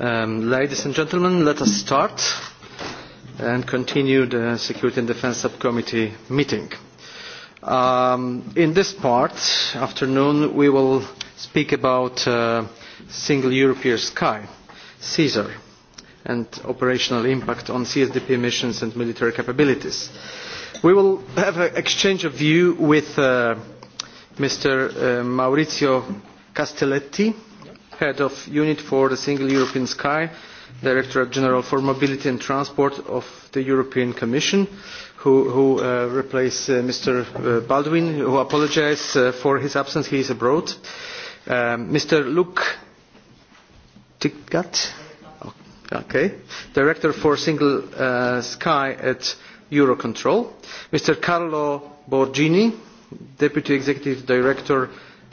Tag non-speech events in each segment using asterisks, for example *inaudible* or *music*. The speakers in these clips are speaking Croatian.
Um, ladies and gentlemen, let us start and continue the Security and Defence Subcommittee meeting. Um, in this part, afternoon, we will speak about uh, single European sky, CSER, and operational impact on CSDP missions and military capabilities. We will have an exchange of view with uh, Mr. Uh, Maurizio Castelletti, head of unit for the single european sky director general for mobility and transport of the european commission who, who uh, replaced uh, mr uh, baldwin who apologised for his absence he is abroad mr um, luke Tigat, director for single sky at eurocontrol mr carlo borgini deputy executive director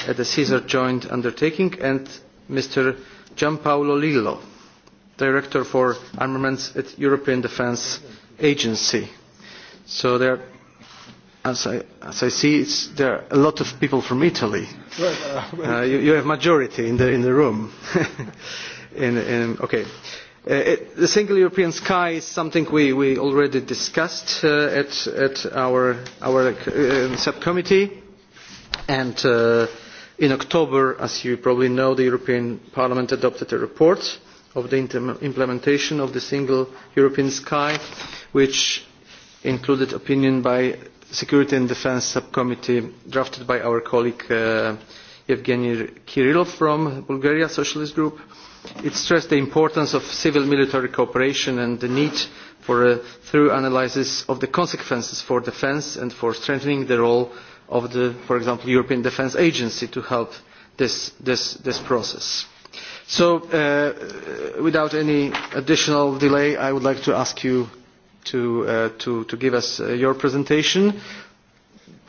at the caesar joint undertaking and Mr. Gianpaolo Lillo, Director for Armaments at European Defence Agency. So as I, see, there are a lot of people from Italy. Uh, you, have majority in the, room. *laughs* Uh, the single European sky is something we, already discussed uh, at, our, subcommittee. And in october as you probably know the european parliament adopted a report on the implementation of the single european sky which included an opinion by the security and defence subcommittee drafted by our colleague yevgeny uh, Kirillov Kirilov from Bulgaria Socialist Group. It stressed the importance of civil military cooperation and the need for a thorough analysis of the consequences for defence and for strengthening the role of the for example european defence agency to help this, this, this process. so uh, without any additional delay i would like to ask you to, uh, to, to give us uh, your presentation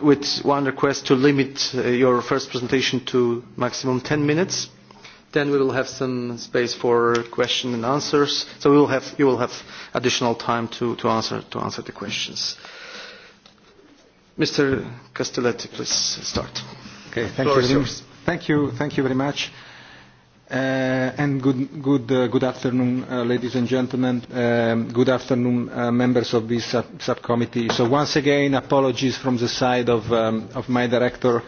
with one request to limit your first presentation to maximum 10 minutes then we will have some space for questions and answers so we will have, you will have additional time to, to, answer, to answer the questions. Mr. Castelletti, please start. Okay, thank you. Thank you. Thank you very much. Uh, and good, good, uh, good afternoon, uh, ladies and gentlemen. Um, good afternoon, members of this subcommittee. So once again, apologies from the side of, um, my director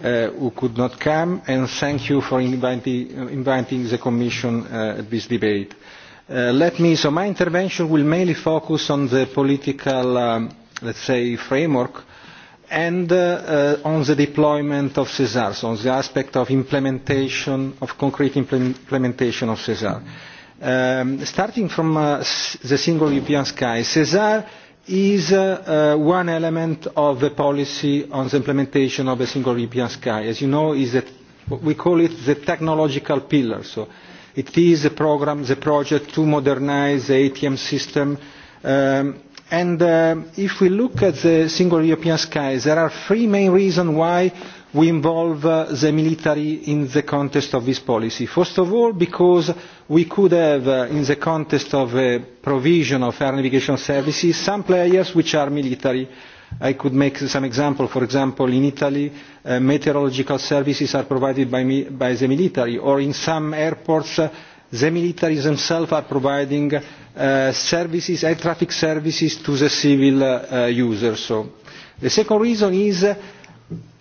who could not come, and thank you for inviting, inviting the Commission at this debate. Let me, so my intervention will mainly focus on the political, um, let's say, framework and uh, uh, on the deployment of cesar on the aspect of implementation of concrete implementation of cesar um, starting from uh, the single european sky cesar is one element of the policy on the implementation of a single European sky. As you know, is that we call it the technological pillar. So it is a program, the project to modernize the ATM system um, And um, if we look at the single European sky, there are three main reasons why we involve uh, the military in the context of this policy. First of all, because we could have, uh, in the context of provision of air navigation services, some players which are military. I could make some example. For example, in Italy, uh, meteorological services are provided by, by the military, or in some airports, uh, the military themselves are providing uh, services, air traffic services to the civil uh, users. the second reason is uh,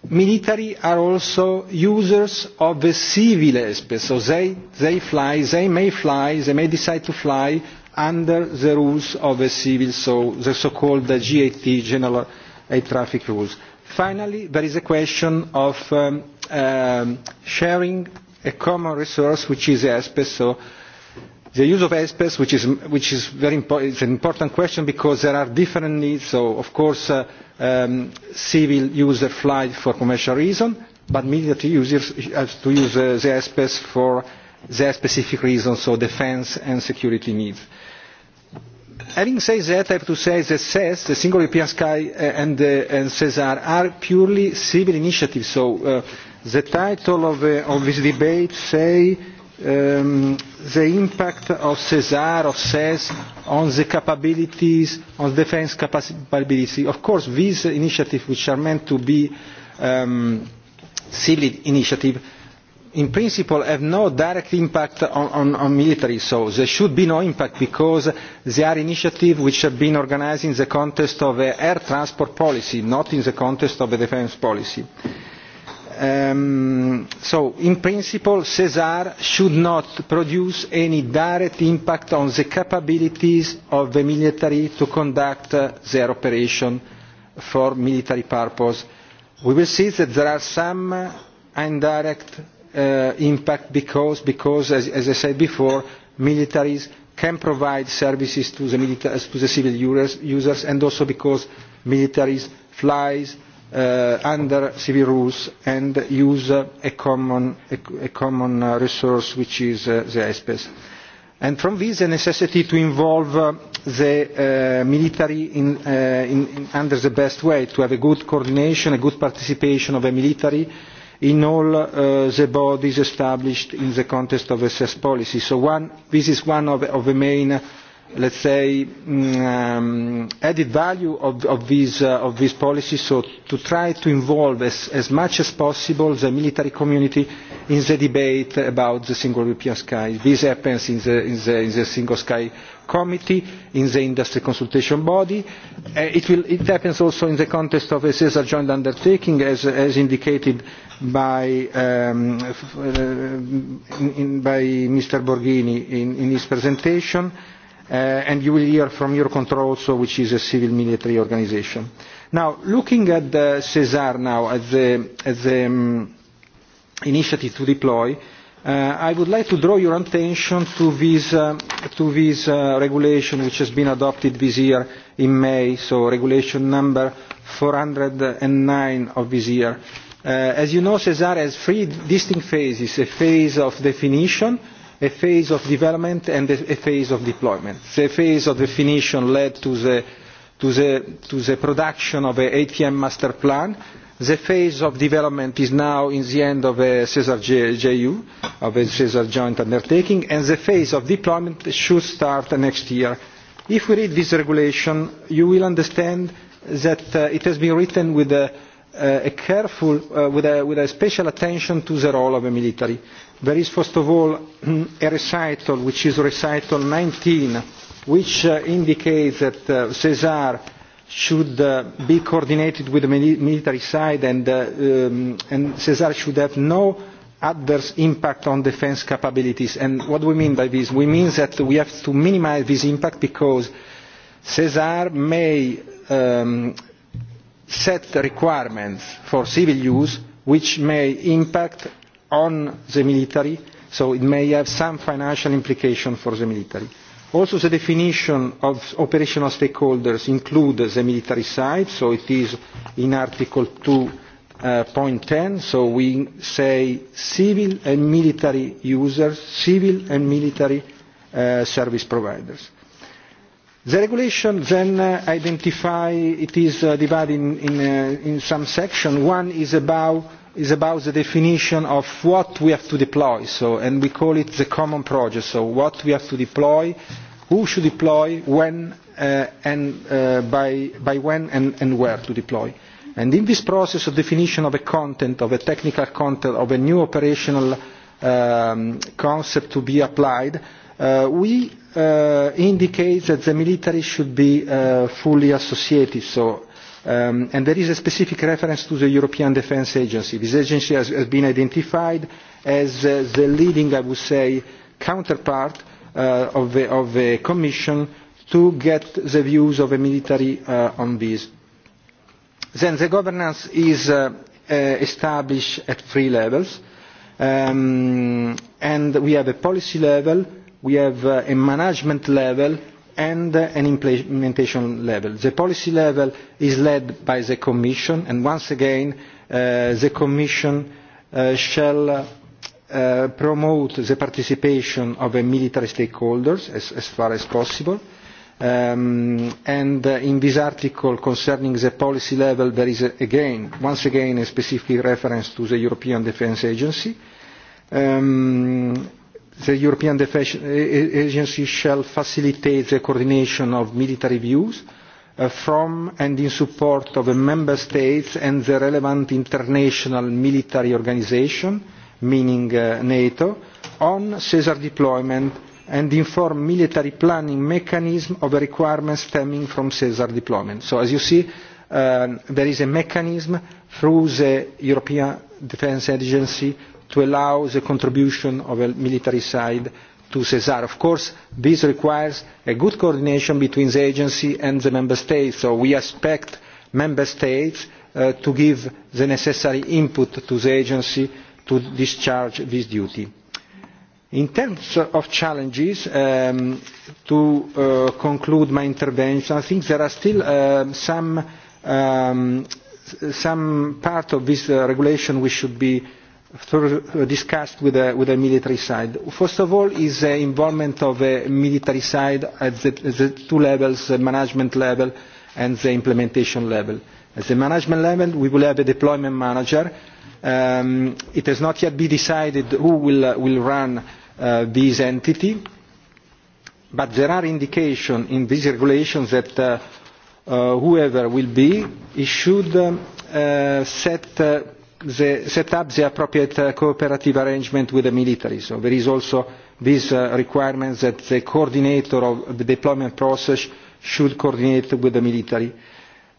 military are also users of the civil airspace. So they, fly, they may fly, they may decide to fly under the rules of the civil, so the so-called GAT, General Air Traffic Rules. Finally, there is a question of um, um, sharing a common resource which is ESPES So the use of ESPES which is, which is very important an important question because there are different needs. So of course uh, um, civil users fly for commercial reasons, but military users have to use uh, the airspace for their specific reasons, so defence and security needs. Having said that, I have to say that CES, e the Single European Sky uh, and, uh, CESAR are purely civil initiatives, so the title of, the, uh, of this debate says um, the impact of cesar or ces on the capabilities on defence capabilities. of course these initiatives which are meant to be um, civil initiatives in principle have no direct impact on, on, on military so there should be no impact because they are initiatives which have been organised in the context of air transport policy not in the context of a defence policy. Ehm, so in principle cesar should not produce any direct impact on the capabilities of the military to conduct uh, their operation for military purpose. we will see that there are some indirect uh, impact because, as, i said before militaries can provide services to the, civil users, users and also because militaries fly Uh, under civil rules and use a common, a, common resource which is uh, the airspace. And from this the necessity to involve uh, the military in, in, under the best way, to have a good coordination, a good participation of the military in all the bodies established in the context of SS policy. So one, this is one of, of the main let's say mm, um, added value of, of, these, uh, of these policies so to try to involve as, as much as possible the military community in the debate about the single european sky. this happens in the, in the, in the single sky committee in the industry consultation body. Uh, it, will, it happens also in the context of a joint undertaking as, as indicated by, um, uh, in, by mr borghini in his presentation. Uh, and you will hear from your control also which is a civil military organisation. Now looking at the CESAR now at the, the um, initiative to deploy Uh, I would like to draw your attention to this, uh, to this uh, regulation which has been adopted this year in May, so regulation number 409 of this year. Uh, as you know, CESAR has three distinct phases, a phase of definition, a phase of development and a phase of deployment. The phase of definition led to the, to the, to the production of an ATM master plan. The phase of development is now in the end of a CESAR JU, of a CESAR joint undertaking, and the phase of deployment should start next year. If we read this regulation, you will understand that uh, it has been written with a, uh, a careful, uh, with, a, with a special attention to the role of the military there is first of all *clears throat* a recital which is recital 19 which uh, indicates that uh, cesar should uh, be coordinated with the military side and, um, and cesar should have no adverse impact on defence capabilities. what do we mean by this? We mean that we have to minimize this impact because CESAR may um, set requirements for civil use which may impact on the military, so it may have some financial implications for the military. Also the definition of operational stakeholders includes the military side, so it is in Article two uh, so we say civil and military users civil and military uh, service providers the regulation then uh, identifies it is divided in, some sections. one is about is about the definition of what we have to deploy so and we call it the common project so what we have to deploy who should deploy when uh, and uh, by when and, where to deploy and in this process of definition of a content of a technical content of a new operational um, concept to be applied uh, we indicate that the military should be fully associated so Um, and there is a specific reference to the European Defence Agency. This agency has, been identified as uh, the leading, I would say, counterpart uh, of, the, Commission to get the views of the military uh, on this. Then the governance is established at three levels. Um, and we have a policy level, we have a management level, and uh, an implementation level. The policy level is led by the Commission and once again uh, the Commission uh, shall promote the participation of military stakeholders as, far as possible. Um, and in this article concerning the policy level there is again once again a specific reference to the European Defence Agency. Um, the European Defence Agency shall facilitate the coordination of military views uh, from and in support of the member states and the relevant international military organisation, meaning uh, NATO, on CESAR deployment and inform military planning mechanism of requirements stemming from CESAR deployment. So as you see, um, there is a mechanism through the European Defence Agency to allow the contribution of a military side to cesar. of course this requires a good coordination between the agency and the member states so we expect member states uh, to give the necessary input to the agency to discharge this duty. in terms of challenges um, to uh, conclude my intervention i think there are still uh, some, um, some part of this uh, regulation which should be discussed with the, with the military side. First of all is the involvement of the military side at the, the two levels, the management level and the implementation level. At the management level we will have a deployment manager. Um, it has not yet been decided who will, uh, will run uh, this entity, but there are indications in these regulations that uh, uh, whoever will be, should um, set the, set up the appropriate uh, cooperative arrangement with the military. So there is also this uh, requirement that the coordinator of the deployment process should coordinate with the military.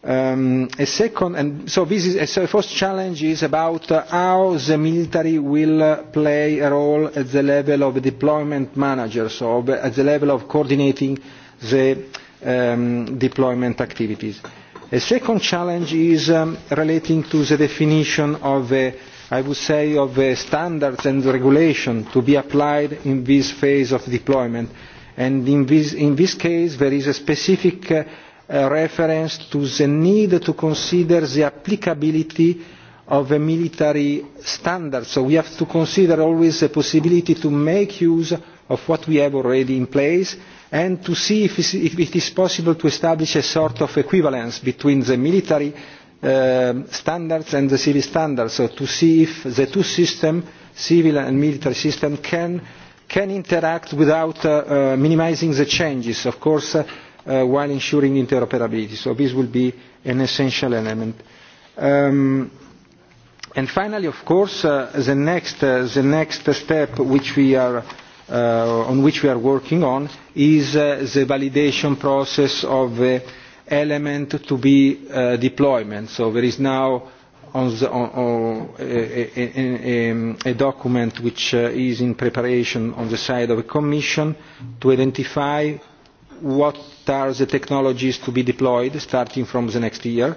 Um, a second, and so this is, the first challenge is about uh, how the military will play a role at the level of deployment managers or at the level of coordinating the um, deployment activities. A second challenge is um, relating to the definition of, I would say, of standards and regulation to be applied in this phase of deployment. And in this, in this case, there is a specific uh, uh reference to the need to consider the applicability of military standards, So we have to consider always the possibility to make use of what we have already in place and to see if it is possible to establish a sort of equivalence between the military um, standards and the civil standards, so to see if the two systems, civil and military system, can, interact without minimising uh, uh, minimizing the changes, of course, uh, while ensuring interoperability. So this will be an essential element. Um, and finally, of course, the, next, the next step which we are Uh, on which we are working on is uh, the validation process of the element to be uh, deployment. So there is now on the, on, a, um, a document which is in preparation on the side of the Commission to identify what are the technologies to be deployed starting from the next year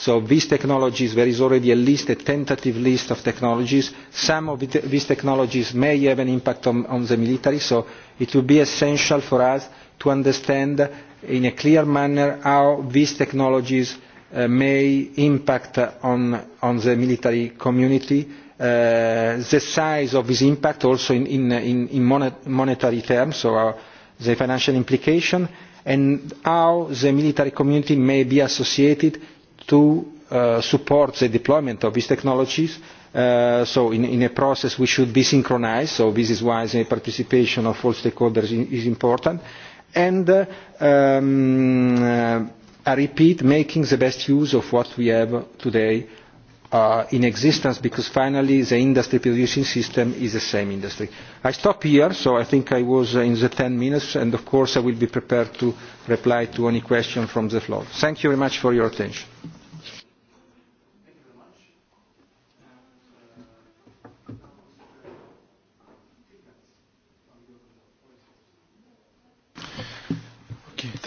So these technologies, there is already a list, a tentative list of technologies. Some of these technologies may have an impact on, on the military, so it will be essential for us to understand in a clear manner how these technologies uh, may impact on, on the military community, uh, the size of this impact also in, in, in, in monetary terms, so our, uh, the financial implication, and how the military community may be associated to uh, support the deployment of these technologies. Uh, so in, a process we should be synchronized, so this is why the participation of all stakeholders is important. And uh, um, uh, I repeat, making the best use of what we have today in existence, because finally the industry producing system is the same industry. I stop here, so I think I was in the 10 minutes, and of course I will be prepared to reply to any question from the floor. Thank you very much for your attention.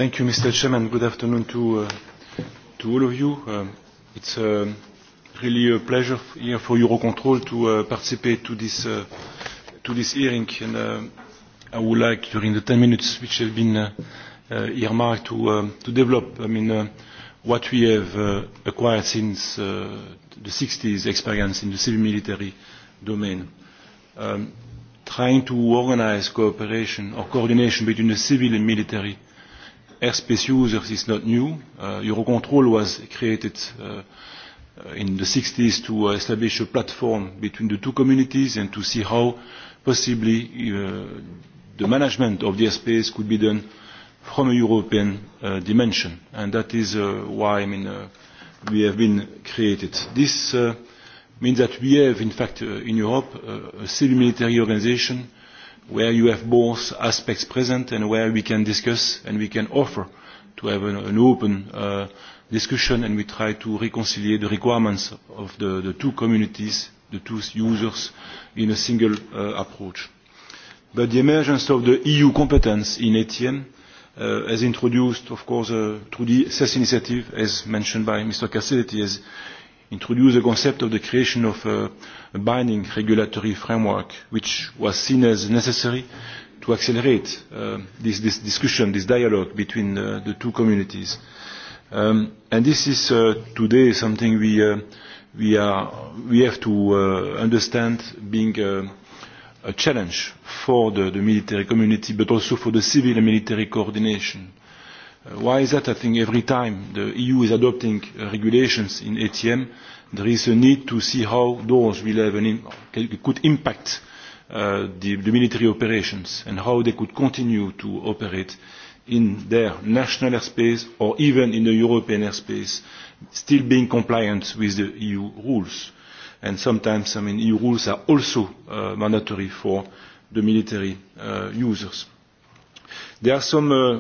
Thank you, Mr. Chairman. Good afternoon to, uh, to all of you. Uh, it's uh, really a pleasure here for Eurocontrol to uh, participate to this, uh, to this hearing. And uh, I would like, during the 10 minutes which have been uh, uh, earmarked, to, uh, to develop I mean, uh, what we have uh, acquired since uh, the 60s experience in the civil military domain. Um, trying to organize cooperation or coordination between the civil and military airspace users is not new. Uh, Eurocontrol was created uh, in the 60s to uh, establish a platform between the two communities and to see how possibly the management of the airspace could be done from a European dimension. And that is why I mean, we have been created. This means that we have, in fact, in Europe, a civil military organization where you have both aspects present and where we can discuss and we can offer to have an, open uh, discussion and we try to reconcile the requirements of the, the two communities, the two users in a single uh, approach. But the emergence of the EU competence in ATM uh, as introduced, of course, uh, through the CES e initiative, as mentioned by Mr. Cassidy, has introduced the concept of the creation of uh, binding regulatory framework which was seen as necessary to accelerate uh, this, this discussion, this dialogue between uh, the two communities. Um, and this is uh, today something we, uh, we, are, we have to uh, understand being uh, a challenge for the, the military community, but also for the civil and military coordination. Uh, why is that? I think every time the EU is adopting uh, regulations in ATM, there is a need to see how those will have could impact uh, the, the military operations and how they could continue to operate in their national airspace or even in the European airspace, still being compliant with the EU rules. And sometimes, I mean, EU rules are also uh, mandatory for the military uh, users. There are some uh,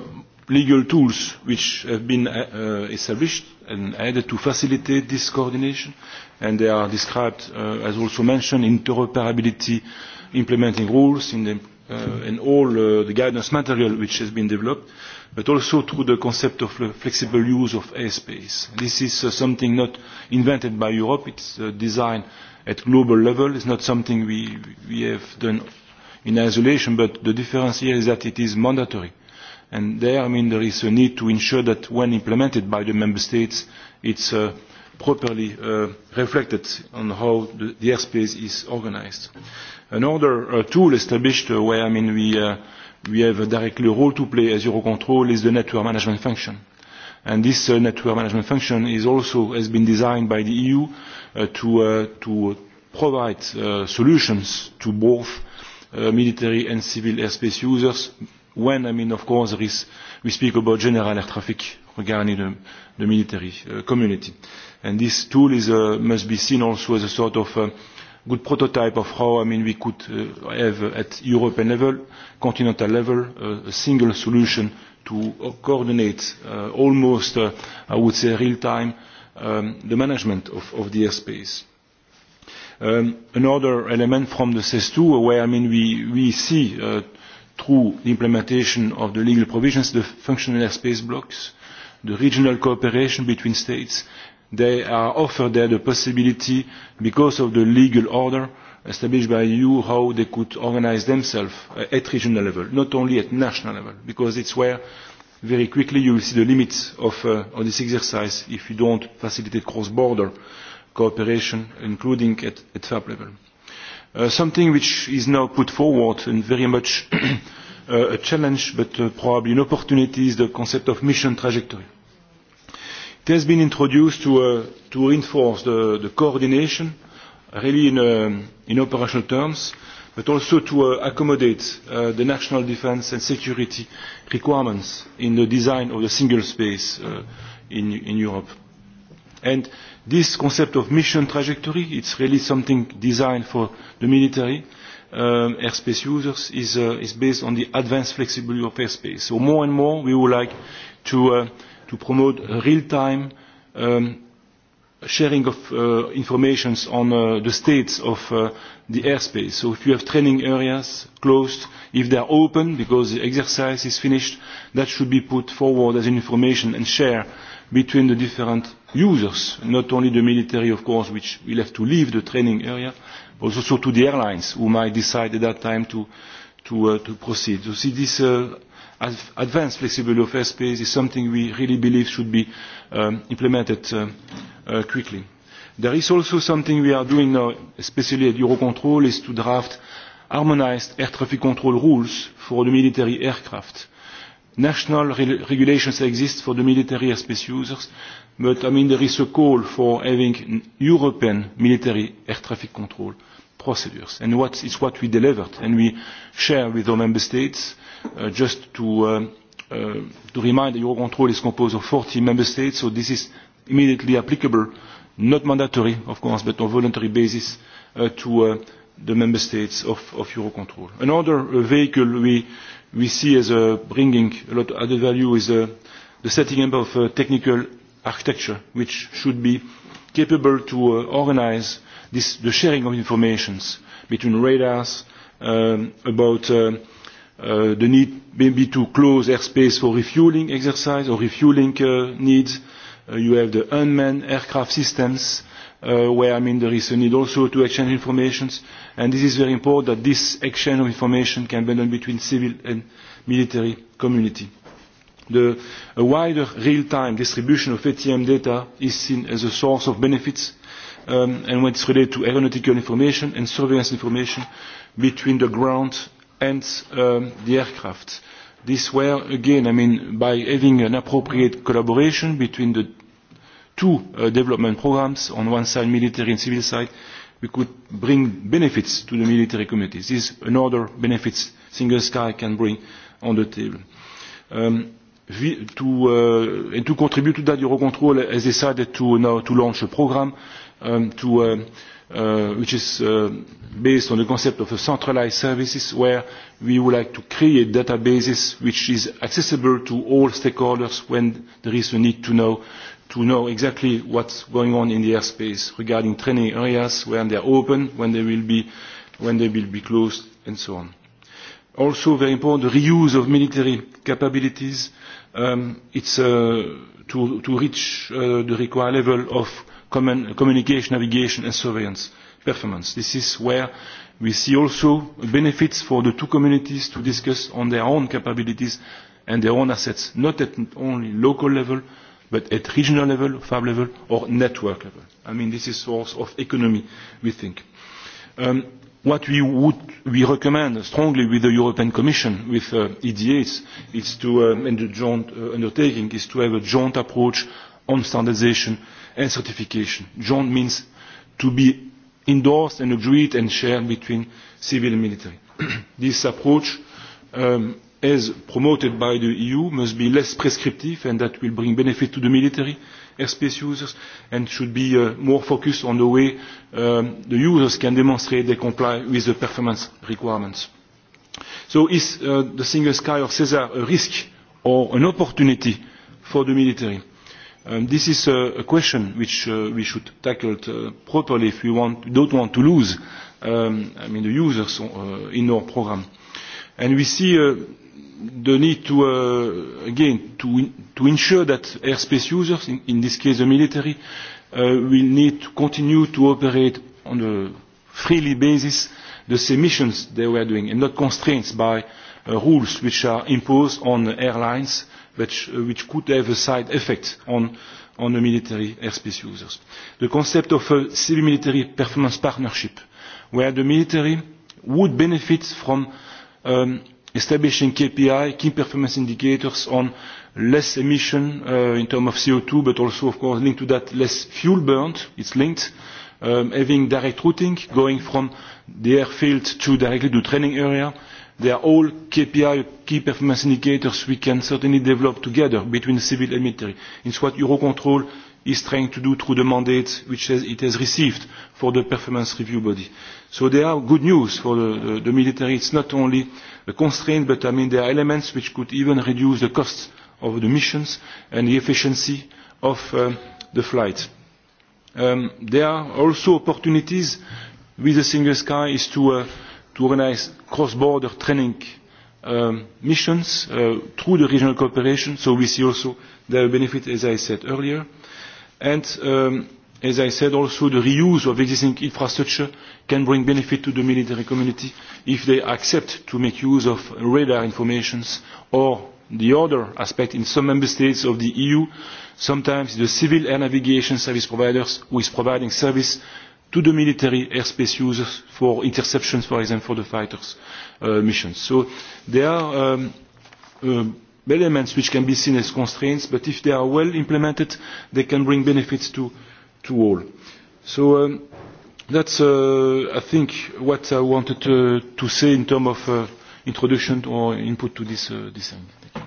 legal tools which have been uh, uh, established and added to facilitate this coordination and they are described uh, as also mentioned interoperability implementing rules in the Uh, and all uh, the guidance material which has been developed, but also through the concept of flexible use of airspace. This is uh, something not invented by Europe, it's uh, designed at global level. It's not something we, we have done in isolation, but the difference here is that it is mandatory and there I mean, there is a need to ensure that when implemented by the member states it is uh, properly uh, reflected on how the, airspace is organised. Another uh, tool established where I mean, we, we have a directly a role to play as Eurocontrol is the network management function. And this network management function is also has been designed by the EU to, to provide solutions to both military and civil airspace users when, I mean, of course, there is, we speak about general air traffic regarding the, the military uh, community. And this tool is, uh, must be seen also as a sort of uh, good prototype of how, I mean, we could uh, have uh, at European level, continental level, uh, a single solution to coordinate uh, almost, uh, I would say, real time, um, the management of, of the airspace. Um, another element from the CES2, where, I mean, we, we see uh, through the implementation of the legal provisions, the functional airspace blocks, the regional cooperation between states, they are offered there the possibility, because of the legal order established by you, how they could organize themselves at regional level, not only at national level, because it's where very quickly you will see the limits of, uh, of this exercise if you don't facilitate cross-border cooperation, including at, at level. Uh, something which is now put forward and very much *clears throat* uh, a challenge but uh, probably an opportunity is the concept of mission trajectory. It has been introduced to, to reinforce the, the coordination really in, um, in operational terms but also to accommodate the national defence and security requirements in the design of the single space in, in Europe. And This concept of mission trajectory, is really something designed for the military um, airspace users, is, uh, is based on the advanced flexibility of airspace. So more and more we would like to, uh, to promote real-time um, sharing of uh, information on uh, the states of the airspace. So if you have training areas closed, if they are open because the exercise is finished, that should be put forward as information and shared between the different users, not only the military, of course, which will have to leave the training area, but also to the airlines who might decide at that time to, to, uh, to proceed. So see, this uh, advanced flexibility of airspace is something we really believe should be um, implemented uh, uh, quickly. There is also something we are doing now, especially at Eurocontrol, is to draft harmonised air traffic control rules for the military aircraft. National re regulations exist for the military airspace users but I mean there is a call for having European military air traffic control procedures and what is what we delivered and we share with the member states uh, just to, uh, uh, to remind that Eurocontrol is composed of 40 member states so this is immediately applicable, not mandatory of course but on a voluntary basis to the member states of, Eurocontrol. Another vehicle we, we see as bringing a lot of added value is the setting up of technical architecture which should be capable to uh, organize this, the sharing of information between radars um, about uh, uh, the need maybe to close airspace for refueling exercise or refueling uh, needs. Uh, you have the unmanned aircraft systems uh, where I mean, there is a need also to exchange information. And this is very important that this exchange of information can be done between civil and military community the wider real time distribution of ATM data is seen as a source of benefits um, and when it's related to aeronautical information and surveillance information between the ground and um, the aircraft. This where again I mean by having an appropriate collaboration between the two uh, development programs on one side military and civil side we could bring benefits to the military communities. This is another benefits single sky can bring on the table. Um, to eh, and to contribute to that Eurocontrol has decided to now to launch a program um, to Uh, which is uh, based on the concept of a centralised services where we would like to create databases which is accessible to all stakeholders when there is a need to know to know exactly what's going on in the airspace regarding training areas when they are open, when they will be when they will be closed and so on. Also very important the reuse of military capabilities um, it's uh, to, to reach uh, the required level of common communication, navigation and surveillance performance. This is where we see also benefits for the two communities to discuss on their own capabilities and their own assets, not at only local level, but at regional level, FAB level or network level. I mean this is source of economy we think. Um, what we would recommend strongly with the European Commission, with uh, EDAs, is to um, and the joint uh, undertaking is to have a joint approach on standardisation and certification. Joint means to be endorsed and agreed and shared between civil and military. *clears throat* this approach, um, as promoted by the EU, must be less prescriptive and that will bring benefit to the military airspace users and should be uh, more focused on the way um, the users can demonstrate they comply with the performance requirements. So is uh, the single sky of CESAR a risk or an opportunity for the military? Um, this is a, uh, a question which uh, we should tackle uh, properly if we want, don't want to lose um, I mean, the users uh, in our program. And we see the need to uh, again to to ensure that airspace users in, in this case the military uh, will need to continue to operate on a freely basis the same missions they were doing and not constraints by uh, rules which are imposed on airlines which uh, which could have a side effect on on the military airspace users the concept of a civil military performance partnership where the military would benefit from um, establishing KPI, key performance indicators on less emission uh, in terms of CO2, but also, of course, linked to that, less fuel burnt. It's linked. Um, having direct routing, going from the airfield to directly to training area. They are all KPI, key performance indicators we can certainly develop together between civil and military. It's what Eurocontrol is trying to do through the mandate which it has received for the performance review body. So there are good news for the, the, the military. It's not only a constraint, but I mean there are elements which could even reduce the costs of the missions and the efficiency of uh, the flight. Um, there are also opportunities with the single sky is to, uh, to organize cross-border training um, missions uh, through the regional cooperation. So we see also their benefit, as I said earlier and um, as i said also the reuse of existing infrastructure can bring benefit to the military community if they accept to make use of radar information or the other aspect in some member states of the eu sometimes the civil air navigation service providers who is providing service to the military airspace users for interceptions for example for the fighters uh, missions. so there are um, um, elements which can be seen as constraints, but if they are well implemented, they can bring benefits to, to all. So um, that's, uh, I think, what I wanted to, to say in terms of uh, introduction or input to this, uh, Thank you.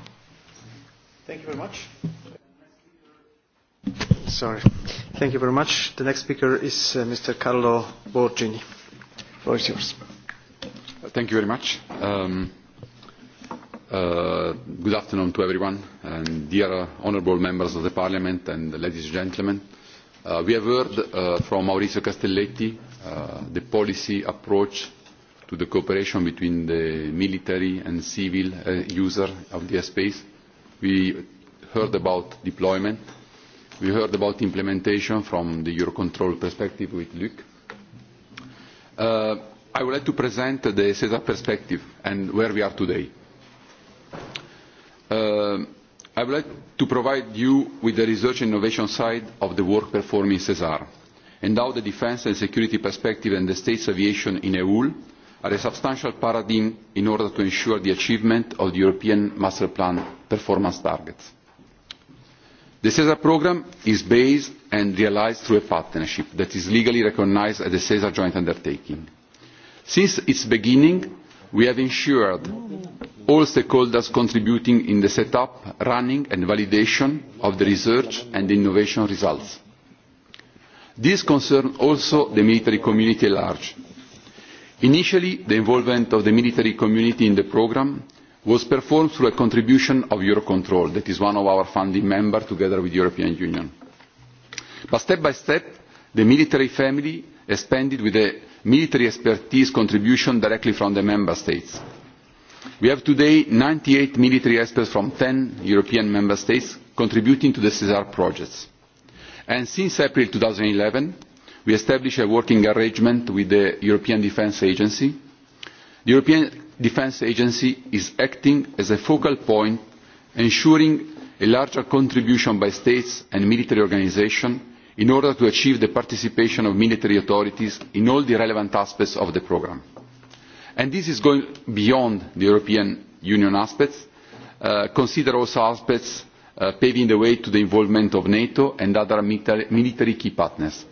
Thank you very much. Sorry. Thank you very much. The next speaker is uh, Mr. Carlo Borgini. The yours. Thank you very much. Um, Uh, good afternoon to everyone and dear honourable members of the parliament and ladies and gentlemen uh, we have heard uh, from maurizio castelletti the policy approach to the cooperation between the military and civil user of the airspace we heard about deployment we heard about implementation from the eurocontrol perspective with luc i would like to present the cesar perspective and where we are today Uh, I would like to provide you with the research and innovation side of the work performed in CESAR and how the defence and security perspective and the state's aviation in EUL are a substantial paradigm in order to ensure the achievement of the European Master Plan performance targets. The CESAR programme is based and realised through a partnership that is legally recognised as the CESAR joint undertaking. Since its beginning, we have ensured all stakeholders contributing in the set up running and validation of the research and innovation results. this concerns also the military community at large. initially the involvement of the military community in the programme was performed through a contribution of eurocontrol that is one of our funding members together with the european union. but step by step the military family expanded with military expertise contribution directly from the member states. we have today ninety eight military experts from ten european member states contributing to the cesar projects and since april two thousand and eleven we established a working arrangement with the european defence agency. the european defence agency is acting as a focal point ensuring a larger contribution by states and military organisations in order to achieve the participation of military authorities in all the relevant aspects of the programme. And this is going beyond the European Union aspects. Uh, consider also aspects uh, paving the way to the involvement of NATO and other military key partners.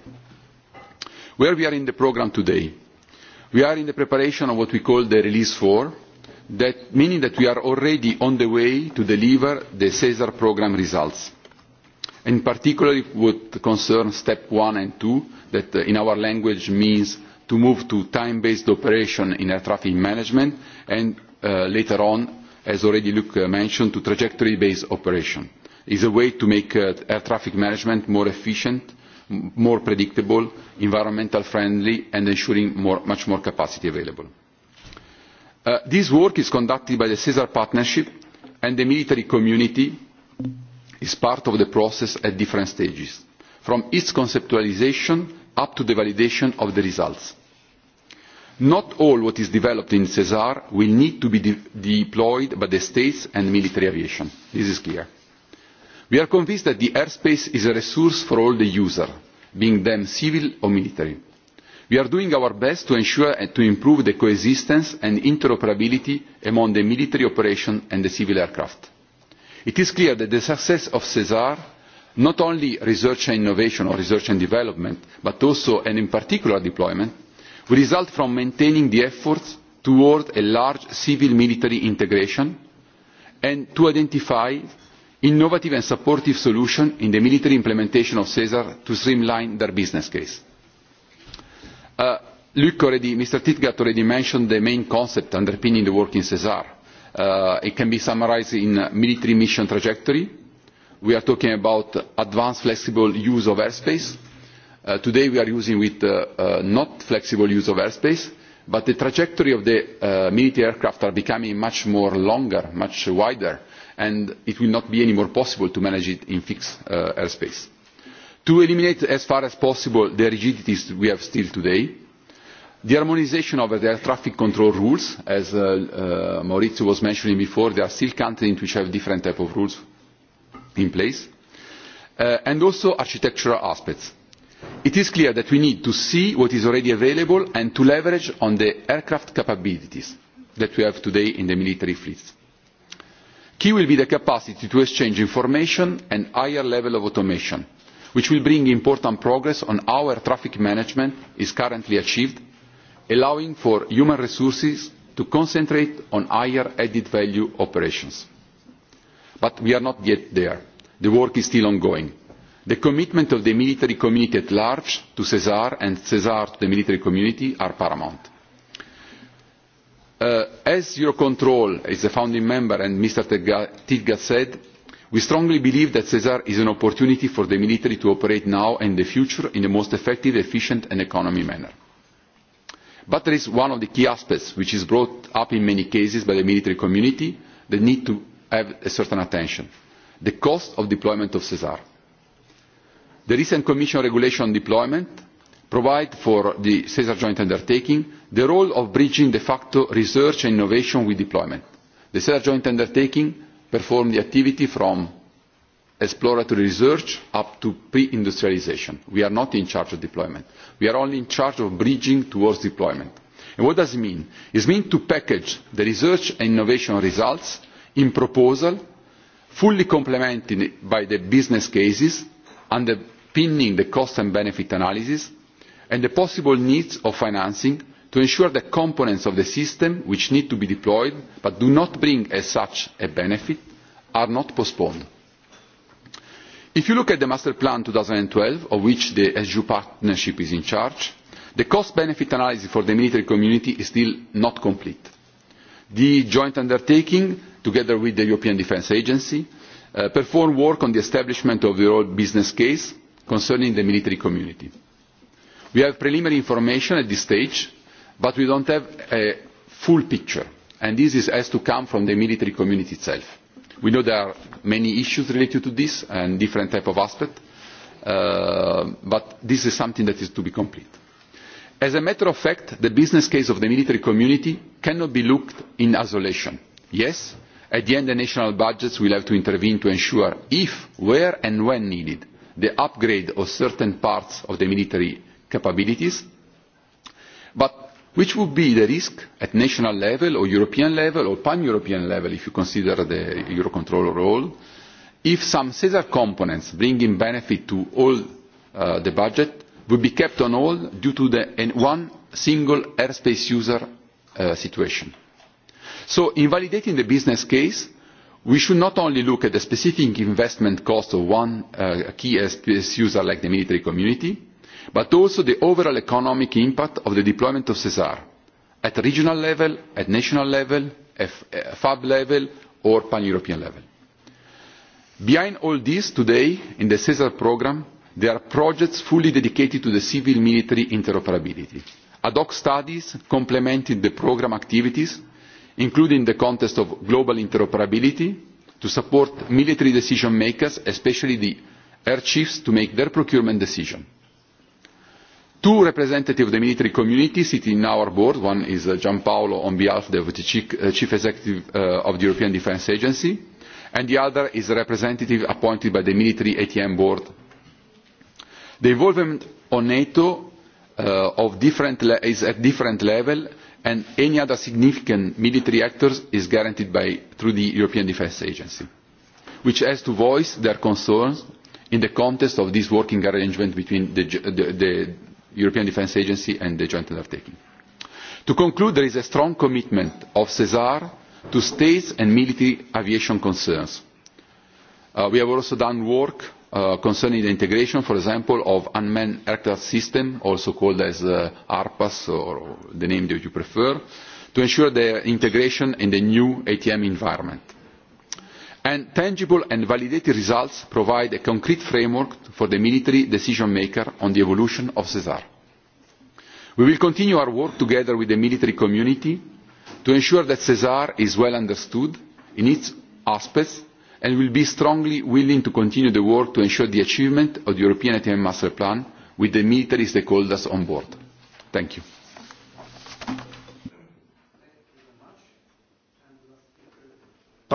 Where we are in the programme today, we are in the preparation of what we call the Release four meaning that we are already on the way to deliver the CESAR programme results in particular what concerns step one and two that uh, in our language means to move to time based operation in air traffic management and uh, later on as already Luke uh, mentioned to trajectory based operation is a way to make air traffic management more efficient more predictable environmental friendly and ensuring more, much more capacity available. this work is conducted by the cesar partnership and the military community is part of the process at different stages from its conceptualisation up to the validation of the results. not all what is developed in cesar will need to be deployed by the states and military aviation this is clear. we are convinced that the airspace is a resource for all the users being them civil or military. we are doing our best to ensure and uh, to improve the coexistence and interoperability among the military operation and the civil aircraft it is clear that the success of cesar not only research and innovation or research and development but also and in particular deployment will result from maintaining the efforts towards a large civil military integration and to identify innovative and supportive solutions in the military implementation of cesar to streamline their business case. Uh, Luke Mr. Titgat already mentioned the main concept underpinning the work in Cesar Uh, it can be summarised in military mission trajectory. We are talking about advanced flexible use of airspace. Uh, today we are using with uh, not flexible use of airspace, but the trajectory of the military aircraft are becoming much more longer, much wider, and it will not be any more possible to manage it in fixed airspace. To eliminate as far as possible the rigidities we have still today, the harmonisation of the air traffic control rules as uh, uh, maurizio was mentioning before there are still countries which have different types of rules in place uh, and also architectural aspects. it is clear that we need to see what is already available and to leverage on the aircraft capabilities that we have today in the military fleets. key will be the capacity to exchange information and higher level of automation which will bring important progress on how air traffic management is currently achieved allowing for human resources to concentrate on higher added value operations. But we are not yet there. The work is still ongoing. The commitment of the military community at large to CESAR and CESAR to the military community are paramount. Uh, as Eurocontrol is a founding member and Mr Tidga said, we strongly believe that CESAR is an opportunity for the military to operate now and in the future in the most effective, efficient and economic manner but there is one of the key aspects which is brought up in many cases by the military community that need to have a certain attention the cost of deployment of cesar. the recent commission regulation on deployment provides for the cesar joint undertaking the role of bridging de facto research and innovation with deployment. the cesar joint undertaking performs the activity from exploratory research up to pre industrialisation. we are not in charge of deployment we are only in charge of bridging towards deployment. And what does it mean? it means to package the research and innovation results in proposal, fully complemented by the business cases underpinning the cost and benefit analysis and the possible needs of financing to ensure that components of the system which need to be deployed but do not bring as such a benefit are not postponed if you look at the master plan two thousand and twelve of which the sgu partnership is in charge the cost benefit analysis for the military community is still not complete. the joint undertaking together with the european defence agency uh, performs work on the establishment of the overall business case concerning the military community. we have preliminary information at this stage but we do not have a full picture and this is, has to come from the military community itself We know there are many issues related to this and different type of aspects, uh, but this is something that is to be complete. As a matter of fact, the business case of the military community cannot be looked in isolation. Yes, at the end the national budgets will have to intervene to ensure if, where and when needed, the upgrade of certain parts of the military capabilities, but which would be the risk at national level or european level or pan european level if you consider the eurocontrol role if some sesar components bringing benefit to all uh, the budget would be kept on hold due to the one single airspace user uh, situation. so in validating the business case we should not only look at the specific investment cost of one uh, key airspace user like the military community but also the overall economic impact of the deployment of cesar at regional level at national level at eh, fab level or pan european level. behind all this today in the cesar programme there are projects fully dedicated to the civil military interoperability ad hoc studies complementing the programme activities including the context of global interoperability to support military decision makers especially the air chiefs to make their procurement decisions two representatives of the military community sit in our board one is uh, Paolo on behalf of the chief uh, executive uh, of the european defence agency and the other is a representative appointed by the military atm board. the involvement on nato is at different level and any other significant military actors is guaranteed by, through the european defence agency which has to voice their concerns in the context of this working arrangement between the European Defence Agency and the joint undertaking. To conclude, there is a strong commitment of CESAR to states and military aviation concerns. Uh, we have also done work uh, concerning the integration, for example, of unmanned aircraft system, also called as uh, ARPAS or the name that you prefer, to ensure their integration in the new ATM environment and tangible and validated results provide a concrete framework for the military decision maker on the evolution of cesar. we will continue our work together with the military community to ensure that cesar is well understood in its aspects and will be strongly willing to continue the work to ensure the achievement of the european atm master plan with the military stakeholders on board. thank you.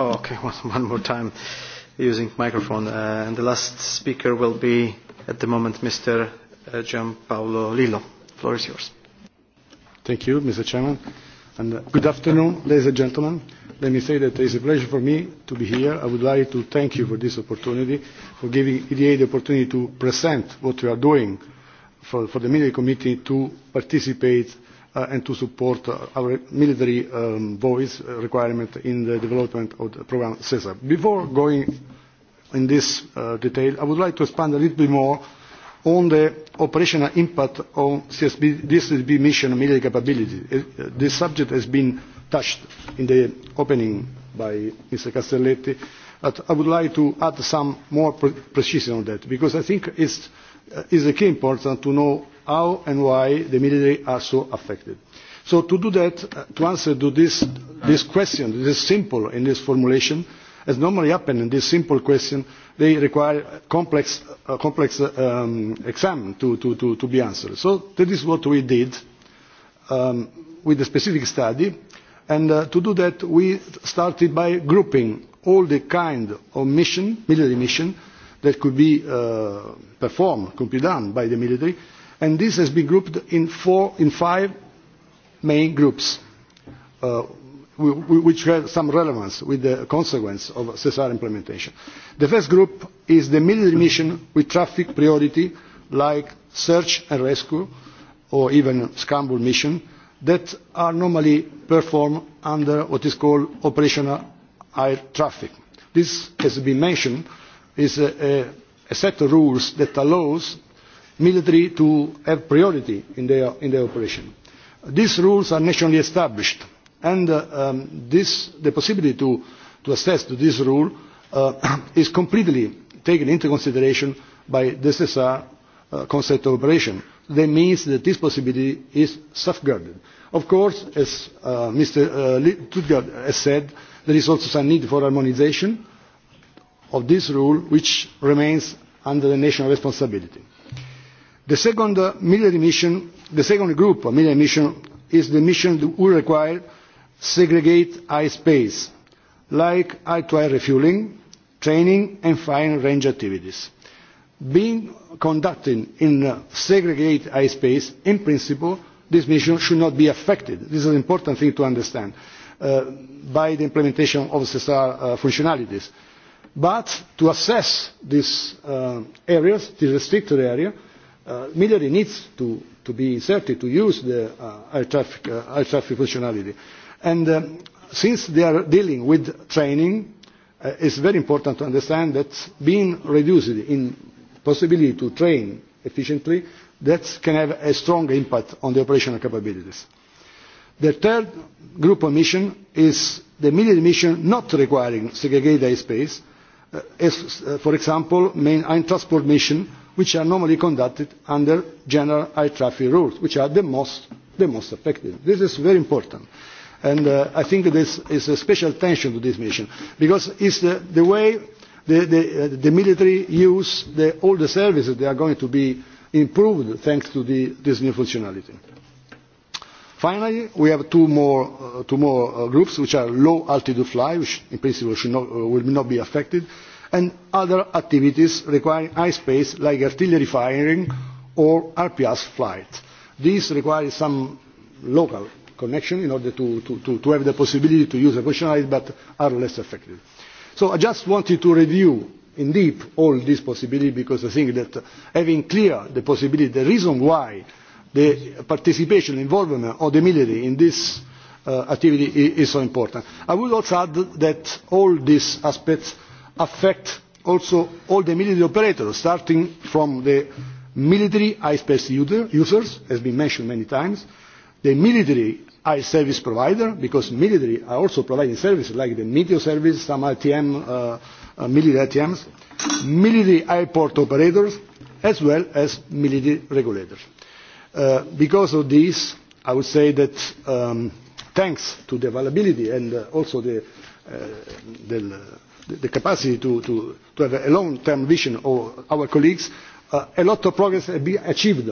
Oh, okay, *laughs* one, one more time using microphone. Uh, and the last speaker will be at the moment Mr. Uh, Gianpaolo Lillo. The floor is yours. Thank you, Mr. Chairman. And uh, good afternoon, ladies and gentlemen. Let me say that it is a pleasure for me to be here. I would like to thank you for this opportunity, for giving EDA the opportunity to present what we are doing for, for the Media Committee to participate Uh, and to support our military um, voice requirement in the development of the program CESA. Before going in this uh, detail, I would like to expand a little bit more on the operational impact of CSB, DSB mission military capability. Uh, this subject has been touched in the opening by Mr. Castelletti, but I would like to add some more precision on that because I think it is key important to know how and why the military are so affected. So to do that, uh, to answer to this, this question, this simple in this formulation, as normally happens in this simple question, they require complex, uh, complex um, exam to, to, to, to be answered. So that is what we did um, with a specific study. And uh, to do that, we started by grouping all the kind of mission, military mission, that could be uh, performed, could be done by the military, and this has been grouped in, four, in five main groups uh, which have some relevance with the consequence of CSR implementation. The first group is the military mission with traffic priority like search and rescue or even scramble mission that are normally performed under what is called operational air traffic. This, as has been mentioned, is a, a set of rules that allows military to have priority in their, in operation. These rules are nationally established and uh, um, the possibility to, assess to this rule uh, *clears throat* is completely taken into consideration by the SSR uh, concept of operation. That means that this possibility is safeguarded. Of course, as Mr. Tutgard has said, there is also some need for harmonisation of this rule which remains under the national responsibility. Uh, the second group of military mission is the mission that will require segregate eye space, like air to eye refueling, training and fine range activities. Being conducted in uh, segregated air space, in principle, this mission should not be affected. This is an important thing to understand uh, by the implementation of CSR functionalities. But to assess these areas, the restricted area, Uh, military needs to, be inserted, to use the uh, air, uh, traffic, functionality. And um, since they are dealing with training, it is very important to understand that being reduced in possibility to train efficiently, that can have a strong impact on the operational capabilities. The third group of mission is the military mission not requiring segregated airspace, space, for example, main transport mission which are normally conducted under general air traffic rules, which are the most, the most effective. This is very important. And uh, I think this is a special attention to this mission, because it the, the way the, the, uh, the military use the, all the services that are going to be improved thanks to the, this new functionality. Finally, we have two more, uh, two more groups, which are low altitude fly, which in principle should will not be affected, and other activities requiring high space like artillery firing or RPS flight. These require some local connection in order to, have the possibility to use a personalized but are less effective. So I just wanted to review in deep all these possibilities because I think that having clear the possibility, the reason why the participation, involvement of the military in this uh, activity is so important. I would also add that all these aspects affect also all the military operators starting from the military ispace space users as has been mentioned many times the military eye service provider because military are also providing services like the meteo service some ITM, uh, uh, military ITMs military airport operators as well as military regulators. Uh, because of this I would say that um, thanks to the availability and also the the capacity to, to, to have a long term vision of our colleagues, uh, a lot of progress has been achieved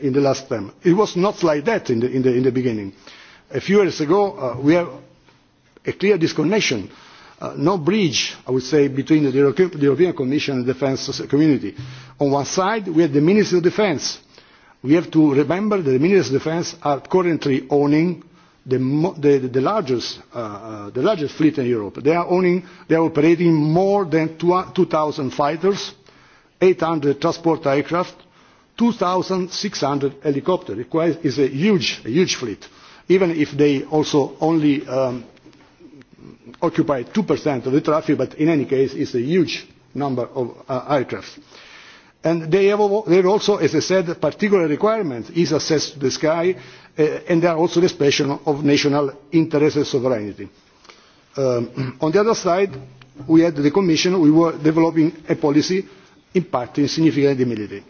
in the last term. It was not like that in the, in the, beginning. A few years ago, uh, we had a clear disconnection, uh, no bridge, I would say, between the European, Commission and the defence community. On one side, we have the Ministry of Defence. We have to remember that the Ministers of Defence are currently owning the, the, the, largest, uh, uh, the largest fleet in Europe. They are, owning, they are operating more than 2,000 fighters, 800 transport aircraft, 2,600 helicopters. It is a huge, a huge fleet, even if they also only um, occupy 2% of the traffic, but in any case, it's a huge number of uh, aircraft. And they have, they also, as I said, particular requirement is access to the sky Eh, and they are also the expression of national interest and sovereignty. Um, *clears throat* on the other side, we had the Commission, we were developing a policy impacting significantly the military.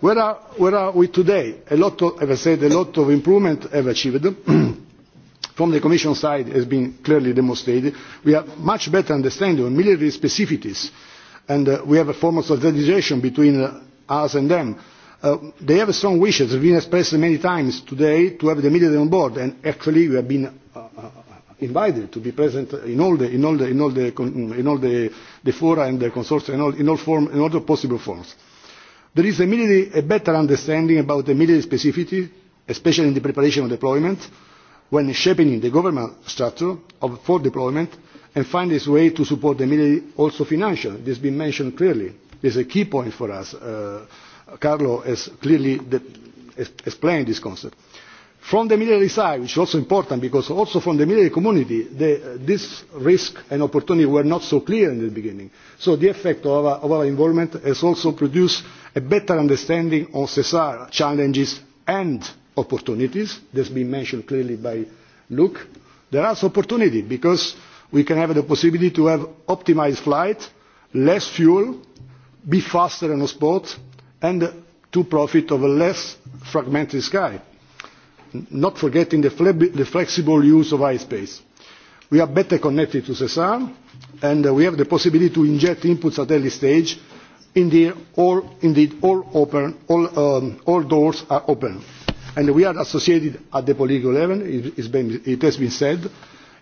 Where are, where we today? A lot of, as I said, a lot of improvement have achieved. *clears throat* From the Commission side has been clearly demonstrated. We have much better understanding of military specificities and uh, we have a form of between uh, us and them Uh, they have strong wishes have been expressed many times today to have the military on board and actually we have been uh, uh, invited to be present in all the in all the in all the in all the, the fora and the consortia in all in all form in all the possible forms. There is immediately a better understanding about the military specificity, especially in the preparation of deployment, when shaping the government structure of for deployment and find its way to support the military also financially. This has been mentioned clearly. This is a key point for us. Carlo has clearly explained this concept. From the military side, which is also important because also from the military community, this risk and opportunity were not so clear in the beginning. So the effect of our, involvement has also produced a better understanding of CESAR challenges and opportunities. has been mentioned clearly by Luke. There are opportunities because we can have the possibility to have optimised flight, less fuel, be faster on the spot, and to profit of a less fragmented sky, not forgetting the flexible use of space We are better connected to CESAR and we have the possibility to inject inputs at early stage. Indeed, all, indeed, all, open, um, all, doors are open. And we are associated at the political level, it, been, has been said,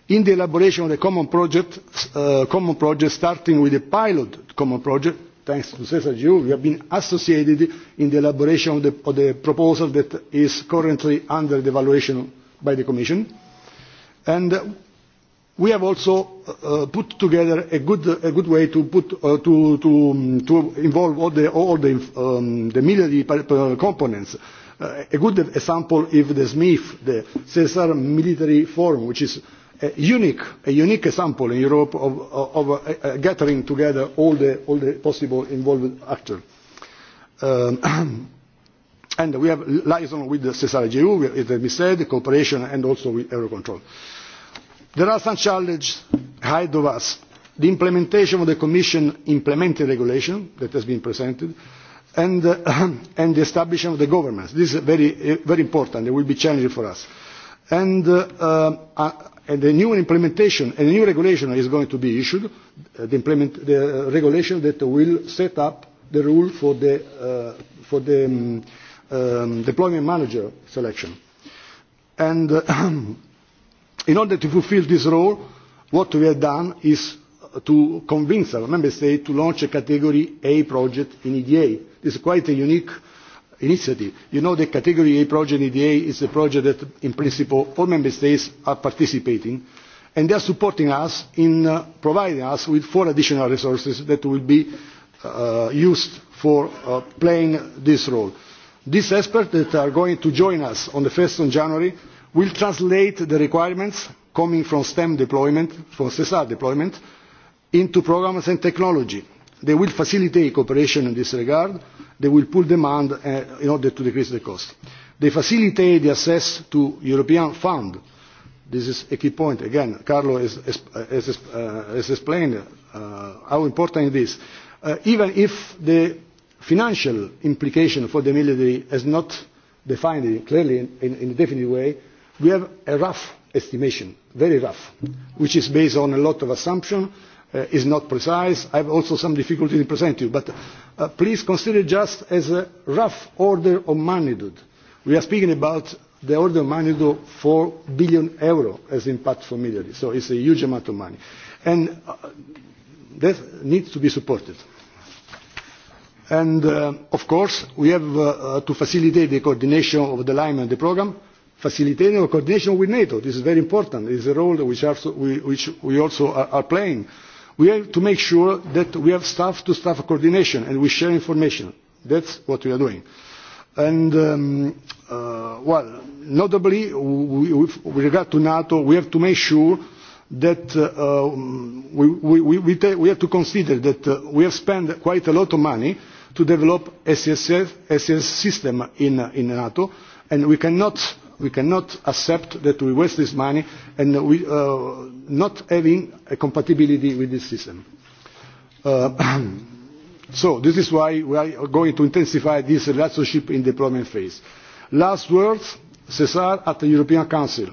in the elaboration of the common project, uh, common project starting with the pilot common project thanks to Cesar Giu, we have been associated in the elaboration of the, of the proposal that is currently under the evaluation by the Commission. And uh, we have also uh, uh, put together a good, a good way to, put, uh, to, to, um, to involve all the, all the, um, the military components. Uh, a good example is the SMIF, the Cesar Military Forum, which is a unique, a unique example in Europe of, uh, uh, gathering together all the, all the possible involved actors. Um, *clears throat* and we have liaison with the CESAR-EU, as we said, cooperation and also with Eurocontrol. There are some challenges ahead of us. The implementation of the Commission implementing regulation that has been presented and, uh, *clears throat* the establishment of the governance. This is very, very important. It will be challenging for us. And and a new implementation and a new regulation is going to be issued uh, the, implement, the uh, regulation that will set up the rule for the, uh, for the um, um, deployment manager selection. And uh, *clears throat* in order to fulfill this role, what we have done is to convince our member States to launch a category A project in EDA. This is quite a unique initiative. You know the category A project EDA is a project that in principle all member states are participating and they are supporting us in uh, providing us with four additional resources that will be uh, used for uh, playing this role. These experts that are going to join us on the 1 of January will translate the requirements coming from STEM deployment, from csr deployment, into programmes and technology They will facilitate cooperation in this regard. They will pull demand eh, in order to decrease the cost. They facilitate the access to European fund. This is a key point. Again, Carlo has, explained uh, how important it is. Uh, even if the financial implication for the military is not defined clearly in, in a definite way, we have a rough estimation, very rough, which is based on a lot of assumptions Uh, is not precise. I have also some difficulty in presenting you, but uh, please consider just as a rough order of magnitude. We are speaking about the order of magnitude 4 billion euro as impact for Middle so So it's a huge amount of money. And uh, that needs to be supported. And of course, we have to facilitate the coordination of the line and the program, facilitating the coordination with NATO. This is very important. It is a role which, we, which we also are playing we have to make sure that we have staff to staff coordination and we share information that's what we are doing and um, uh, well notably with regard to nato we have to make sure that uh, um, we, we, we, we have to consider that uh, we have spent quite a lot of money to develop SSF, SS system in, in NATO and we cannot we cannot accept that we waste this money and we uh, not having a compatibility with this system. Uh, *clears throat* so this is why we are going to intensify this relationship in the deployment phase. Last words, Cesar at the European Council.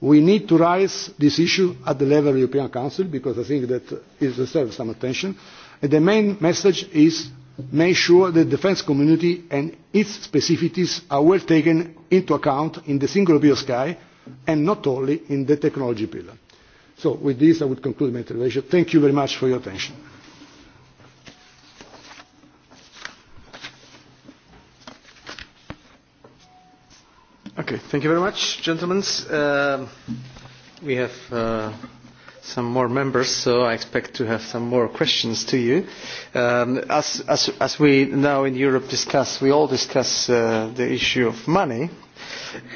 We need to raise this issue at the level of the European Council because I think that it deserves some attention. And the main message is make sure that the defence community and its specificities are well taken into account in the single european sky and not only in the technology pillar. so with this i would conclude my intervention. thank you very much for your attention. Okay, thank you very much, gentlemen. Uh, we have uh, some more members, so I expect to have some more questions to you. Um, as, as, we now in Europe discuss, we all discuss uh, the issue of money,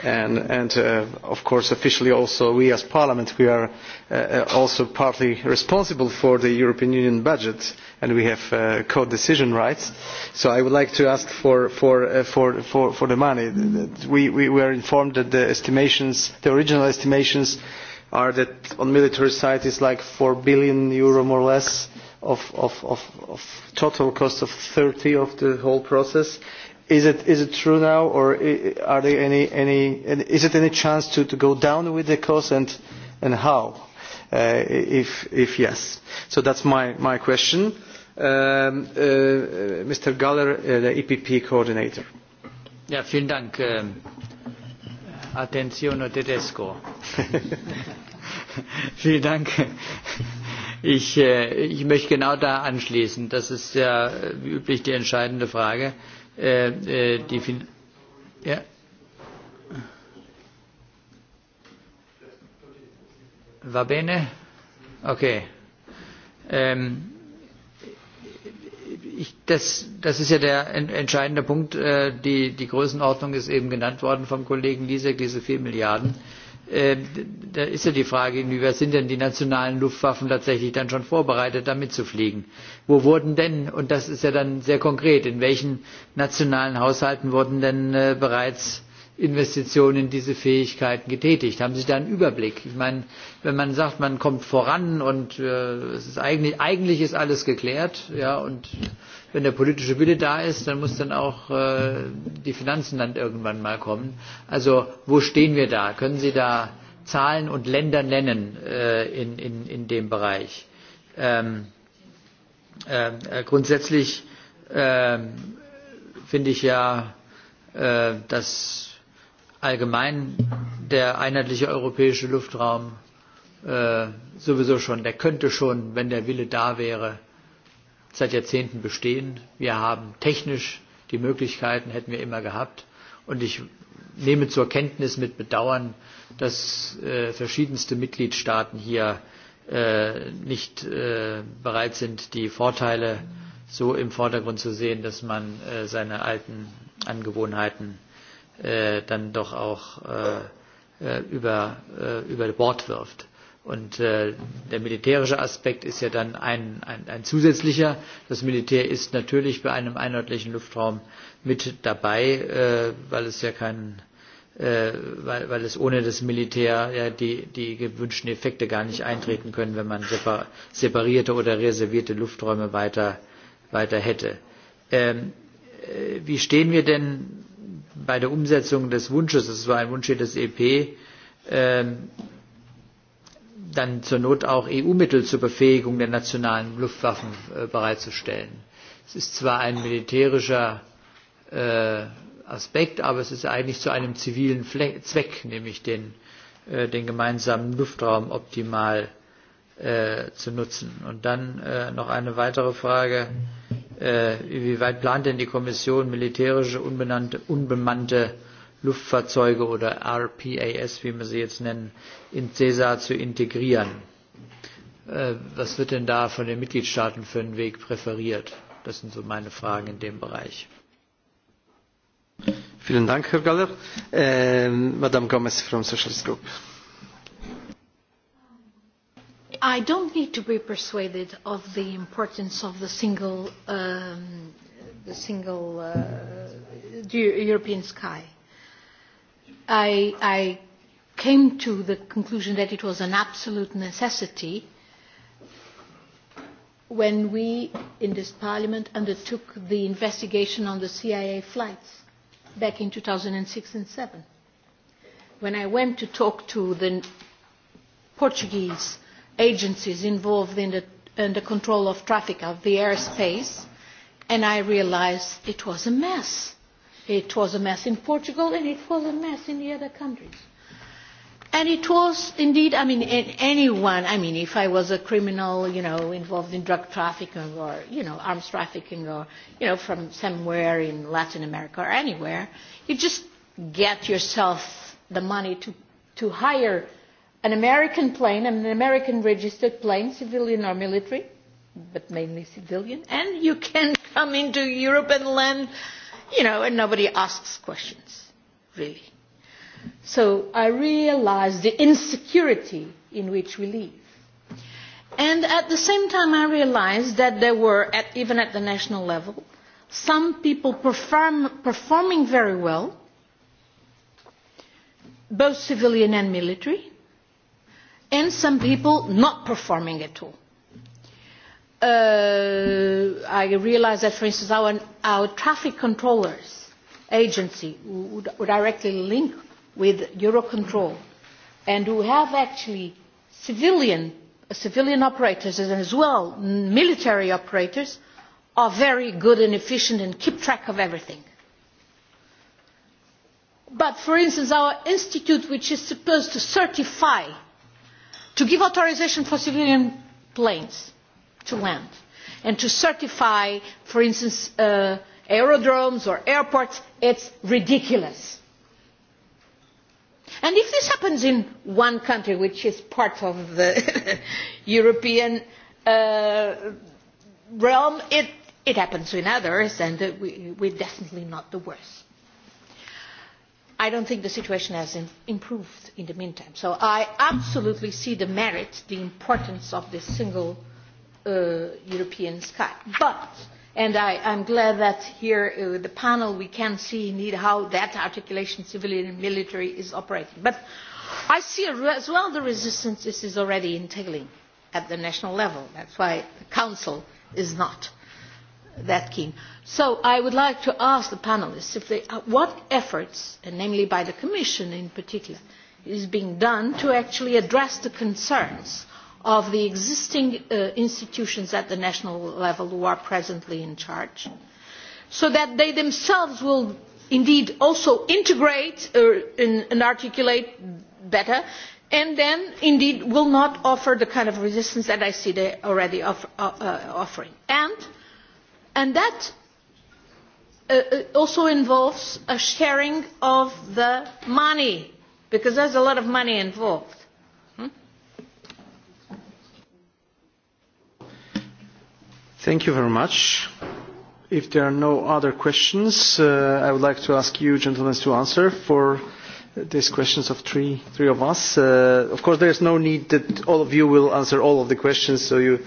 and, and uh, of course officially also we as Parliament, we are uh, also partly responsible for the European Union budget and we have uh, co-decision rights. So I would like to ask for, for, for, for, the money. We, we were informed that the estimations, the original estimations are that on military side is like 4 billion euro more or less of, of, of, total cost of 30 of the whole process. Is it, is it true now or are there any, any, is it any chance to, to go down with the cost and, and how? Uh, if, if yes. So that's my, my question. Mr. Um, uh, Galler, uh, the EPP coordinator. Ja, vielen Dank. Ähm, Attenzione tedesco. *laughs* Vielen Dank. Ich, äh, ich möchte genau da anschließen. Das ist ja wie üblich die entscheidende Frage. Äh, äh, die fin ja. Va bene? Okay. Ähm, ich, das, das ist ja der entscheidende Punkt. Äh, die, die Größenordnung ist eben genannt worden vom Kollegen Lisek, diese vier Milliarden. Äh, da ist ja die Frage, inwieweit sind denn die nationalen Luftwaffen tatsächlich dann schon vorbereitet, da mitzufliegen? Wo wurden denn, und das ist ja dann sehr konkret, in welchen nationalen Haushalten wurden denn äh, bereits Investitionen in diese Fähigkeiten getätigt? Haben Sie da einen Überblick? Ich meine, wenn man sagt, man kommt voran und äh, es ist eigentlich, eigentlich ist alles geklärt, ja, und wenn der politische Wille da ist, dann muss dann auch äh, die Finanzen dann irgendwann mal kommen. Also wo stehen wir da? Können Sie da Zahlen und Länder nennen äh, in, in, in dem Bereich? Ähm, ähm, grundsätzlich ähm, finde ich ja, dass allgemein der einheitliche europäische Luftraum äh, sowieso schon, der könnte schon, wenn der Wille da wäre, seit Jahrzehnten bestehen. Wir haben technisch die Möglichkeiten, hätten wir immer gehabt. Und ich nehme zur Kenntnis mit Bedauern, dass äh, verschiedenste Mitgliedstaaten hier äh, nicht äh, bereit sind, die Vorteile so im Vordergrund zu sehen, dass man äh, seine alten Angewohnheiten Äh, dann doch auch äh, äh, über, äh, über Bord wirft. Und äh, der militärische Aspekt ist ja dann ein, ein, ein zusätzlicher. Das Militär ist natürlich bei einem einheitlichen Luftraum mit dabei, äh, weil es ja kein, äh, weil, weil es ohne das Militär ja, die, die gewünschten Effekte gar nicht eintreten können, wenn man separierte oder reservierte Lufträume weiter, weiter hätte. Ähm, äh, wie stehen wir denn bei der Umsetzung des Wunsches, das war ein Wunsch des EP, ähm, dann zur Not auch EU-Mittel zur Befähigung der nationalen Luftwaffen äh, bereitzustellen. Es ist zwar ein militärischer äh, Aspekt, aber es ist eigentlich zu einem zivilen Zweck, nämlich den, äh, den gemeinsamen Luftraum optimal Äh, zu nutzen. Und dann äh, noch eine weitere Frage. Äh, weit plant denn die Kommission militärische unbenannte, unbemannte Luftfahrzeuge oder RPAS, wie man sie jetzt nennen, in CESAR zu integrieren? Äh, was wird denn da von den Mitgliedstaaten für einen Weg präferiert? Das sind so meine Fragen in dem Bereich. Vielen Dank, Herr Galler. Äh, Madame Gomez from Socialist Group. I don't need to be persuaded of the importance of the single, um, the single uh, European sky. I, I came to the conclusion that it was an absolute necessity when we in this parliament undertook the investigation on the CIA flights back in 2006 and 2007. When I went to talk to the Portuguese agencies involved in the, the control of traffic of the airspace and I realized it was a mess. It was a mess in Portugal and it was a mess in the other countries. And it was indeed, I mean, anyone, I mean, if I was a criminal, you know, involved in drug trafficking or, you know, arms trafficking or, you know, from somewhere in Latin America or anywhere, you just get yourself the money to, to hire an american plane an american registered plane civilian or military but mainly civilian and you can come into europe and land you know and nobody asks questions really so i realise the insecurity in which we live and at the same time i realise that there were at, even at the national level some people perform, performing very well both civilian and military and some people not performing at all. Uh, I realise that, for instance, our, our traffic controllers agency, who, who directly link with Eurocontrol, and who have actually civilian, civilian operators and as well military operators, are very good and efficient and keep track of everything. But, for instance, our institute, which is supposed to certify to give authorisation for civilian planes to land and to certify for instance uh, aerodromes or airports it's ridiculous and if this happens in one country which is part of the *laughs* european uh, realm it, it happens in others and uh, we, we're definitely not the worst i do not think the situation has improved in the meantime so i absolutely see the merit the importance of this single uh, european sky but and i am glad that here with uh, the panel we can see indeed how that articulation civilian and military is operating but i see as well the resistance this is already entailing at the national level that is why the council is not that keen. So I would like to ask the panelists if uh, what efforts, and namely by the Commission in particular, is being done to actually address the concerns of the existing uh, institutions at the national level who are presently in charge, so that they themselves will indeed also integrate uh, and articulate better and then indeed will not offer the kind of resistance that I see they are already offering and that uh, uh, also involves a sharing of the money because there's a lot of money involved. Hmm? Thank you very much. If there are no other questions, uh, I would like to ask you, gentlemen, to answer for these questions of three, three of us. of course, there is no need that all of you will answer all of the questions, so you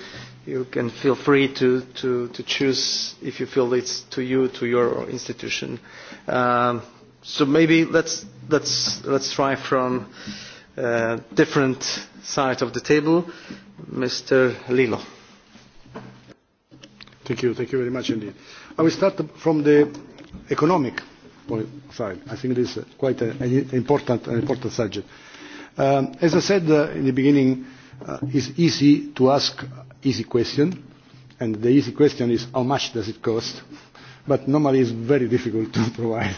you can feel free to, to, to choose if you feel it's to you, to your institution. Um, so maybe let's, let's, let's try from uh, different side of the table. Mr. Lilo. Thank you. Thank you very much indeed. I will start from the economic point side. I think it is quite an important, an important subject. Um, as I said uh, in the beginning, uh, it's easy to ask easy question, and the easy question is how much does it cost? But normally it's very difficult to *laughs* provide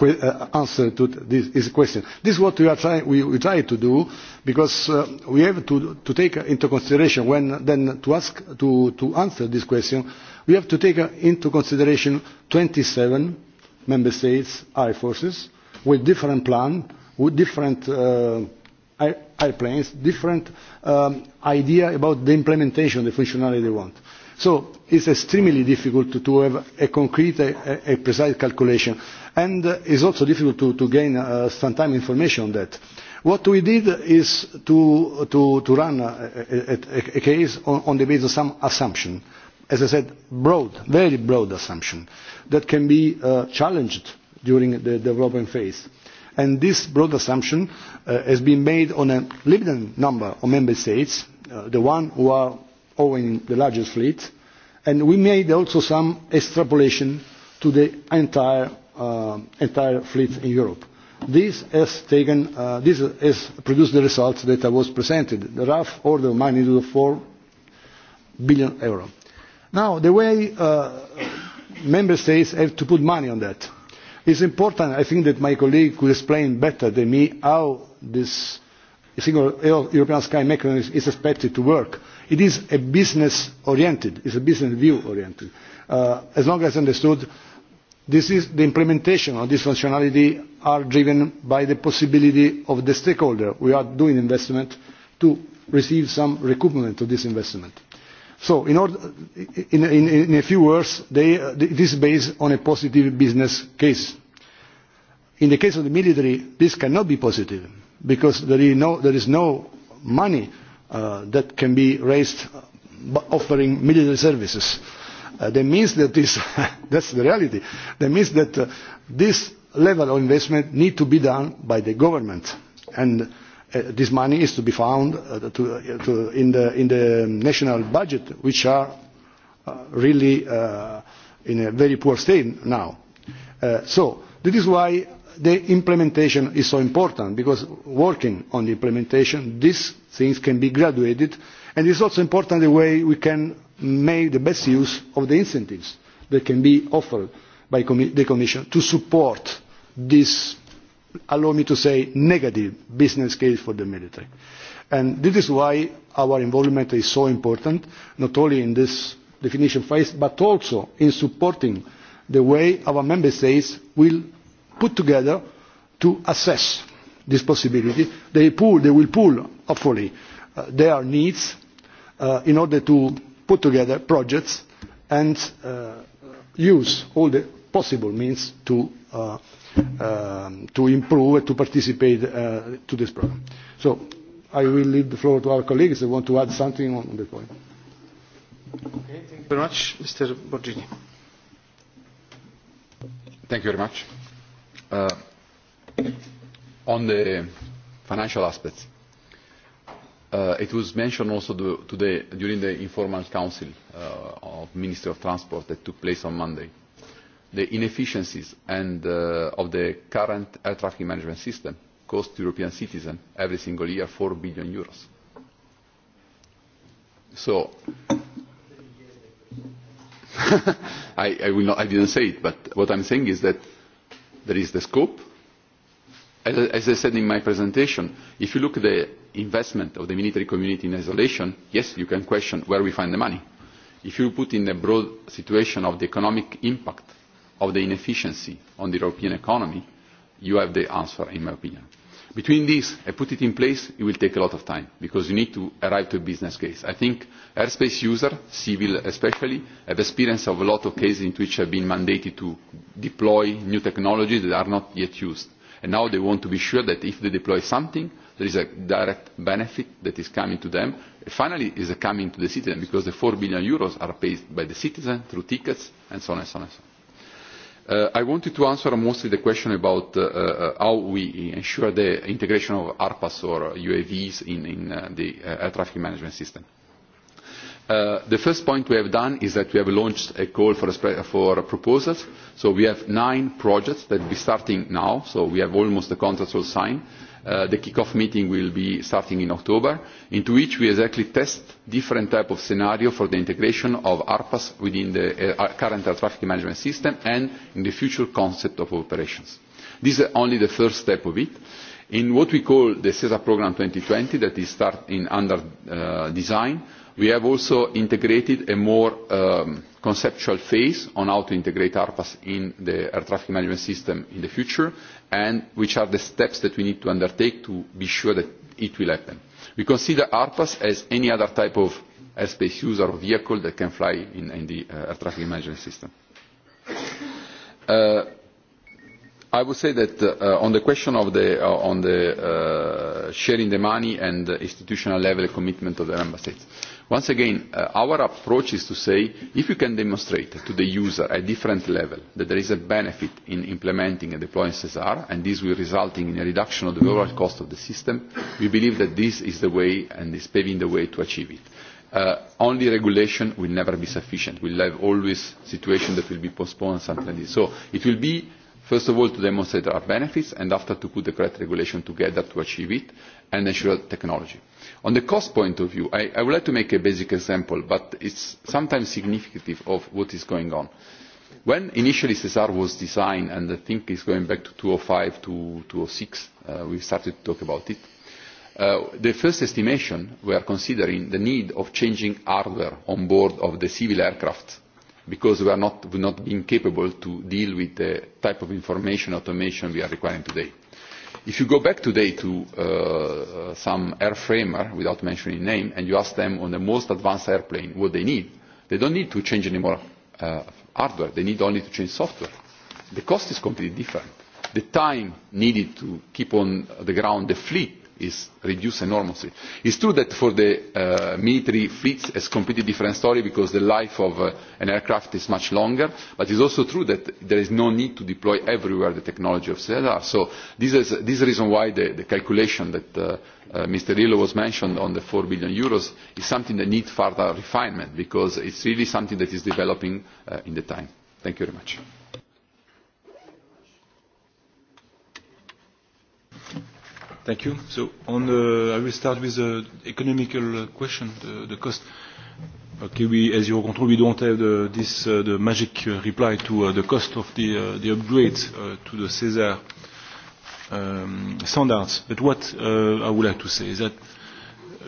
uh, answer to this easy question. This is what we are trying we, try to do because uh, we have to to take into consideration when then to ask to to answer this question we have to take into consideration twenty seven member states air forces with different plans with different uh, airplanes different um, idea about the implementation, the functionality they want. So it's extremely difficult to, to have a concrete, a, a precise calculation. And uh, it's also difficult to, to gain uh, some time information on that. What we did is to, to, to run a, a, a case on, on the basis of some assumption. As I said, broad, very broad assumption that can be uh, challenged during the development phase and this broad assumption uh, has been made on a limited number of member states uh, the ones who are owning the largest fleet and we made also some extrapolation to the entire uh, entire fleet in Europe. This has taken this has produced the results that I was presented, the rough order of magnitude of 4 billion euros Now the way member states have to put money on that It is important, I think that my colleague could explain better than me how this single European sky mechanism is expected to work. It is a business oriented, it is a business view oriented. Uh, as long as I understood, the implementation of this functionality are driven by the possibility of the stakeholder we are doing investment to receive some recoupment of this investment so in, order, in, in, a few words they, uh, this is based on a positive business case. in the case of the military this cannot be positive because there is no, there is no money uh, that can be raised uh, offering military services. that means that this *laughs* that's the reality. that means that this level of investment needs to be done by the government and Uh, this money is to be found uh, uh, in, the, in the national budget, which are really in a very poor state now. So this is why the implementation is so important, because working on the implementation, these things can be graduated, and is also important the way we can make the best use of the incentives that can be offered by the Commission to support this allow me to say negative business case for the military. And this is why our involvement is so important, not only in this definition phase, but also in supporting the way our Member States will put together to assess this possibility. They pull, they will pull, hopefully uh, their needs uh, in order to put together projects and uh, use all the possible means to uh, Um, to improve and to participate uh, to this program. So I will leave the floor to our colleagues who want to add something on the point. thank you very much. Mr. Borgini. Thank you very much. Uh, on the financial aspects, uh, it was mentioned also today during the informal council uh, of Minister of Transport that took place on Monday the inefficiencies uh, of the current air traffic management system cost European citizens every single year four billion euros. So, *laughs* I, did not, say it, but what am saying is that there is the scope. As, I said in my presentation, if you look at the investment of the military community in isolation, yes, you can question where we find the money. If you put in the broad situation of the economic impact of the inefficiency on the European economy, you have the answer, in my opinion. Between these and put it in place, it will take a lot of time because you need to arrive to a business case. I think airspace users, civil especially, have experience of a lot of cases in which have been mandated to deploy new technologies that are not yet used. And now they want to be sure that if they deploy something, there is a direct benefit that is coming to them. Finally, it is coming to the citizen because the four billion euros are paid by the citizen through tickets and so on. And so on. Uh, I wanted to answer mostly the question about uh, uh, how we ensure the integration of ARPAs or UAVs in, the air traffic management system. The first point we have done is that we have launched a call for, for proposals. So we have nine projects that will be starting now. So we have almost the contracts all signed Uh, the kick-off meeting will be starting in October, into which we exactly test different types of scenarios for the integration of ARPAs within the uh, uh, current air traffic management system and in the future concept of operations. This is only the first step of it. In what we call the CESA Programme 2020, that is start in under design, we have also integrated a more um, conceptual phase on how to integrate ARPAs in the air traffic management system in the future and which are the steps that we need to undertake to be sure that it will happen. We consider ARPAs as any other type of airspace user or vehicle that can fly in, in the uh, air traffic management system. Uh, I would say that uh, on the question of the, uh, on the uh, sharing the money and the institutional level commitment of the member states, Once again, uh, our approach is to say if you can demonstrate to the user at different level that there is a benefit in implementing and deploying CESAR and this will result in a reduction of the overall cost of the system, we believe that this is the way and is paving the way to achieve it. Uh, only regulation will never be sufficient. We have always situations that will be postponed something like this. So it will be first of all to demonstrate our benefits and after to put the correct regulation together to achieve it and ensure technology on the cost point of view i, would like to make a basic example but it is sometimes significant of what is going on. when initially cesar was designed and i think it is going back to two thousand oh five two thousand oh six uh, we started to talk about it uh, the first estimation we are considering the need of changing hardware on board of the civil aircraft because we are not, not being capable to deal with the type of information automation we are requiring today If you go back today to uh, uh, some airframer, without mentioning name, and you ask them on the most advanced airplane what they need, they don't need to change any more uh, hardware. They need only to change software. The cost is completely different. The time needed to keep on the ground the fleet is reduced enormously. it is true that for the uh, military fleets it is a completely different story because the life of uh, an aircraft is much longer but it is also true that there is no need to deploy everywhere the technology of cesar. so this is, the reason why the, calculation that uh, mr Rillo was mentioned on the eur four billion Euros is something that needs further refinement because it is really something that is developing in the time. thank you very much. Thank you. So on the, I will start with the economical question, the, the cost. Okay, we, as you control, we don't have the, this uh, the magic uh, reply to uh, the cost of the, uh, the upgrade uh, to the CESAR um, standards. But what uh, I would like to say is that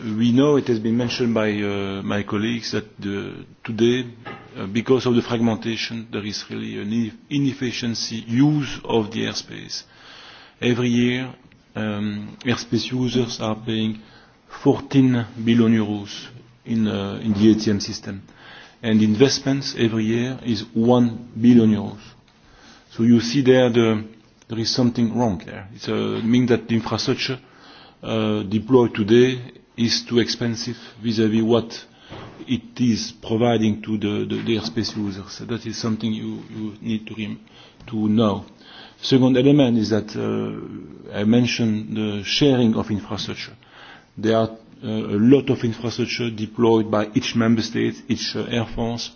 we know it has been mentioned by uh, my colleagues that the, today, uh, because of the fragmentation, there is really an inefficiency use of the airspace. Every year, um, airspace users are paying 14 billion euros in, uh, in the ATM system. And investments every year is 1 billion euros. So you see there the, there is something wrong there. Uh, it uh, means that the infrastructure uh, deployed today is too expensive vis-à-vis -vis what it is providing to the, the, the airspace users. So that is something you, you need to, to know. Second element is that uh, I mentioned the sharing of infrastructure. There are uh, a lot of infrastructure deployed by each member state, each uh, air force,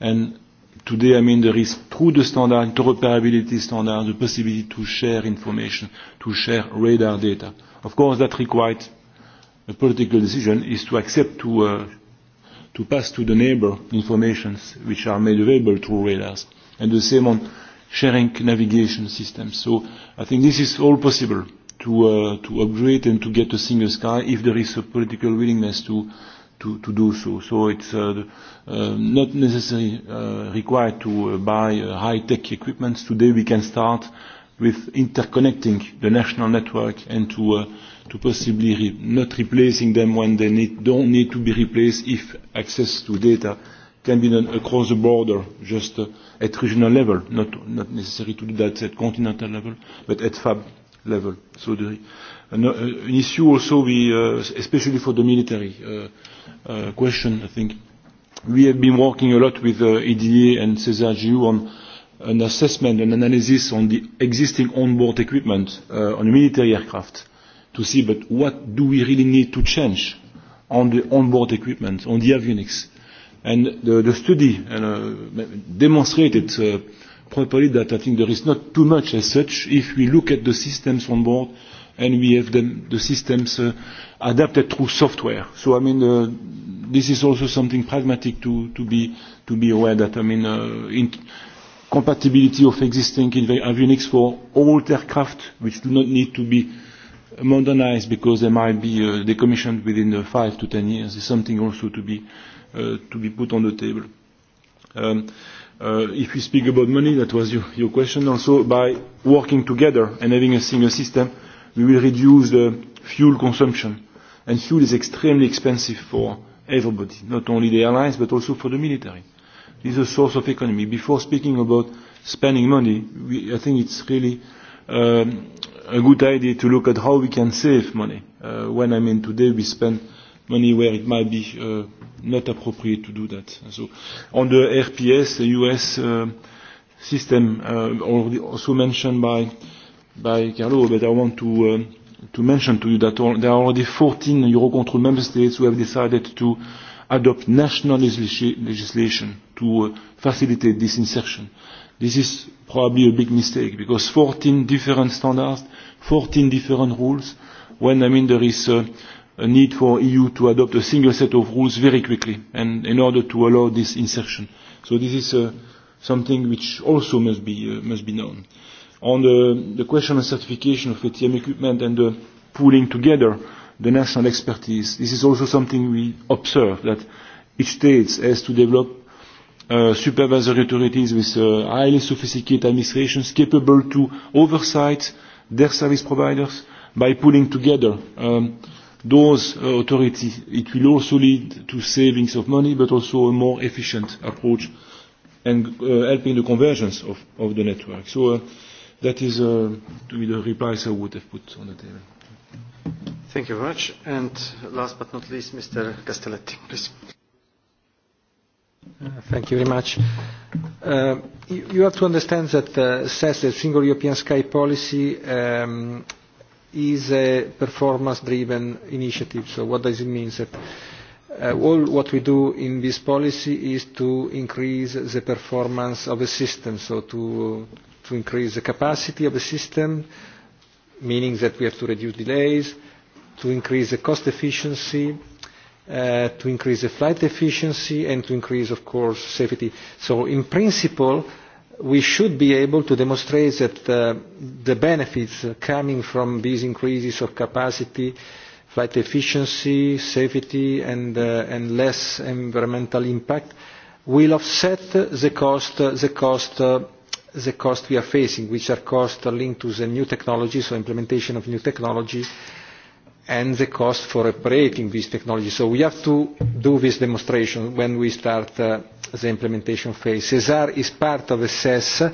and today, I mean, there is through the standard, interoperability standard, the possibility to share information, to share radar data. Of course, that requires a political decision is to accept to, uh, to pass to the neighbor informations which are made available through radars. And the same on sharing navigation systems. So I think this is all possible to, uh, to upgrade and to get a single sky if there is a political willingness to, to, to do so. So it's uh, uh, not necessarily uh, required to uh, buy uh, high-tech equipment. Today we can start with interconnecting the national network and to, uh, to possibly re not replacing them when they need, don't need to be replaced if access to data can be done across the border, just uh, at regional level, not, not necessary to do that at continental level, but at FAB level. So the, an, uh, an issue also, we, uh, especially for the military uh, uh, question, I think, we have been working a lot with uh, EDA and cesar on an assessment, an analysis on the existing onboard equipment uh, on military aircraft to see but what do we really need to change on the onboard equipment, on the avionics and the, the study and uh, demonstrated uh, properly that I think there is not too much as such if we look at the systems on board and we have them, the systems uh, adapted through software. So I mean, uh, this is also something pragmatic to, to, be, to be aware that I mean, uh, in compatibility of existing avionics for old aircraft which do not need to be modernized because they might be uh, decommissioned within uh, five to ten years is something also to be Uh, to be put on the table. Um, uh, if we speak about money, that was your, your question also, by working together and having a single system, we will reduce the fuel consumption. And fuel is extremely expensive for everybody, not only the airlines, but also for the military. This is a source of economy. Before speaking about spending money, we, I think it's really um, a good idea to look at how we can save money. Uh, when I mean today we spend money where it might be uh, not appropriate to do that. So on the RPS, the US uh, system, uh, already also mentioned by by Carlo, but I want to uh to mention to you that all, there are already 14 Eurocontrol member states who have decided to adopt national legislation to uh, facilitate this insertion. This is probably a big mistake because 14 different standards, 14 different rules, when I mean there is uh, need for EU to adopt a single set of rules very quickly and in order to allow this insertion. So this is uh, something which also must be, uh, must be known. On the, the question of certification of ATM equipment and the pooling together the national expertise, this is also something we observe that each state has to develop uh, supervisory authorities with uh, highly sophisticated administrations capable to oversight their service providers by pulling together um, those uh, authorities. It will also lead to savings of money, but also a more efficient approach and uh, helping the convergence of, of the network. So uh, that is uh, to be the replies I would have put on the table. Thank you very much. And last but not least, Mr. Castelletti, please. Uh, thank you very much. Uh, you, you have to understand that uh, says e the single European sky policy um, is a performance driven initiative so what does it mean that uh, all what we do in this policy is to increase the performance of a system so to to increase the capacity of a system meaning that we have to reduce delays to increase the cost efficiency uh, to increase the flight efficiency and to increase of course safety so in principle we should be able to demonstrate that uh, the benefits coming from these increases of capacity, flight efficiency, safety and, uh, and less environmental impact will offset the cost, the, cost, uh, the cost we are facing, which are costs linked to the new technologies, so implementation of new technology and the cost for operating this technology. So we have to do this demonstration when we start uh, the implementation phase. CESAR is part of SES e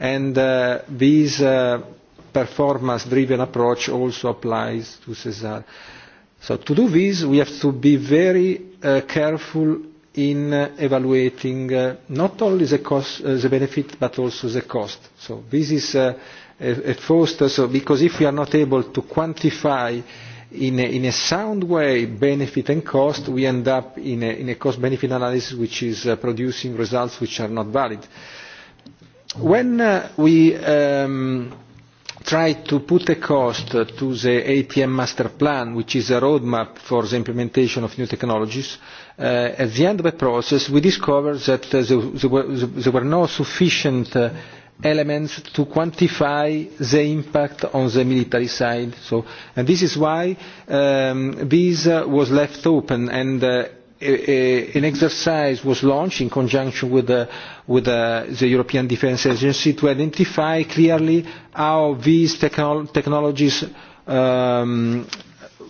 and uh, this uh, performance driven approach also applies to CESAR. So to do this we have to be very careful in evaluating not only the cost the benefit but also the cost. So this is a first so because if we are not able to quantify in a, in a sound way benefit and cost we end up in a, in a cost benefit analysis which is uh, producing results which are not valid. When uh, we um, try to put a cost to the ATM master plan which is a roadmap for the implementation of new technologies, uh, at the end of the process we discovered that uh, there, there, were, there were no sufficient uh, elements to quantify the impact on the military side. So, and this is why um, this uh, was left open and uh, a, a, an exercise was launched in conjunction with, the, with the, the European Defence Agency to identify clearly how these technologies um,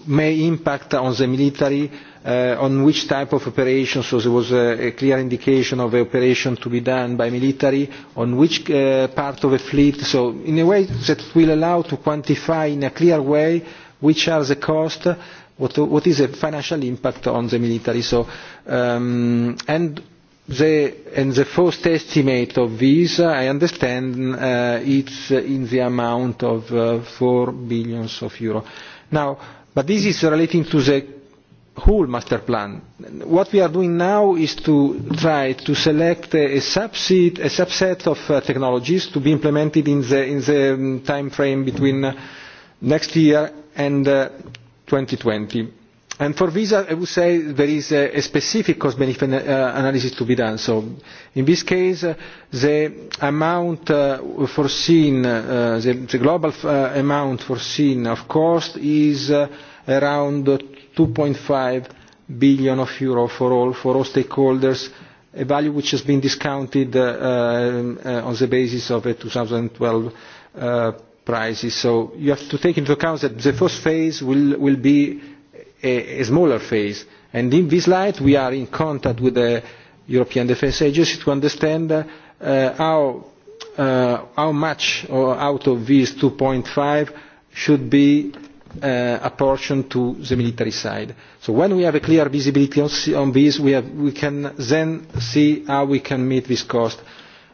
may impact on the military Uh, on which type of operation so there was a, a clear indication of the operation to be done by military on which uh, part of the fleet so in a way that will allow to quantify in a clear way which are the costs what, what is the financial impact on the military so um, and the and the first estimate of this i understand uh, it's in the amount of 4 uh, billion. of euro now but this is relating to the whole master plan. What we are doing now is to try to select a subset, a subset of uh, technologies to be implemented in the, in the um, time frame between uh, next year and uh, 2020. And for visa, I would say there is a, a specific cost-benefit uh, analysis to be done. So in this case, uh, the amount uh, foreseen, the, the global amount foreseen of cost is around 2.5 billion of euro for all, for all stakeholders, a value which has been discounted uh, um, uh, on the basis of a 2012 uh, prices. So you have to take into account that the first phase will, be a, smaller phase. And in this light, we are in contact with the European Defence Agency to understand how, how much out of these 2.5 should be uh, apportion to the military side. So when we have a clear visibility on, this, we, have, we can then see how we can meet this cost.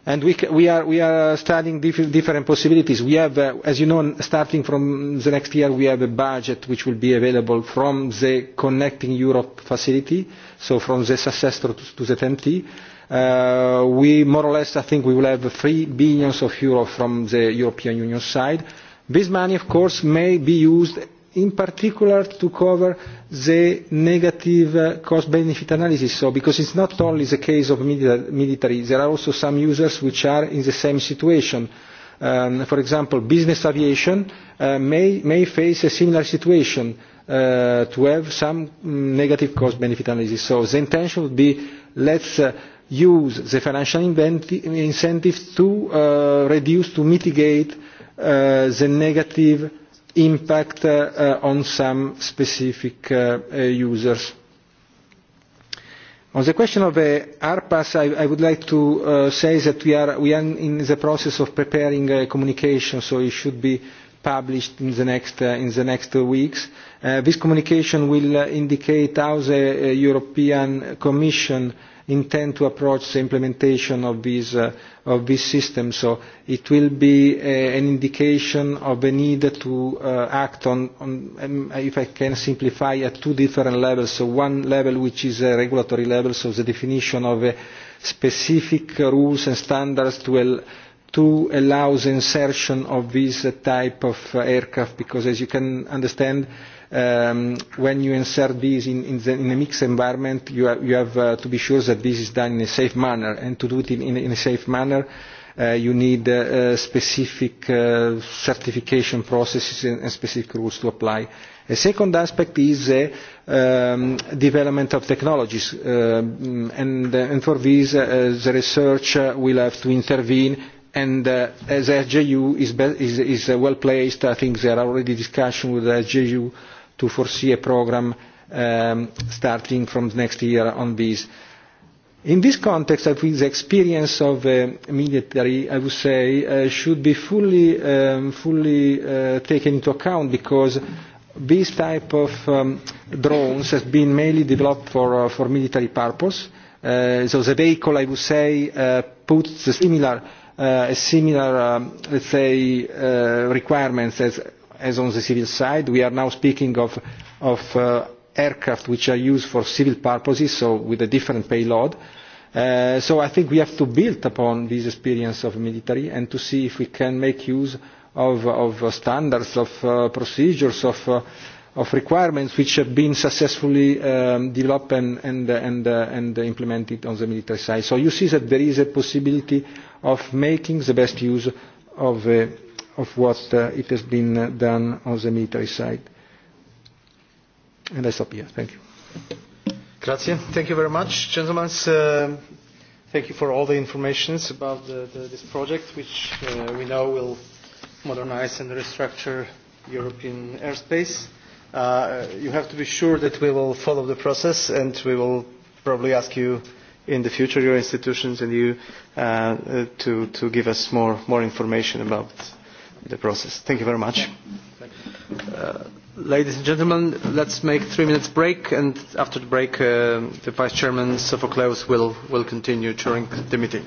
And we, we, are, we are studying diff different possibilities. We have, uh, as you know, starting from the next year, we have a budget which will be available from the Connecting Europe facility, so from the successor to, the TNT. Uh, we more or less, I think, we will have three billions of euro from the European Union side This money, of course, may be used in particular to cover the negative uh, cost benefit analysis so because it's not only the case of military there are also some users which are in the same situation um, for example business aviation uh, may may face a similar situation uh, to have some mm, negative cost benefit analysis so the intention would be let's uh, use the financial incentives to uh, reduce to mitigate Uh, the negative impact uh, on some specific uh, users. On the question of ARPA, ARPAS, I, would like to say that we are, in the process of preparing a communication, so it should be published in the next, weeks. this communication will indicate how the European Commission intend to approach the implementation of these uh, of this system so it will be a, an indication of the need to uh, act on, on um, if i can simplify at two different levels so one level which is a regulatory level so the definition of a specific rules and standards to al to allow the insertion of this type of uh, aircraft because as you can understand Um, when you insert these in, in, the, in a mixed environment, you, you have uh, to be sure that this is done in a safe manner. And to do it in, in, in a safe manner, uh, you need uh, specific uh, certification processes and, and specific rules to apply. A second aspect is the um, development of technologies. Um, and, uh, and for this, uh, the research uh, will have to intervene and uh, as SJU is, is, well placed, I think there are already discussions with SJU to foresee a programme um, starting from next year on this. In this context, I think the experience of uh, military, I would say, uh, should be fully, um, fully uh, taken into account because this type of um, drones has been mainly developed for, uh, for military purpose. Uh, so the vehicle, I would say, uh, puts a similar, uh, similar um, let's say, uh, requirements as as on the civil side. We are now speaking of, uh, aircraft which are used for civil purposes, so with a different payload. Uh, so I think we have to build upon this experience of military and to see if we can make use of, uh, standards, of procedures, of, of requirements which have been successfully um, developed and, and, and implemented on the military side. So you see that there is a possibility of making the best use of of what uh, it has been uh, done on the military side. And I stop here. Thank you. Grazie. Thank you very much, gentlemen. Uh, thank you for all the information about the, the, this project, which we know will modernize and restructure European airspace. you have to be sure that we will follow the process and we will probably ask you in the future, your institutions and you, uh, to, to give us more, more information about the process. Thank you very much. Uh, ladies and gentlemen, let's make three minutes break and after the break uh, the Vice Chairman Sophocles will, will continue during the meeting.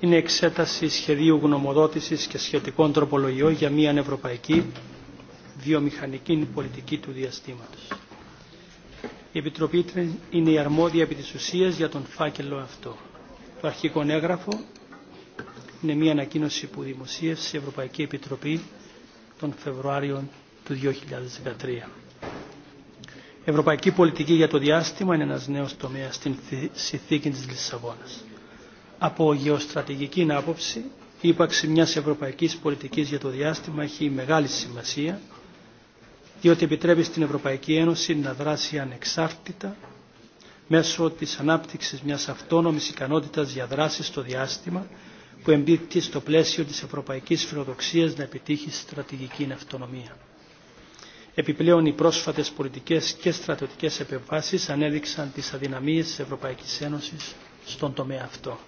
είναι εξέταση σχεδίου γνωμοδότησης και σχετικών τροπολογιών για μια ευρωπαϊκή βιομηχανική πολιτική του διαστήματος. Η Επιτροπή είναι η αρμόδια επί της ουσίας για τον φάκελο αυτό. Το αρχικό έγγραφο είναι μια ανακοίνωση που δημοσίευσε η Ευρωπαϊκή Επιτροπή τον Φεβρουάριο του 2013. Η Ευρωπαϊκή πολιτική για το διάστημα είναι ένας νέος τομέας στην συνθήκη της Λισαβόνας Από γεωστρατηγική άποψη, η ύπαρξη μιας ευρωπαϊκής πολιτικής για το διάστημα έχει μεγάλη σημασία, διότι επιτρέπει στην Ευρωπαϊκή Ένωση να δράσει ανεξάρτητα μέσω της ανάπτυξης μιας αυτόνομης ικανότητας για δράση στο διάστημα που εμπίπτει στο πλαίσιο της ευρωπαϊκής φιλοδοξίας να επιτύχει στρατηγική αυτονομία. Επιπλέον, οι πρόσφατες πολιτικές και στρατιωτικές επεμβάσεις ανέδειξαν τις αδυναμίες της Ευρωπαϊκής Ένωσης στον τομέα αυτό.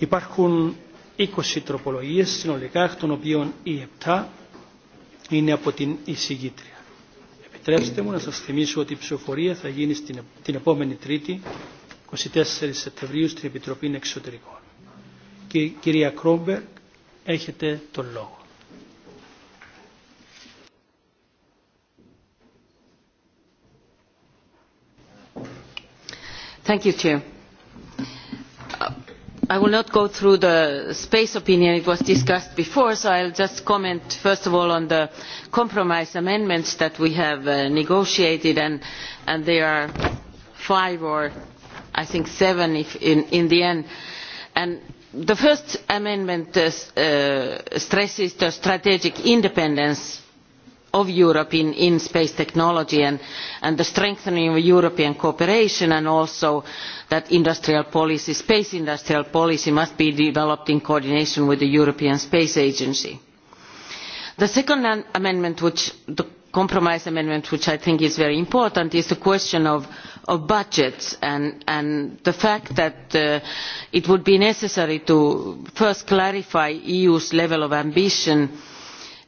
Υπάρχουν 20 τροπολογίες συνολικά, των οποίων οι 7 είναι από την εισηγήτρια. Επιτρέψτε μου να σας θυμίσω ότι η ψηφοφορία θα γίνει στην, την επόμενη Τρίτη, 24 Σεπτεμβρίου, στην Επιτροπή Εξωτερικών. Και, κυρία Κρόμπερ, έχετε τον λόγο. Thank you, Chair i will not go through the space opinion it was discussed before so i will just comment first of all on the compromise amendments that we have uh, negotiated and, there are five or i think seven in, the end. the first amendment uh, uh, stresses the strategic independence of europe in, space technology and, the strengthening of european cooperation and also that industrial policy space industrial policy must be developed in coordination with the european space agency. the second amendment the compromise amendment which i think is very important is the question of, budgets and, the fact that uh, it would be necessary to first clarify the eu's level of ambition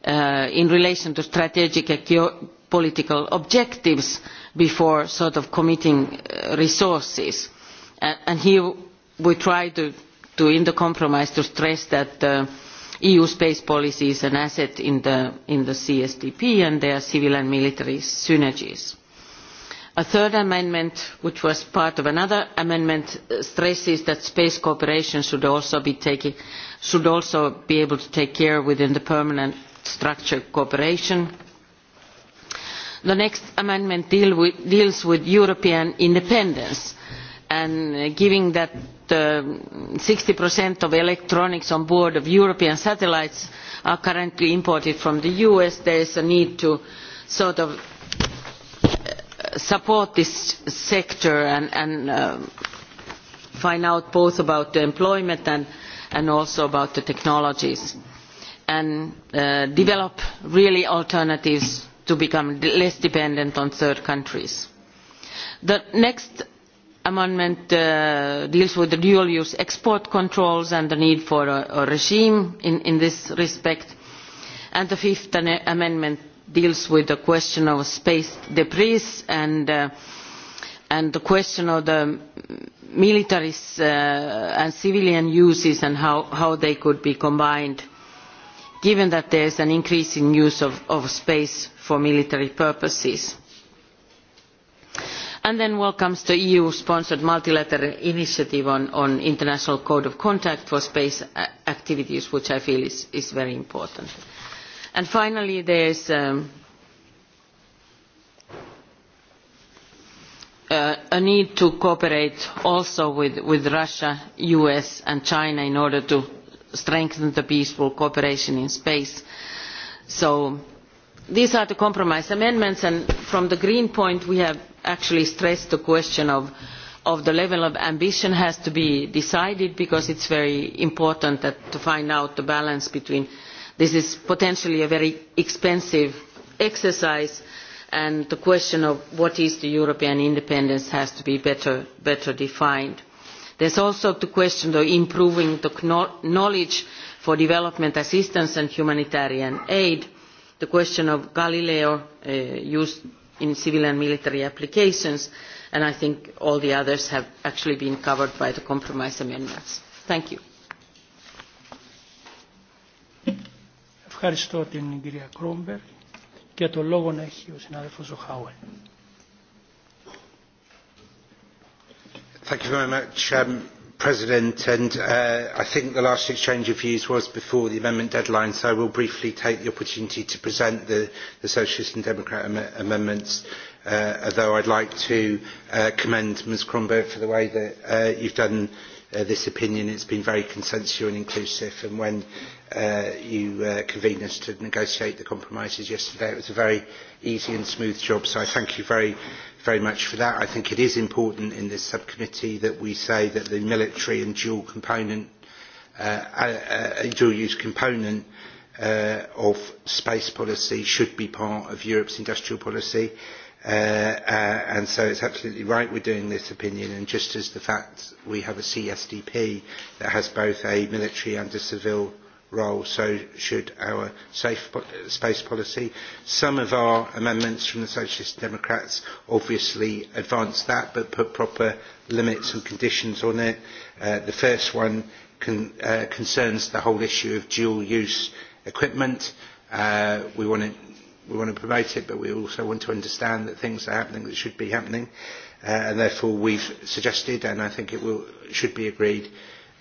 Uh, in relation to strategic and political objectives before sort of committing uh, resources and here we try to, in the compromise to stress that the uh, eu space policy is an asset in the, csdp and there are civil and military synergies. a third amendment which was part of another amendment stresses that space cooperation should also be, should also be able to take care within the permanent structured cooperation. the next amendment deals with european independence and given that um, sixty of electronics on board of european satellites are currently imported from the us there is a need to sort of uh, support this sector and, uh, find out both about employment and also about the technologies and uh, develop really alternatives to become less dependent on third countries. The next amendment uh, deals with the dual use export controls and the need for a, regime in, this respect, and the fifth amendment deals with the question of space debris and, uh, the question of the military and civilian uses and how they could be combined given that there is an increasing use of, space for military purposes and then welcomes the eu sponsored multilateral initiative on, the international code of conduct for space activities which i feel is, very important. And finally there is um, uh, a need to cooperate also with, Russia, russia us and china in order to strengthen the peaceful cooperation in space. so these are the compromise amendments and from the green point we have actually stressed the question of, the level of ambition has to be decided because it is very important that, to find out the balance between this is potentially a very expensive exercise and the question of what is the european independence has to be better defined there is also the question of improving the knowledge for development assistance and humanitarian aid the question of galileo uh, used in civil and military applications and i think all the others have actually been covered by the compromise amendments. thank you. Thank you um, President. Uh, I think the last exchange of views was before the amendment deadline, so I will briefly take the opportunity to present the, Socialist and Democrat amendments. Uh, although I would like to uh, commend Ms. Kronberg for the way that you have done this opinion. It has been very consensual and inclusive, and when you convened us to negotiate the compromises yesterday, it was a very easy and smooth job, so I thank you very very much for that. I think it is important in this subcommittee that we say that the military and dual component, uh, uh dual use component uh, of space policy should be part of Europe's industrial policy. Uh, and so it's absolutely right we're doing this opinion and just as the fact we have a CSDP that has both a military and a civil role so should our safe space policy. some of our amendments from the socialist democrats obviously advance that but put proper limits and conditions on it. Uh, the first one uh, concerns the whole issue of dual use equipment. Uh, we want to we want to promote it but we also want to understand that things are happening that should be happening and therefore we've suggested and I think it will, should be agreed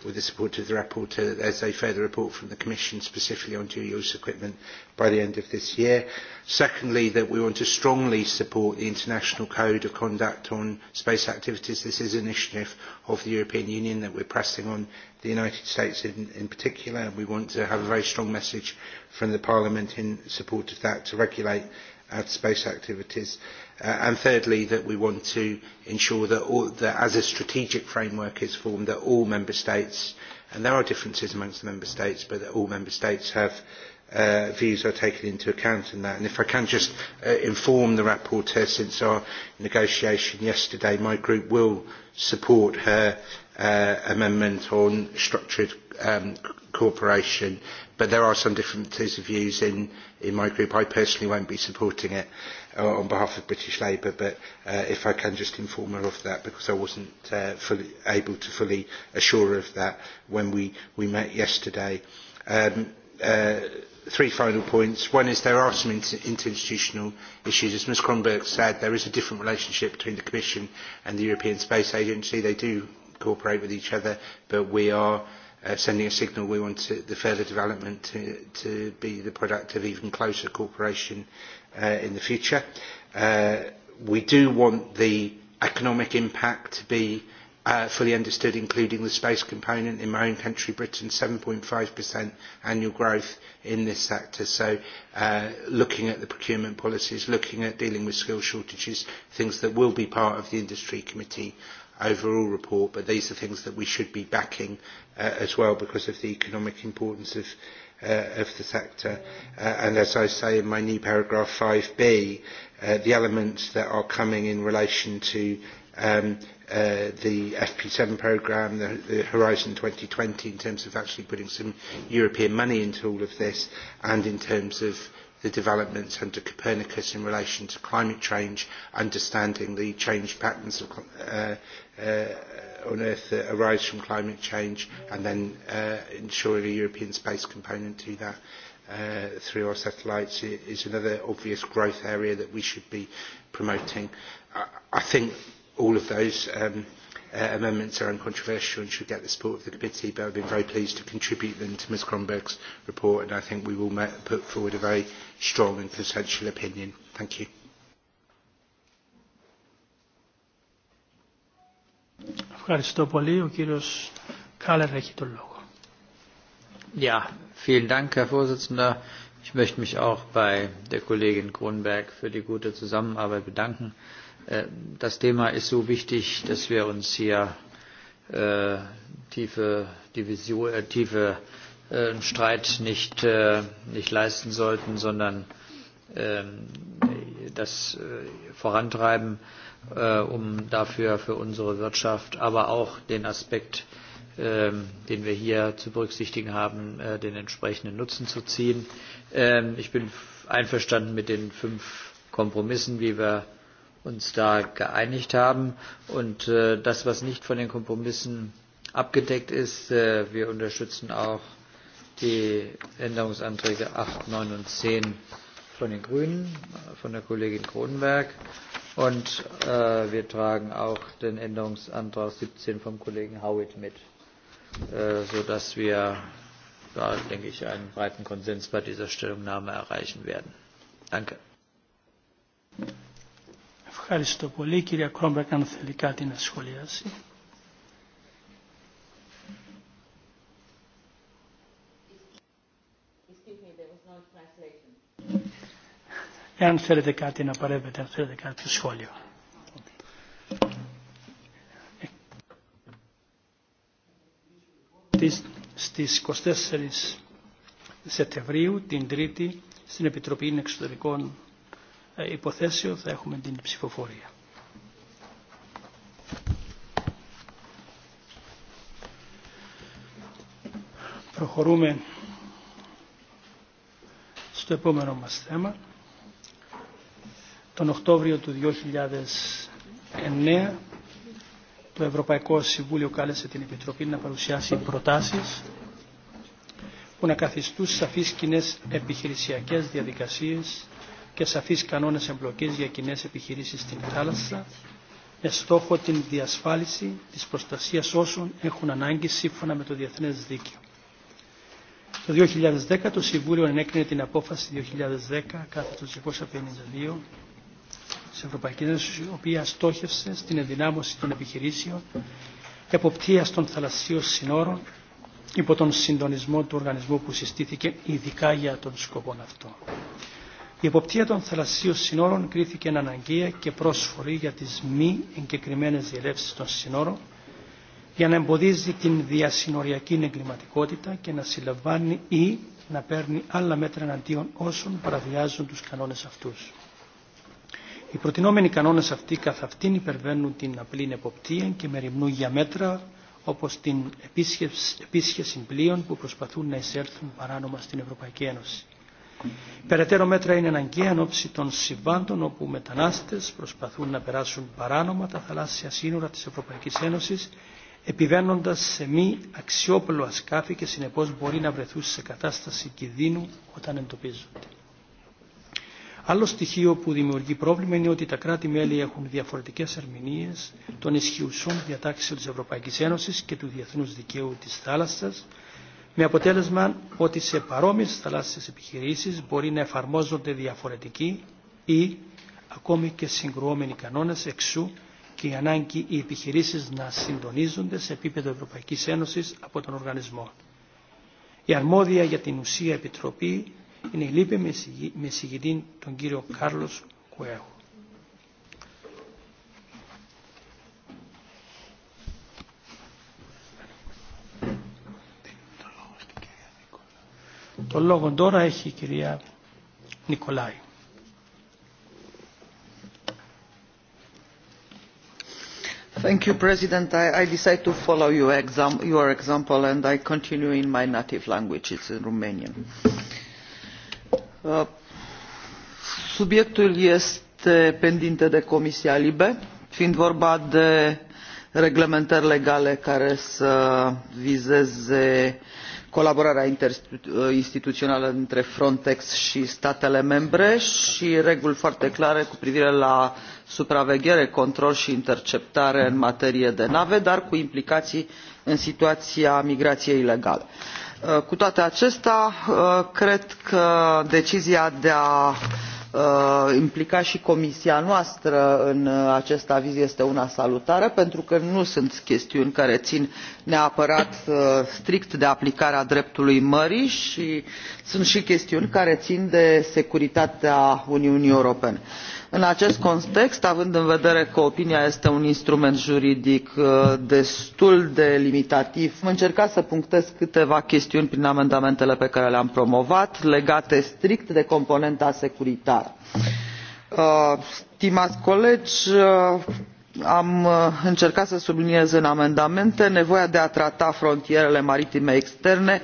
with the support of the rapporteur, is a further report from the Commission specifically on dual use equipment by the end of this year. Secondly, that we want to strongly support the International Code of Conduct on Space Activities. This is an initiative of the European Union that we're pressing on the United States in, particular. and We want to have a very strong message from the Parliament in support of that to regulate space activities. Uh, and thirdly that we want to ensure that, as a strategic framework is formed that all member states and there are differences amongst the member states but that all member states have uh, views are taken into account in that and if I can just uh, inform the rapporteur since our negotiation yesterday my group will support her amendment on structured um, cooperation but there are some differences of views in, my group I personally won't be supporting it Uh, on behalf of British Labour, but uh, if I can just inform her of that because I wasn't not uh, fully able to fully assure her of that when we, we met yesterday. Um, three final points. One is there are some interinstitutional issues. As Ms Kronberg said, there is a different relationship between the Commission and the European Space Agency. They do cooperate with each other, but we are sending a signal we want the further development to, to be the product of even closer cooperation Uh, in the future. Uh, we do want the economic impact to be uh, fully understood, including the space component in my own country, Britain, 7.5% annual growth in this sector. So looking at the procurement policies, looking at dealing with skill shortages, things that will be part of the industry committee overall report, but these are things that we should be backing as well because of the economic importance of Uh, of the sector uh, and as I say in my new paragraph 5b uh, the elements that are coming in relation to um, the FP7 programme, the, Horizon 2020, in terms of actually putting some European money into all of this, and in terms of the developments under Copernicus in relation to climate change, understanding the change patterns of on earth that arise from climate change and then uh, ensuring a European space component to that uh, through our satellites is another obvious growth area that we should be promoting. I, think all of those um, uh, amendments are uncontroversial and should get the support of the committee, but I've been very pleased to contribute them to Ms Cronberg's report and I think we will put forward a very strong and consensual opinion. Thank you. Ja, vielen Dank, Herr Vorsitzender. Ich möchte mich auch bei der Kollegin Kronberg für die gute Zusammenarbeit bedanken. Äh, das Thema ist so wichtig, dass wir uns hier äh, tiefe, Division, äh, tiefe Streit nicht, nicht leisten sollten, sondern ähm, das vorantreiben. Äh, um dafür für unsere Wirtschaft, aber auch den Aspekt, ähm, den wir hier zu berücksichtigen haben, äh, den entsprechenden Nutzen zu ziehen. Ähm, ich bin einverstanden mit den fünf Kompromissen, wie wir uns da geeinigt haben. Und äh, das, was nicht von den Kompromissen abgedeckt ist, wir unterstützen auch die Änderungsanträge 8, 9 und 10 von den Grünen, von der Kollegin Kronenberg Und äh, wir tragen auch den Änderungsantrag 17 vom Kollegen Howitt mit, äh, sodass wir da, denke ich, einen breiten Konsens bei dieser Stellungnahme erreichen werden. Danke. Jan Sredi Kati na parebe, Jan Sredi Kati školio. Stis Kosteseris Setevriju, din driti, sin epitropin eksoterikon e, ipothesio, da jehume din psifoforija. Prohorume... Στο επόμενο τον Οκτώβριο του 2009 το Ευρωπαϊκό Συμβούλιο κάλεσε την Επιτροπή να παρουσιάσει προτάσεις που να καθιστούν σαφείς κοινέ επιχειρησιακές διαδικασίες και σαφείς κανόνες εμπλοκής για κοινέ επιχειρήσεις στην θάλασσα με στόχο την διασφάλιση της προστασίας όσων έχουν ανάγκη σύμφωνα με το Διεθνές Δίκαιο. Το 2010 το Συμβούλιο ενέκρινε την απόφαση 2010 κάθετος 252 της Ευρωπαϊκής Ένωσης, η οποία στόχευσε στην ενδυνάμωση των επιχειρήσεων, εποπτείας των θαλασσίων συνόρων, υπό τον συντονισμό του οργανισμού που συστήθηκε ειδικά για τον σκοπό αυτό. Η εποπτεία των θαλασσίων συνόρων κρίθηκε αναγκαία και πρόσφορη για τις μη εγκεκριμένες διελεύσεις των συνόρων, για να εμποδίζει την διασυνοριακή εγκληματικότητα και να συλλαμβάνει ή να παίρνει άλλα μέτρα εναντίον όσων παραβιάζουν τους κανόνες αυτούς. Οι προτινόμενοι κανόνες αυτοί καθ' αυτήν υπερβαίνουν την απλή εποπτεία και μεριμνούν για μέτρα όπως την επίσχεση πλοίων που προσπαθούν να εισέλθουν παράνομα στην Ευρωπαϊκή Ένωση. Περαιτέρω μέτρα είναι αναγκαία εν ώψη των συμβάντων όπου μετανάστες προσπαθούν να περάσουν παράνομα τα θαλάσσια σύνορα της Ευρωπαϊκής Ένωσης επιβαίνοντας σε μη αξιόπλοα σκάφη και συνεπώς μπορεί να βρεθούν σε κατάσταση κινδύνου όταν εντοπίζονται. Άλλο στοιχείο που δημιουργεί πρόβλημα είναι ότι τα κράτη-μέλη έχουν διαφορετικέ ερμηνείε των ισχυουσών διατάξεων τη Ευρωπαϊκή Ένωση και του διεθνού δικαίου τη θάλασσα, με αποτέλεσμα ότι σε παρόμοιε θαλάσσιε επιχειρήσει μπορεί να εφαρμόζονται διαφορετικοί ή ακόμη και συγκρουόμενοι κανόνε εξού και η ανάγκη οι επιχειρήσει να συντονίζονται σε επίπεδο Ευρωπαϊκή Ένωση από τον οργανισμό. Η αρμόδια για την ουσία Επιτροπή Είναι λείπε με συγκεκριτή τον κύριο Κάρλος Κουέχου. Το λόγο τώρα έχει η κυρία Νικολάη. Thank you, President. I, I decide to follow your, exam, your example and I continue in my native language, it's in Romanian. Uh, subiectul este pendinte de comisia libe fiind vorba de reglementări legale care să vizeze colaborarea interinstituională dintre frontex și statele membre și reguli foarte clare cu privire la supraveghere control și interceptare în materie de nave dar cu implicații în situația migrației ilegale. Eh, cu toate acestea eh, cred că decizia de a eh, implica și comisia noastră în acest aviz este una salutară pentru că nu sunt chestiuni care țin neapărat strict de aplicarea dreptului mării și sunt și chestiuni care țin de securitatea uniunii europene în acest context având în vedere că opinia este un instrument juridic uh, destul de limitativ am încercat să punctez câteva chestiuni prin amendamentele pe care le am promovat legate strict de componenta securitară. Uh, stimați colegi uh, am încercat să subliniez în amendamente nevoia de a trata frontierele maritime externe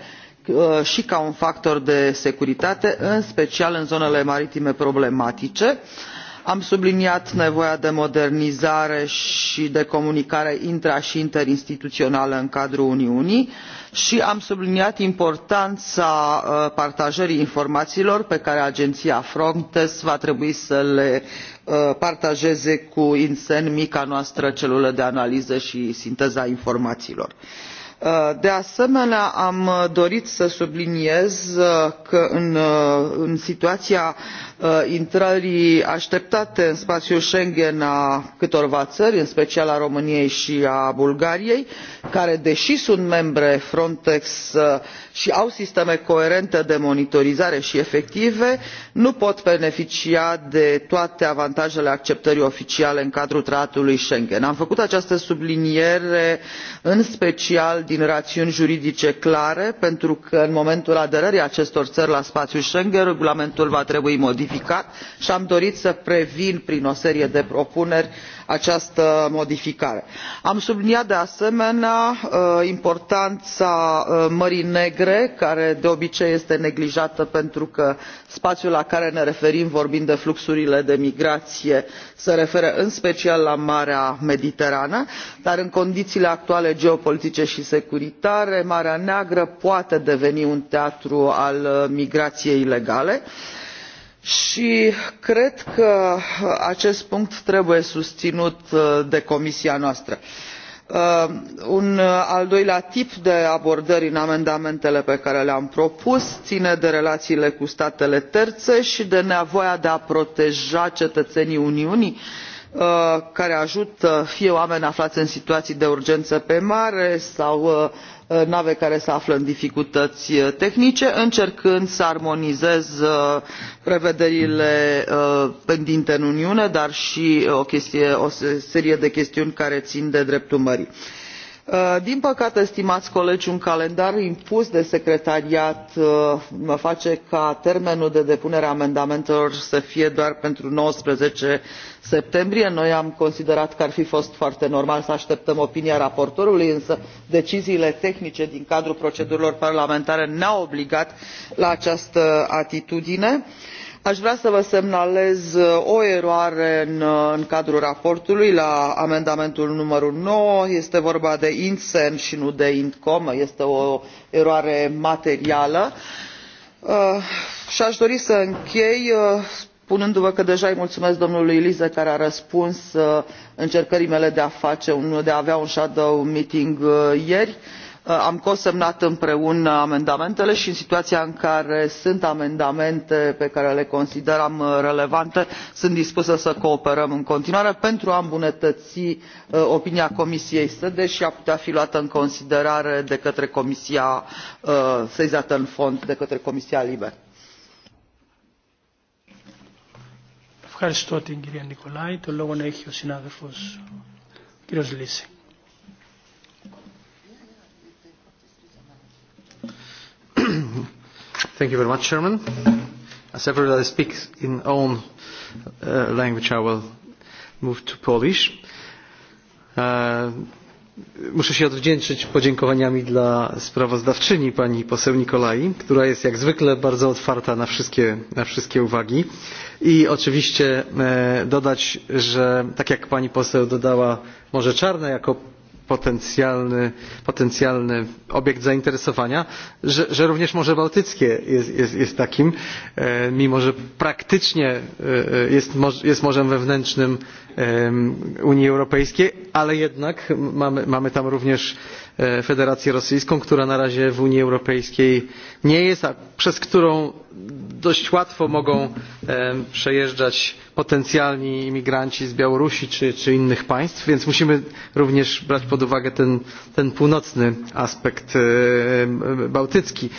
și ca un factor de securitate în special în zonele maritime problematice și am subliniat nevoia de modernizare și de comunicare intra și interinstituțională în cadrul uniunii și am subliniat importanța uh, partajării informațiilor pe care agenția frontex va trebui să le uh, partajeze cu insen mica noastră celulă de analiză și sinteză a informațiilor de asemenea am dorit să subliniez că în, situația uh, intrării așteptate în spațiul schengen a câtorva țări în special a româniei și a bulgariei care deși sunt membre frontex uh, și au sisteme coerente de monitorizare și efective nu pot beneficia de toate avantajele acceptării oficiale în cadrul tratatului schengen. am făcut această subliniere în special din rațiuni juridice clare pentru că în momentul aderării acestor țări la spațiul schengen regulamentul va trebui modificat și am dorit să previn prin o serie de propuneri această modificare. am subliniat de asemenea uh, importanța uh, mării negre care de obicei este neglijată pentru că spațiul la care ne referim vorbind de fluxurile de migrație se referă în special la marea mediterană dar în condițiile actuale geopolitice și securitare marea neagră poate deveni un teatru al uh, migrației ilegale și cred că acest punct trebuie susținut de comisia noastră. Uh, un al doilea tip de abordări în amendamentele pe care le am propus ține de relațiile cu statele terțe și de nevoia de a proteja cetățenii uniunii uh, care ajută fie oameni aflați în situații de urgență pe mare sau uh, Uh, nave care se află în dificultăți uh, tehnice încercând să armonizez uh, prevederile pendinte în uniune dar și o, o serie de chestiuni care țin de dreptul mării. Eh, din păcate stimați colegi un calendar impus de secretariat eh, face ca termenul de depunere a amendamentelor să fie doar pentru 19 septembrie noi am considerat că ar fi fost foarte normal să așteptăm opinia raportorului însă deciziile tehnice din cadrul procedurilor parlamentare ne au obligat la această atitudine aș vrea să vă semnalez uh, o eroare uh, în, cadrul raportului la amendamentul numărul nouă este vorba de intsen și nu de intcom este o eroare materială uh, și aș dori să închei spunându vă că deja îi mulțumesc domnului liese care a răspuns încercării mele de a, face, de avea un shadow meeting ieri am cosemnat împreună amendamentele și în situația în care sunt amendamente pe care le considerăm relevante sunt dispusă să cooperăm în continuare pentru a îmbunătăți uh, opinia comisiei sede și a putea fi luată în considerare de către comisia uh, sesizată în fond de către comisia libe. *clears throat* Thank you very much, Chairman. As everybody speaks in own uh, language, I will move to Polish. Uh, muszę się odwdzięczyć podziękowaniami dla sprawozdawczyni pani poseł Nikolai, która jest jak zwykle bardzo otwarta na wszystkie, na wszystkie uwagi i oczywiście e, dodać że tak jak pani poseł dodała morze czarne jako potencjalny, obiekt zainteresowania, że, również Morze Bałtyckie jest, takim, e, mimo że praktycznie e, e, jest, morzem wewnętrznym Unii Europejskiej, ale jednak mamy tam również Federację Rosyjską, która na razie w Unii Europejskiej nie jest, a przez którą dość łatwo mogą przejeżdżać potencjalni imigranci z białorusi czy, innych państw więc musimy również brać pod uwagę ten, północny aspekt e, e, bałtycki.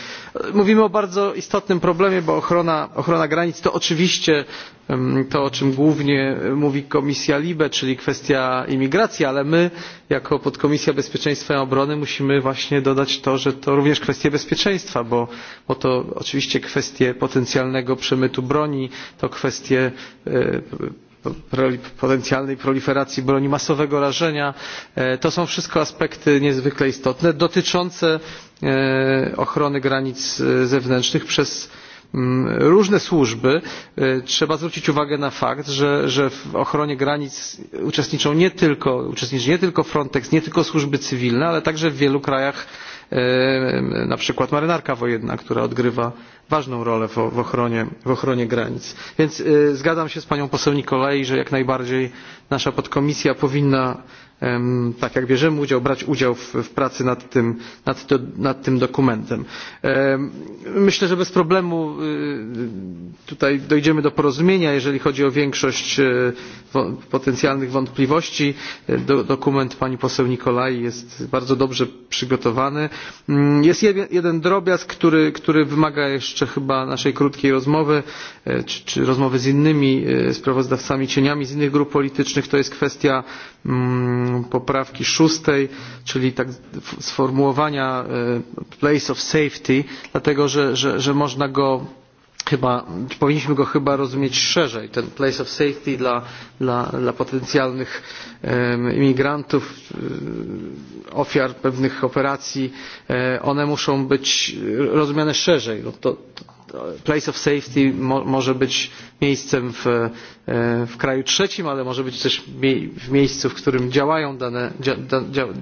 mówimy o bardzo istotnym problemie bo ochrona granic to oczywiście to o czym głównie mówi komisja libe czyli kwestia imigracji ale my jako podkomisja bezpieczeństwa i obrony musimy właśnie dodać to że to również kwestie bezpieczeństwa bo, bo to oczywiście kwestie potencjalnego przemytu broni to kwestie e, potencjalnej proliferacji broni masowego rażenia e, to są wszystko aspekty niezwykle istotne dotyczące e, ochrony granic zewnętrznych przez Mm, różne służby e, trzeba zwrócić uwagę na fakt że, w ochronie granic uczestniczą nie tylko nie tylko frontex nie tylko służby cywilne ale także w wielu krajach e, na przykład marynarka wojenna która odgrywa ważną rolę w ochronie, w ochronie granic. więc e, zgadzam się z panią poseł nicolai że jak najbardziej nasza podkomisja powinna tak jak bierzemy udział, brać udział w, pracy nad tym, dokumentem. Myślę, że bez problemu tutaj dojdziemy do porozumienia, jeżeli chodzi o większość potencjalnych wątpliwości. E, dokument pani poseł Nikolaj jest bardzo dobrze przygotowany. Mm, jest jeden drobiazg, który, wymaga jeszcze chyba naszej krótkiej rozmowy, e, czy rozmowy z innymi e, sprawozdawcami cieniami z innych grup politycznych. To jest kwestia mm, Mm, poprawki szóstej, czyli tak sformułowania e, place of safety, dlatego że, można go chyba, powinniśmy go chyba rozumieć szerzej, ten place of safety dla, dla, potencjalnych imigrantów, e, ofiar pewnych operacji, e, one muszą być rozumiane szerzej. to, place of safety może być miejscem w, e, w kraju trzecim ale może być też w miejscu w którym działają dane,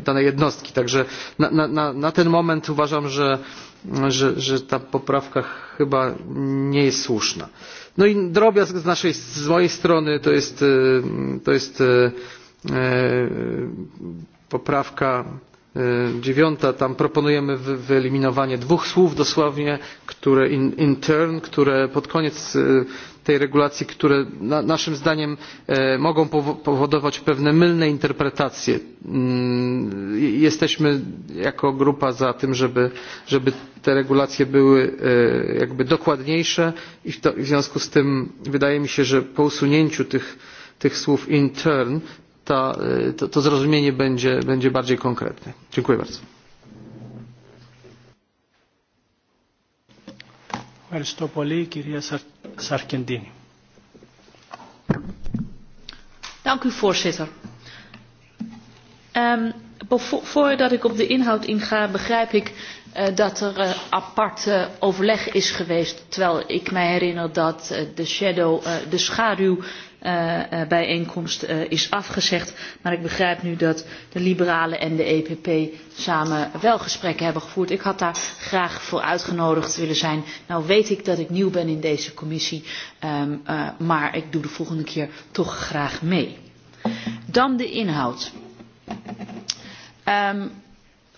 dane jednostki. także na, na, na ten moment uważam że, że, że ta poprawka chyba nie jest słuszna. no i drobiazg z, naszej, z mojej strony to jest, e, to jest e, poprawka E, dziewiąta tam proponujemy wyeliminowanie dwóch słów dosłownie które in, które pod koniec e, tej regulacji które naszym zdaniem e, mogą powodować pewne mylne interpretacje. Mm, jesteśmy jako grupa za tym żeby, żeby te regulacje były jakby dokładniejsze i w, związku z tym wydaje mi się że po usunięciu tych, tych słów in ta, e, to, to zrozumienie będzie, będzie bardziej konkretne. Dziękuję bardzo. Dank u voorzitter. Um, voordat ik op de inhoud inga, begrijp ik uh, dat er uh, apart uh, overleg is geweest. Terwijl ik mij herinner dat de, shadow, de schaduw Eh, eh, bijeenkomst eh, is afgezegd. Maar ik begrijp nu dat de liberalen en de EPP samen wel gesprekken hebben gevoerd. Ik had daar graag voor uitgenodigd willen zijn. Nou weet ik dat ik nieuw ben in deze commissie, ehm, maar ik doe de volgende keer toch graag mee. Dan de inhoud. Ehm,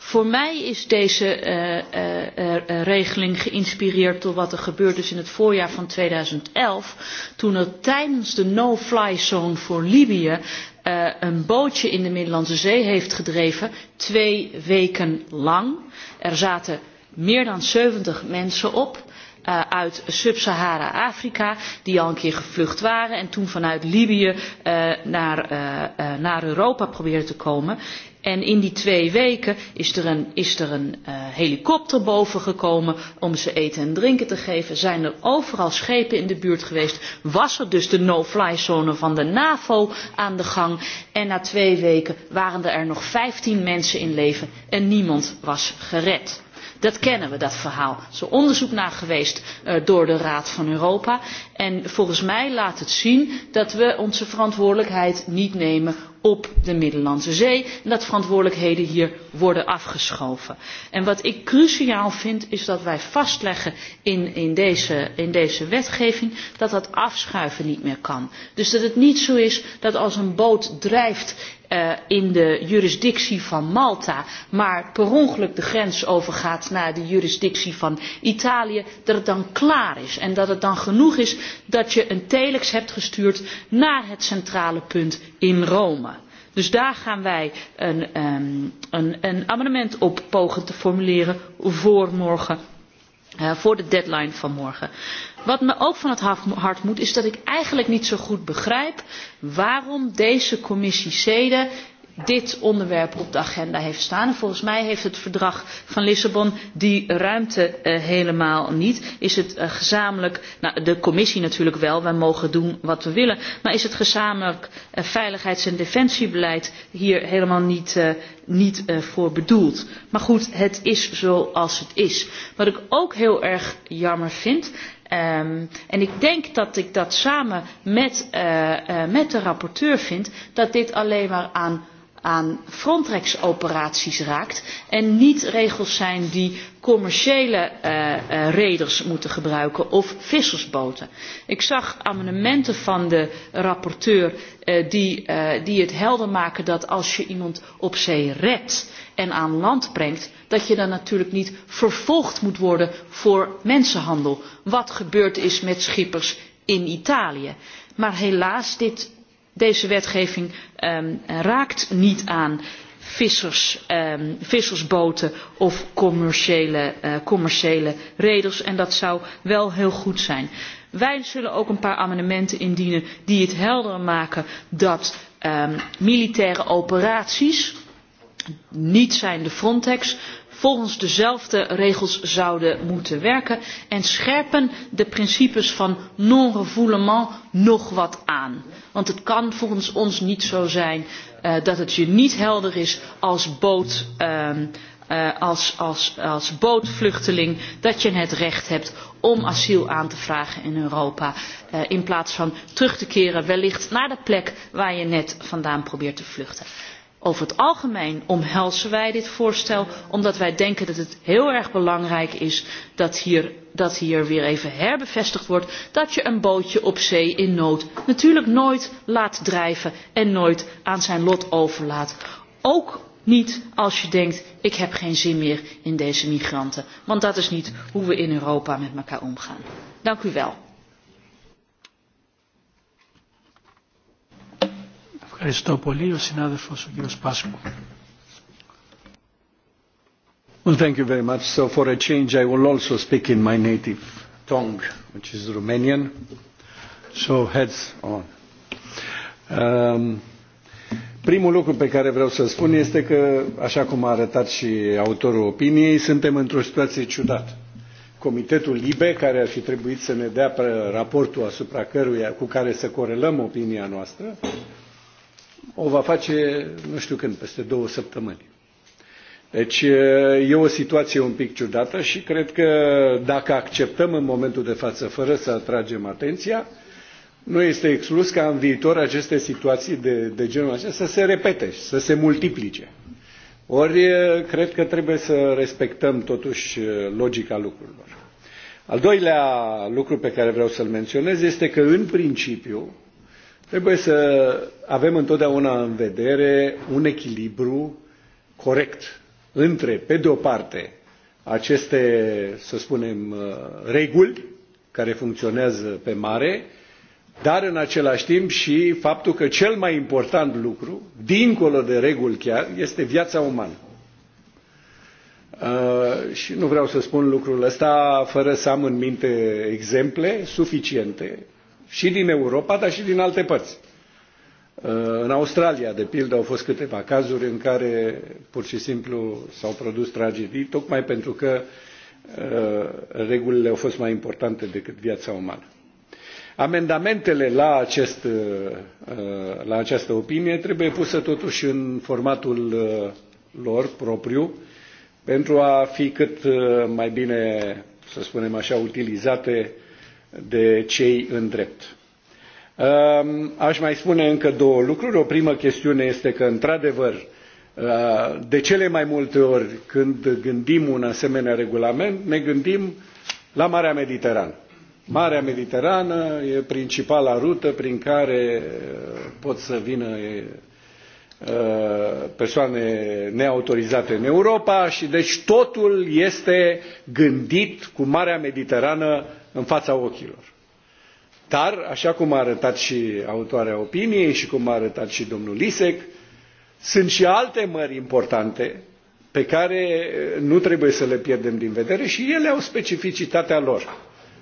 Voor mij is deze eh, eh, eh, regeling geïnspireerd door wat er gebeurd is in het voorjaar van 2011, toen er tijdens de no-fly zone voor Libië een bootje in de Middellandse Zee heeft gedreven, twee weken lang. Er zaten meer dan 70 mensen op uit sub sahara afrika die al een keer gevlucht waren en toen vanuit libië naar, naar europa probeerden te komen en in die twee weken is er een, is er een eh, helikopter boven gekomen om ze eten en drinken te geven zijn er overal schepen in de buurt geweest was er dus de no fly zone van de navo aan de gang en na twee weken waren er nog vijftien mensen in leven en niemand was gered. Dat kennen we, dat verhaal. Er is onderzoek naar geweest uh, door de Raad van Europa. En volgens mij laat het zien dat we onze verantwoordelijkheid niet nemen op de middellandse zee en dat verantwoordelijkheden hier worden afgeschoven. En wat ik cruciaal vind is dat wij vastleggen in, in deze wetgeving dat dat afschuiven niet meer kan. dus dat het niet zo is dat als een boot drijft Eh, in de jurisdictie van Malta, maar per ongeluk de grens overgaat naar de jurisdictie van Italië, dat het dan klaar is en dat het dan genoeg is dat je een telex hebt gestuurd naar het centrale punt in Rome. Dus daar gaan wij een, ehm, een amendement op pogen te formuleren voor morgen Eh, voor de deadline van morgen. Wat me ook van het hart moet is dat ik eigenlijk niet zo goed begrijp waarom deze commissie sede dit onderwerp op de agenda heeft staan. volgens mij heeft het verdrag van lissabon die ruimte eh, helemaal niet. is het eh, gezamenlijk nou, de commissie natuurlijk wel wij mogen doen wat we willen maar is het gezamenlijk eh, veiligheids en defensiebeleid hier helemaal niet, niet voor bedoeld. maar goed het is zoals het is. wat ik ook heel erg jammer vind Um, en ik denk dat ik dat samen met, uh, met de rapporteur vind dat dit alleen maar aan aan Frontex operaties raakt en niet regels zijn die commerciële eh, eh, reders moeten gebruiken of vissersboten. Ik zag amendementen van de rapporteur eh, die, die het helder maken dat als je iemand op zee redt en aan land brengt, dat je dan natuurlijk niet vervolgd moet worden voor mensenhandel. Wat gebeurd is met schippers in Italië. Maar helaas, dit deze wetgeving ehm, raakt niet aan ehm, vissersboten of eh, commerciële, reders en dat zou wel heel goed zijn. wij zullen ook een paar amendementen indienen die het helder maken dat ehm, militaire operaties niet zijn de frontex volgens dezelfde regels zouden moeten werken en scherpen de principes van non refoulement nog wat aan want het kan volgens ons niet zo zijn eh, dat het je niet helder is ehm, eh, als als bootvluchteling dat je het recht hebt om asiel aan te vragen in Europa eh, in plaats van terug te keren wellicht naar de plek waar je net vandaan probeert te vluchten over het algemeen omhelzen wij dit voorstel omdat wij denken dat het heel erg belangrijk is dat hier, dat hier weer even herbevestigd wordt dat je een bootje op zee in nood natuurlijk nooit laat drijven en nooit aan zijn lot overlaat ook niet als je denkt ik heb geen zin meer in deze migranten want dat is niet hoe we in europa met elkaar omgaan. dank u wel. Ευχαριστώ πολύ. Ο συνάδελφος ο κύριος Πάσκου. Well, thank you very much. So for a change, I will also speak in my native tongue, which is Romanian. So heads on. Um, primul lucru pe care vreau să spun este că, așa cum a arătat și autorul opiniei, suntem într-o situație ciudată. Comitetul LIBE, care ar fi trebuit să ne dea raportul asupra căruia, cu care să corelăm opinia noastră, o va face, nu știu când, peste două săptămâni. Deci e, e o situație un pic ciudată și cred că dacă acceptăm în momentul de față fără să atragem atenția, nu este exclus ca în viitor aceste situații de, de genul acesta să se repete, să se multiplice. Ori e, cred că trebuie să respectăm totuși e, logica lucrurilor. Al doilea lucru pe care vreau să-l menționez este că în principiu Trebuie să avem întotdeauna în vedere un echilibru corect între, pe de o parte, aceste, să spunem, uh, reguli care funcționează pe mare, dar în același timp și faptul că cel mai important lucru, dincolo de reguli chiar, este viața umană. Uh, și nu vreau să spun lucrul ăsta fără să am în minte exemple suficiente și din Europa, dar și din alte părți. În Australia, de pildă, au fost câteva cazuri în care pur și simplu s-au produs tragedii, tocmai pentru că regulile au fost mai importante decât viața umană. Amendamentele la, acest, la această opinie trebuie puse totuși în formatul lor propriu pentru a fi cât mai bine, să spunem așa, utilizate de cei în drept. Um, aș mai spune încă două lucruri. O primă chestiune este că, într-adevăr, uh, de cele mai multe ori când gândim un asemenea regulament, ne gândim la Marea Mediterană. Marea Mediterană e principala rută prin care uh, pot să vină E, persoane neautorizate în Europa și deci totul este gândit cu Marea Mediterană în fața ochilor. Dar, așa cum a arătat și autoarea opiniei și cum a arătat și domnul Lisek, sunt și alte mări importante pe care nu trebuie să le pierdem din vedere și ele au specificitatea lor.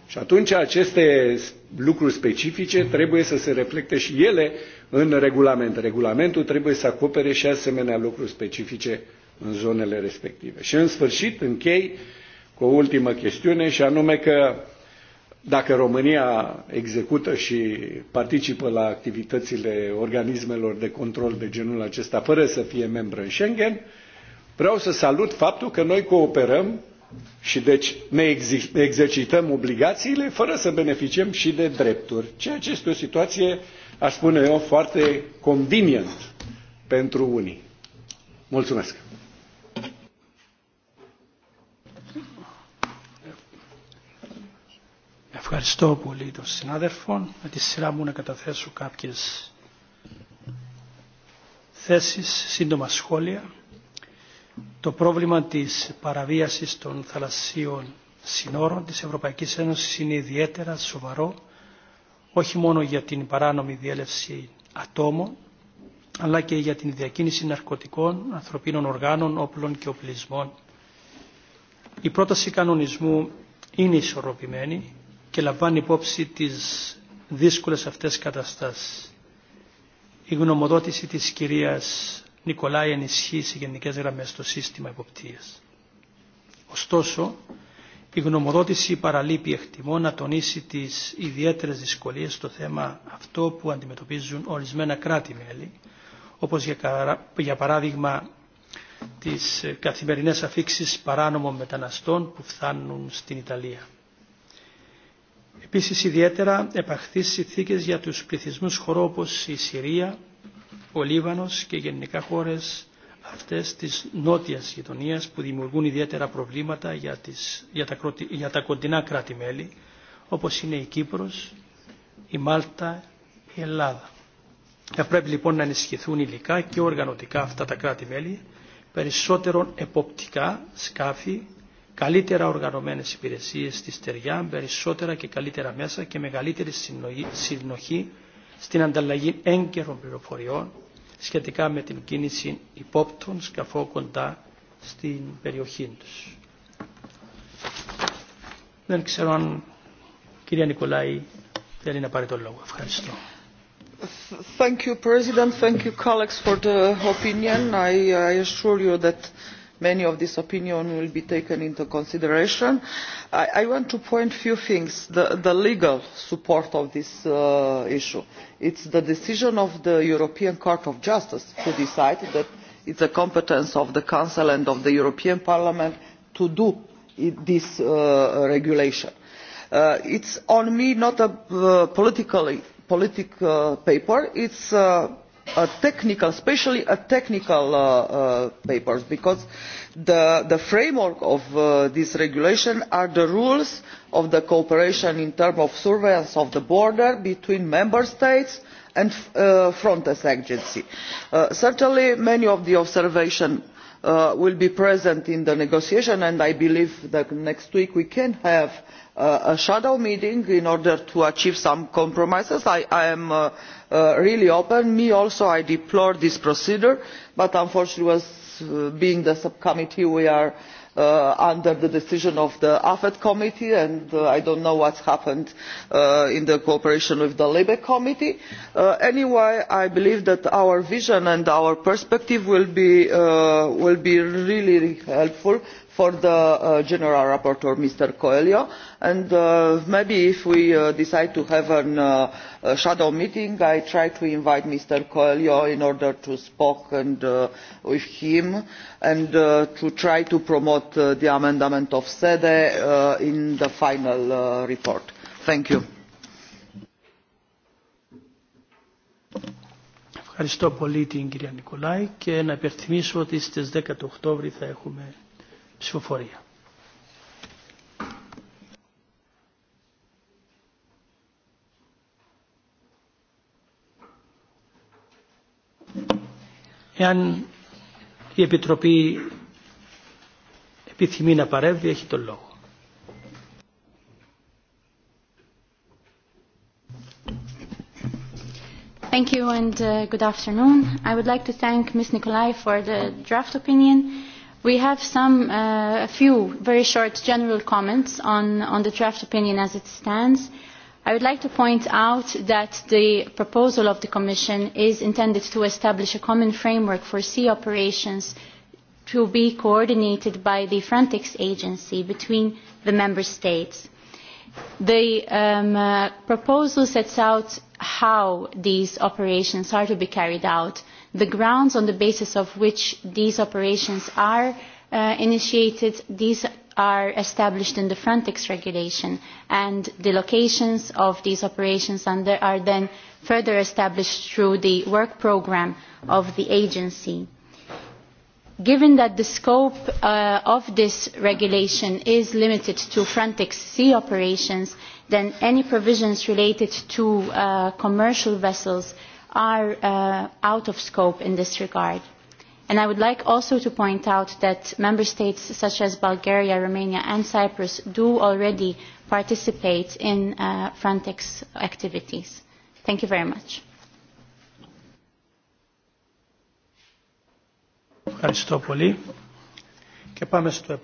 Și atunci aceste lucruri specifice trebuie să se reflecte și ele în regulament. Regulamentul trebuie să acopere și asemenea lucruri specifice în zonele respective. Și în sfârșit închei cu o ultimă chestiune și anume că dacă România execută și participă la activitățile organismelor de control de genul acesta fără să fie membră în Schengen, vreau să salut faptul că noi cooperăm și deci ne exercităm obligațiile fără să beneficiem și de drepturi, ceea ce este o situație aș spune eu, foarte convenient pentru unii. Mulțumesc! Ευχαριστώ πολύ τον συνάδελφο. Με τη σειρά μου να καταθέσω κάποιες θέσεις, σύντομα σχόλια. Το πρόβλημα της παραβίασης των θαλασσίων συνόρων της Ευρωπαϊκής Ένωσης είναι ιδιαίτερα σοβαρό όχι μόνο για την παράνομη διέλευση ατόμων, αλλά και για την διακίνηση ναρκωτικών, ανθρωπίνων οργάνων, όπλων και οπλισμών. Η πρόταση κανονισμού είναι ισορροπημένη και λαμβάνει υπόψη τις δύσκολες αυτές καταστάσεις. Η γνωμοδότηση της κυρίας Νικολάη ενισχύει σε γενικές γραμμές το σύστημα υποπτίας. Ωστόσο, Η γνωμοδότηση παραλείπει εκτιμώ να τονίσει τις ιδιαίτερες δυσκολίες στο θέμα αυτό που αντιμετωπίζουν ορισμένα κράτη-μέλη, όπως για παράδειγμα τις καθημερινές αφήξεις παράνομων μεταναστών που φθάνουν στην Ιταλία. Επίσης ιδιαίτερα επαχθείς συνθήκες για τους πληθυσμούς χωρών όπως η Συρία, ο Λίβανος και γενικά χώρες αυτές τις νότιας γειτονίας που δημιουργούν ιδιαίτερα προβλήματα για, τις, για, τα, για τα κοντινά κράτη-μέλη όπως είναι η Κύπρος, η Μάλτα, η Ελλάδα. Θα πρέπει λοιπόν να ενισχυθούν υλικά και οργανωτικά αυτά τα κράτη-μέλη, περισσότερον εποπτικά σκάφη, καλύτερα οργανωμένες υπηρεσίες στη στεριά, περισσότερα και καλύτερα μέσα και μεγαλύτερη συνοχή στην ανταλλαγή έγκαιρων πληροφοριών σχετικά με την κίνηση υπόπτων σκαφό κοντά στην περιοχή τους. Δεν ξέρω αν κυρία Νικολάη θέλει να πάρει τον λόγο. Ευχαριστώ. Thank you, President. Thank you, colleagues, for the opinion. I, I assure you that many of these opinions will be taken into consideration. i, want to point out a few things the, legal support of this uh, issue it is the decision of the european court of justice to decide that it is a competence of the council and of the european parliament to do this uh, regulation. Uh, it is on me not a political paper it technical especially a technical uh, uh, papers because the, framework of uh, this regulation are the rules of the cooperation in terms of surveillance of the border between member states and frontex agency. certainly many of the observations Uh, will be present in the negotiation and i believe that next week we can have uh, a shadow meeting in order to achieve some compromises. i, am uh, really open. me also i deplore this procedure but unfortunately being the subcommittee we are Uh, under the decision of the afet committee and uh, i do not know what has happened uh, in the cooperation with the libe committee. anyway i believe that our vision and our perspective will be really helpful for the uh, general rapporteur mr coelho and uh, maybe if we uh, decide to have a shadow meeting i try to invite mr coelho in order to speak and, with him and to try to promote the amendment of sede in the final report. thank you ψηφοφορία. Εάν η Επιτροπή επιθυμεί να παρεύει, έχει τον λόγο. Thank you and uh, good afternoon. I would like to thank Ms. Nikolai for the draft opinion We have some, uh, a few very short general comments on, on the draft opinion as it stands. I would like to point out that the proposal of the Commission is intended to establish a common framework for sea operations to be coordinated by the Frontex agency between the Member States. The um, uh, proposal sets out how these operations are to be carried out the grounds on the basis of which these operations are uh, initiated, these are established in the Frontex regulation and the locations of these operations are then further established through the work programme of the agency. Given that the scope uh, of this regulation is limited to Frontex sea operations, then any provisions related to uh, commercial vessels are uh, out of scope in this regard. And I would like also to point out that member states such as Bulgaria, Romania and Cyprus do already participate in uh, Frontex activities. Thank you very much. Ευχαριστώ πολύ. Και πάμε στο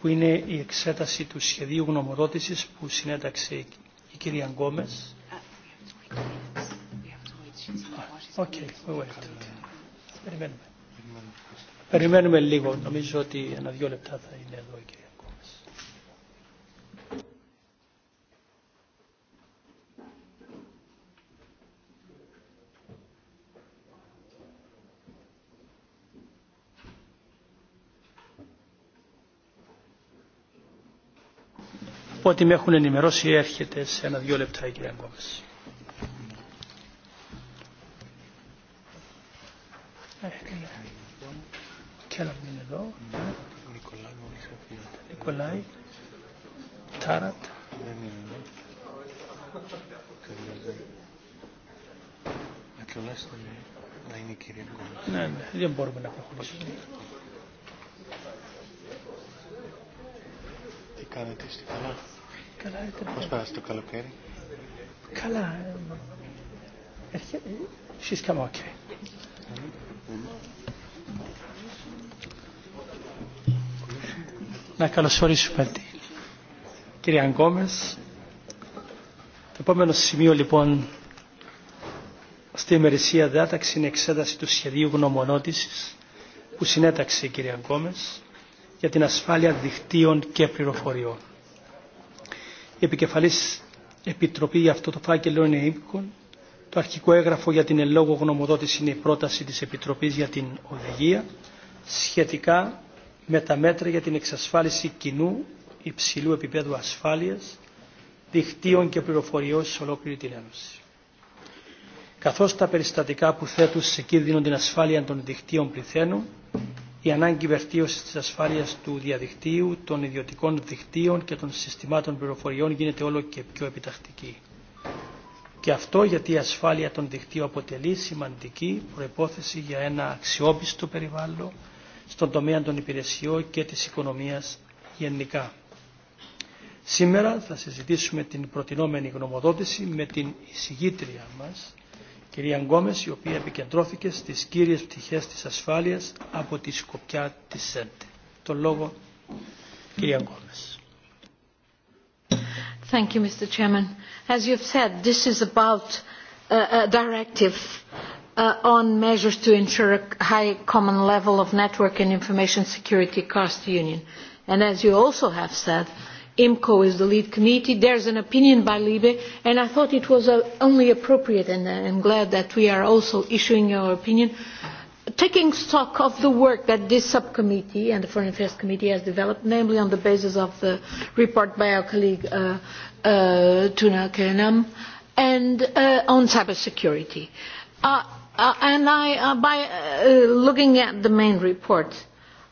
που είναι η εξέταση του σχεδίου γνωμοδότησης που συνέταξε η κυρία Γκόμες. Okay, we wait. Περιμένουμε. Περιμένουμε λίγο. Νομίζω ότι ένα-δύο λεπτά θα είναι εδώ η κυρία. από με έχουν ενημερώσει έρχεται σε ένα-δύο λεπτά η κυρία Γκόμες. Ναι, ναι, δεν μπορούμε να προχωρήσουμε. κάνετε στη καλά. Καλά, ήταν. Πώς πέρασε το καλοκαίρι. Καλά. She's come okay. Να καλωσορίσουμε την κυρία Γκόμες. Το επόμενο σημείο λοιπόν στη ημερησία διάταξη είναι εξέταση του σχεδίου γνωμονότησης που συνέταξε η κυρία Γκόμες για την ασφάλεια δικτύων και πληροφοριών. Η επικεφαλής επιτροπή για αυτό το φάκελο είναι Το αρχικό έγγραφο για την ελόγω γνωμοδότηση είναι η πρόταση της Επιτροπής για την Οδηγία σχετικά με τα μέτρα για την εξασφάλιση κοινού υψηλού επίπεδου ασφάλειας, δικτύων και πληροφοριών σε ολόκληρη την Ένωση. Καθώς τα περιστατικά που θέτουν σε κίνδυνο την ασφάλεια των δικτύων πληθαίνουν, η ανάγκη βελτίωση τη ασφάλεια του διαδικτύου, των ιδιωτικών δικτύων και των συστημάτων πληροφοριών γίνεται όλο και πιο επιτακτική. Και αυτό γιατί η ασφάλεια των δικτύων αποτελεί σημαντική προπόθεση για ένα αξιόπιστο περιβάλλον στον τομέα των υπηρεσιών και της οικονομίας γενικά. Σήμερα θα συζητήσουμε την προτινόμενη γνωμοδότηση με την εισηγήτρια μας, κυρία Γκόμες, η οποία επικεντρώθηκε στις κύριες πτυχές της ασφάλειας από τη σκοπιά της ΣΕΝΤΕ. Το λόγο, κυρία Γκόμες. Thank you, Mr. Chairman. As you have said, this is about uh, a directive Uh, on measures to ensure a high common level of network and information security across the union and as you also have said imco is the lead committee there is an opinion by libe and i thought it was uh, only appropriate and uh, i am glad that we are also issuing our opinion taking stock of the work that this subcommittee and the foreign affairs committee has developed namely on the basis of the report by our colleague uh, tuna kenam and on cybersecurity. and I, by looking at the main report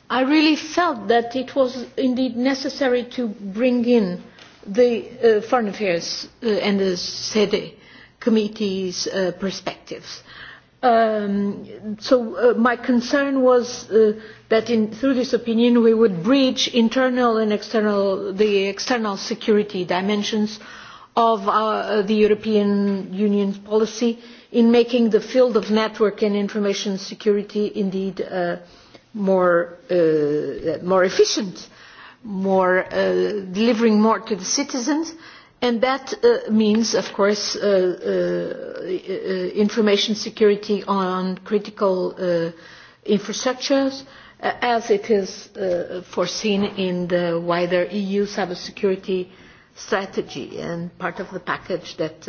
i really felt that it was indeed necessary to bring in the uh, foreign affairs uh, and the SEDE committee's uh, perspectives. Um, so my concern was that through this opinion we would bridge internal and external, the external security dimensions of the European Union's policy in making the field of network and information security indeed more, uh, more efficient, more uh, delivering more to the citizens, and that uh, means, of course, uh, uh, information security on critical uh, infrastructures, as it is foreseen in the wider EU cybersecurity strategy and part of the package that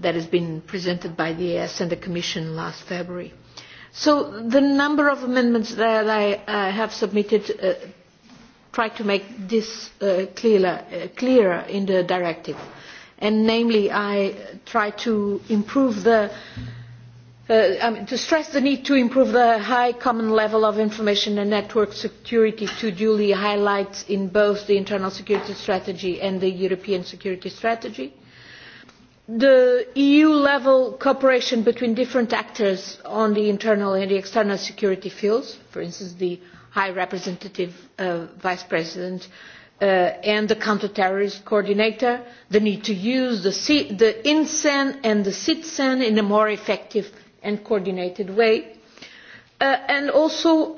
that has been presented by the ES and the Commission last February. So the number of amendments that I uh, have submitted uh, try to make this uh, clearer, clearer in the directive. And namely, I try to improve the to stress the need to improve the high common level of information and network security to duly highlight in both the internal security strategy and the European security strategy the eu level cooperation between different actors on the internal and the external security fields for instance the high representative uh, vice president uh, and the counter terrorist coordinator the need to use the, incen and the citizen in a more effective and coordinated way uh, and also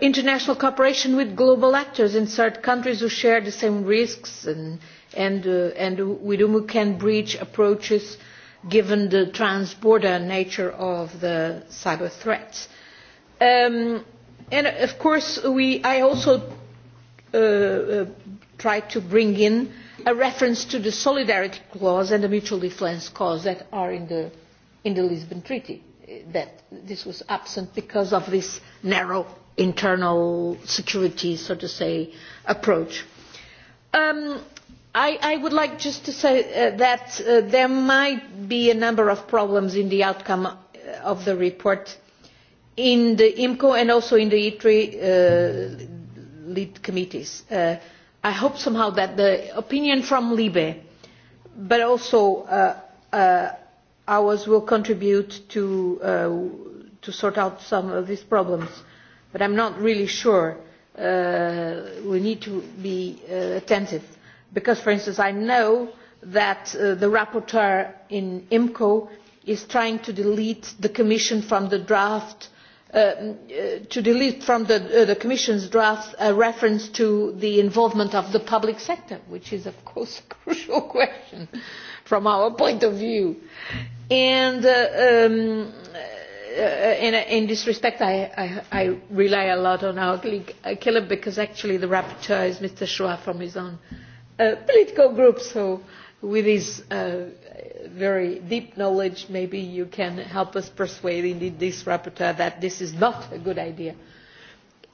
international cooperation with global actors in third countries who share the same risks and and, uh, and can breach approaches given the transborder nature of the cyber threats. Um, and of course we, i also uh, uh tried to bring in a reference to the solidarity clause and the mutual defence clause that are in the, in the lisbon treaty that this was absent because of this narrow internal security so to say approach. Um, i, i would like just to say uh, that uh, there might be a number of problems in the outcome uh, of the report in the imco and also in the itre uh, lead committees. i hope somehow that the opinion from libe but also ours will contribute to, to sort out some of these problems but i not really sure. we need to be attentive because for instance i know that uh, the rapporteur in imco is trying to delete the commission from the draft um, uh, to delete from uh, the, commission's draft a reference to the involvement of the public sector which is of course a *laughs* crucial question from our point of view and um, In, this respect I, I, rely a lot on our colleague Killer because actually the rapporteur is Mr Schwab from his own Uh, political groups. So with this uh, very deep knowledge, maybe you can help us persuade this rapporteur that this is not a good idea.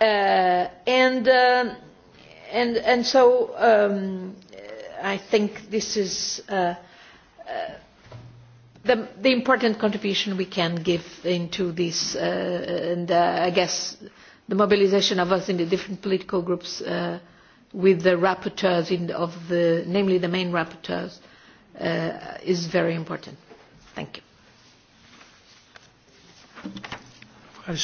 Uh, and, and, so um, I think this is the, the important contribution we can give into this, and I guess the mobilisation of us in the different political groups with the rapporteurs in, of the, namely the main rapporteurs uh, is very important. Thank you. Uh,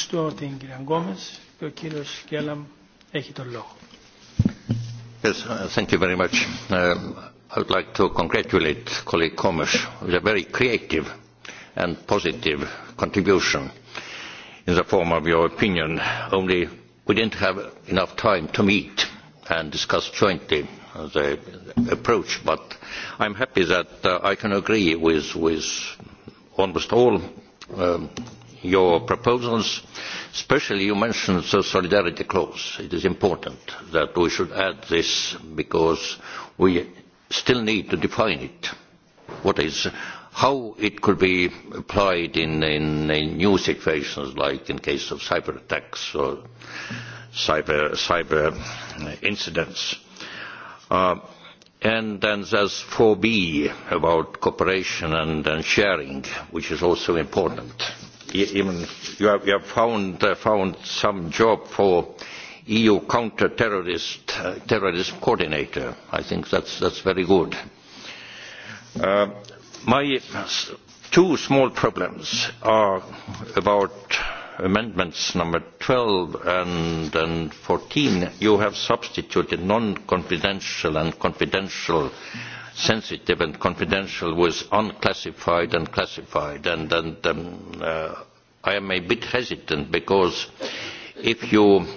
thank you very much. Uh, I would like to congratulate colleague Gomes with a very creative and positive contribution in the form of your opinion. Only we didn't have enough time to meet and discuss jointly the approach but i am happy that uh, i can agree with, with almost all um, your proposals especially you mentioned the solidarity clause. it is important that we should add this because we still need to define it what is how it could be applied in, in, in new situations like in case of cyber attacks or cyber, cyber incidents. Uh, and then there's 4B about cooperation and, sharing, which is also important. E, even you have, you have found, uh, found some job for EU counter-terrorist uh, terrorism coordinator. I think that's, that's very good. Uh, my two small problems are about amendments number 12 and, and you have substituted non-confidential and confidential, sensitive and confidential with unclassified and classified. And, and um, uh, I am a bit hesitant because if you,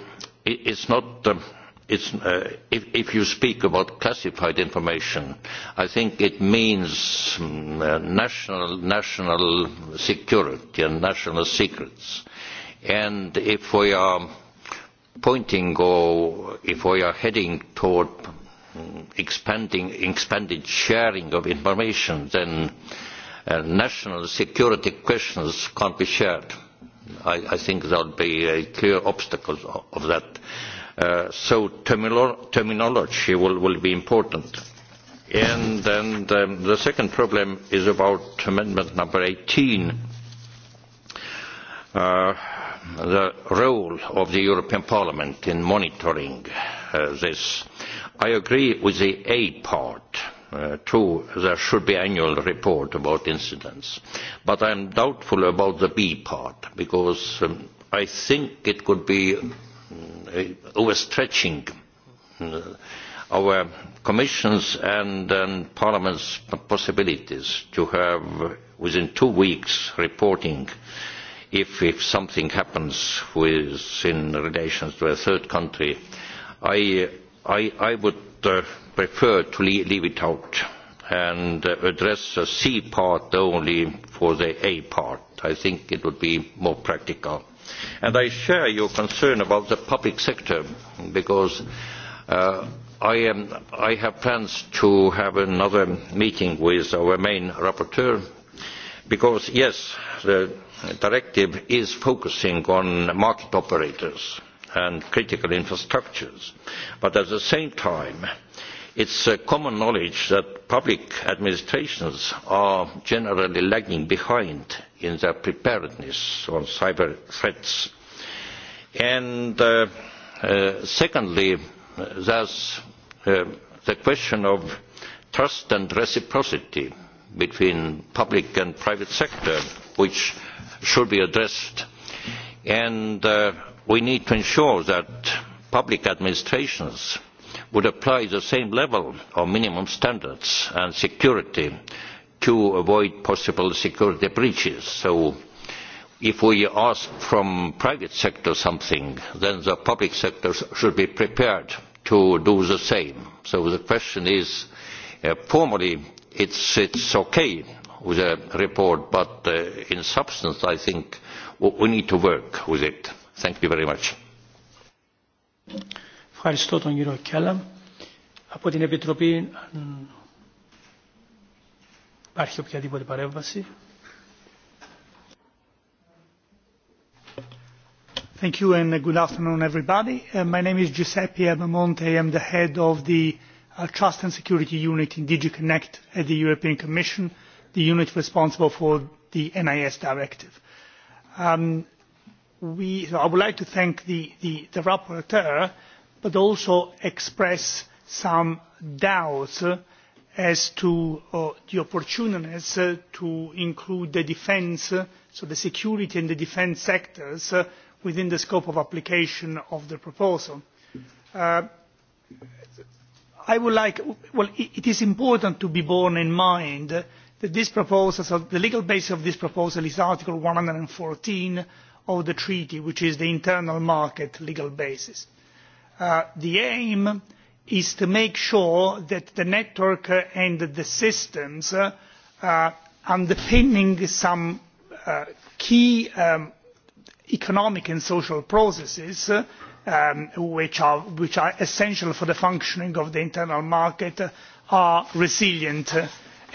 it's not, um, it's, uh, if, if you speak about classified information, I think it means um, uh, national, national security and national secrets and if we are pointing or if we are heading toward expanding expanded sharing of information then uh, national security questions can't be shared. I, I think there would be a clear obstacle of, that. Uh, so termilo terminology will, will be important. And then um, the second problem is about amendment number 18. Uh, the role of the European Parliament in monitoring uh, this. I agree with the A part. Uh, true there should be an annual report about incidents but i am doubtful about the b part because um, i think it could be uh, overstretching our commission's and parliament's possibilities to have within two weeks reporting if, if something happens with, in relation to a third country, I, I, would uh, prefer to leave, it out and address the C part only for the A part. I think it would be more practical. And I share your concern about the public sector because uh, I, am, I have plans to have another meeting with our main rapporteur because yes the directive is focusing on market operators and critical infrastructures but at the same time it is uh, common knowledge that public administrations are generally lagging behind in their preparedness on cyber threats. and uh, uh, secondly there is the question of trust and reciprocity between public and private sector which should be addressed and uh, we need to ensure that public administrations would apply the same level of minimum standards and security to avoid possible security breaches so if we ask from private sector something then the public sector should be prepared to do the same so the question is uh, formally it's it's okay with the report but uh, in substance i think we need to work with it thank you very much Ευχαριστώ τον κύριο Κέλλαμ. Από την Επιτροπή υπάρχει οποιαδήποτε παρέμβαση. Thank you and good afternoon everybody. Uh, my name is Giuseppe Abamonte. I am the head of the trust and security unit in dg at the european commission the unit responsible for the nis directive. Um, i would like to thank the, rapporteur but also express some doubts as to uh, the opportunities uh, to include the defence uh, so the security and the defence sectors within the scope of application of the proposal. I would like well it is important to be borne in mind that this proposal the legal basis of this proposal is Article one hundred and fourteen of the Treaty, which is the internal market legal basis. Uh, the aim is to make sure that the network and the systems uh, underpinning some uh, key um, economic and social processes Um, which, are, essential for the functioning of the internal market uh, are resilient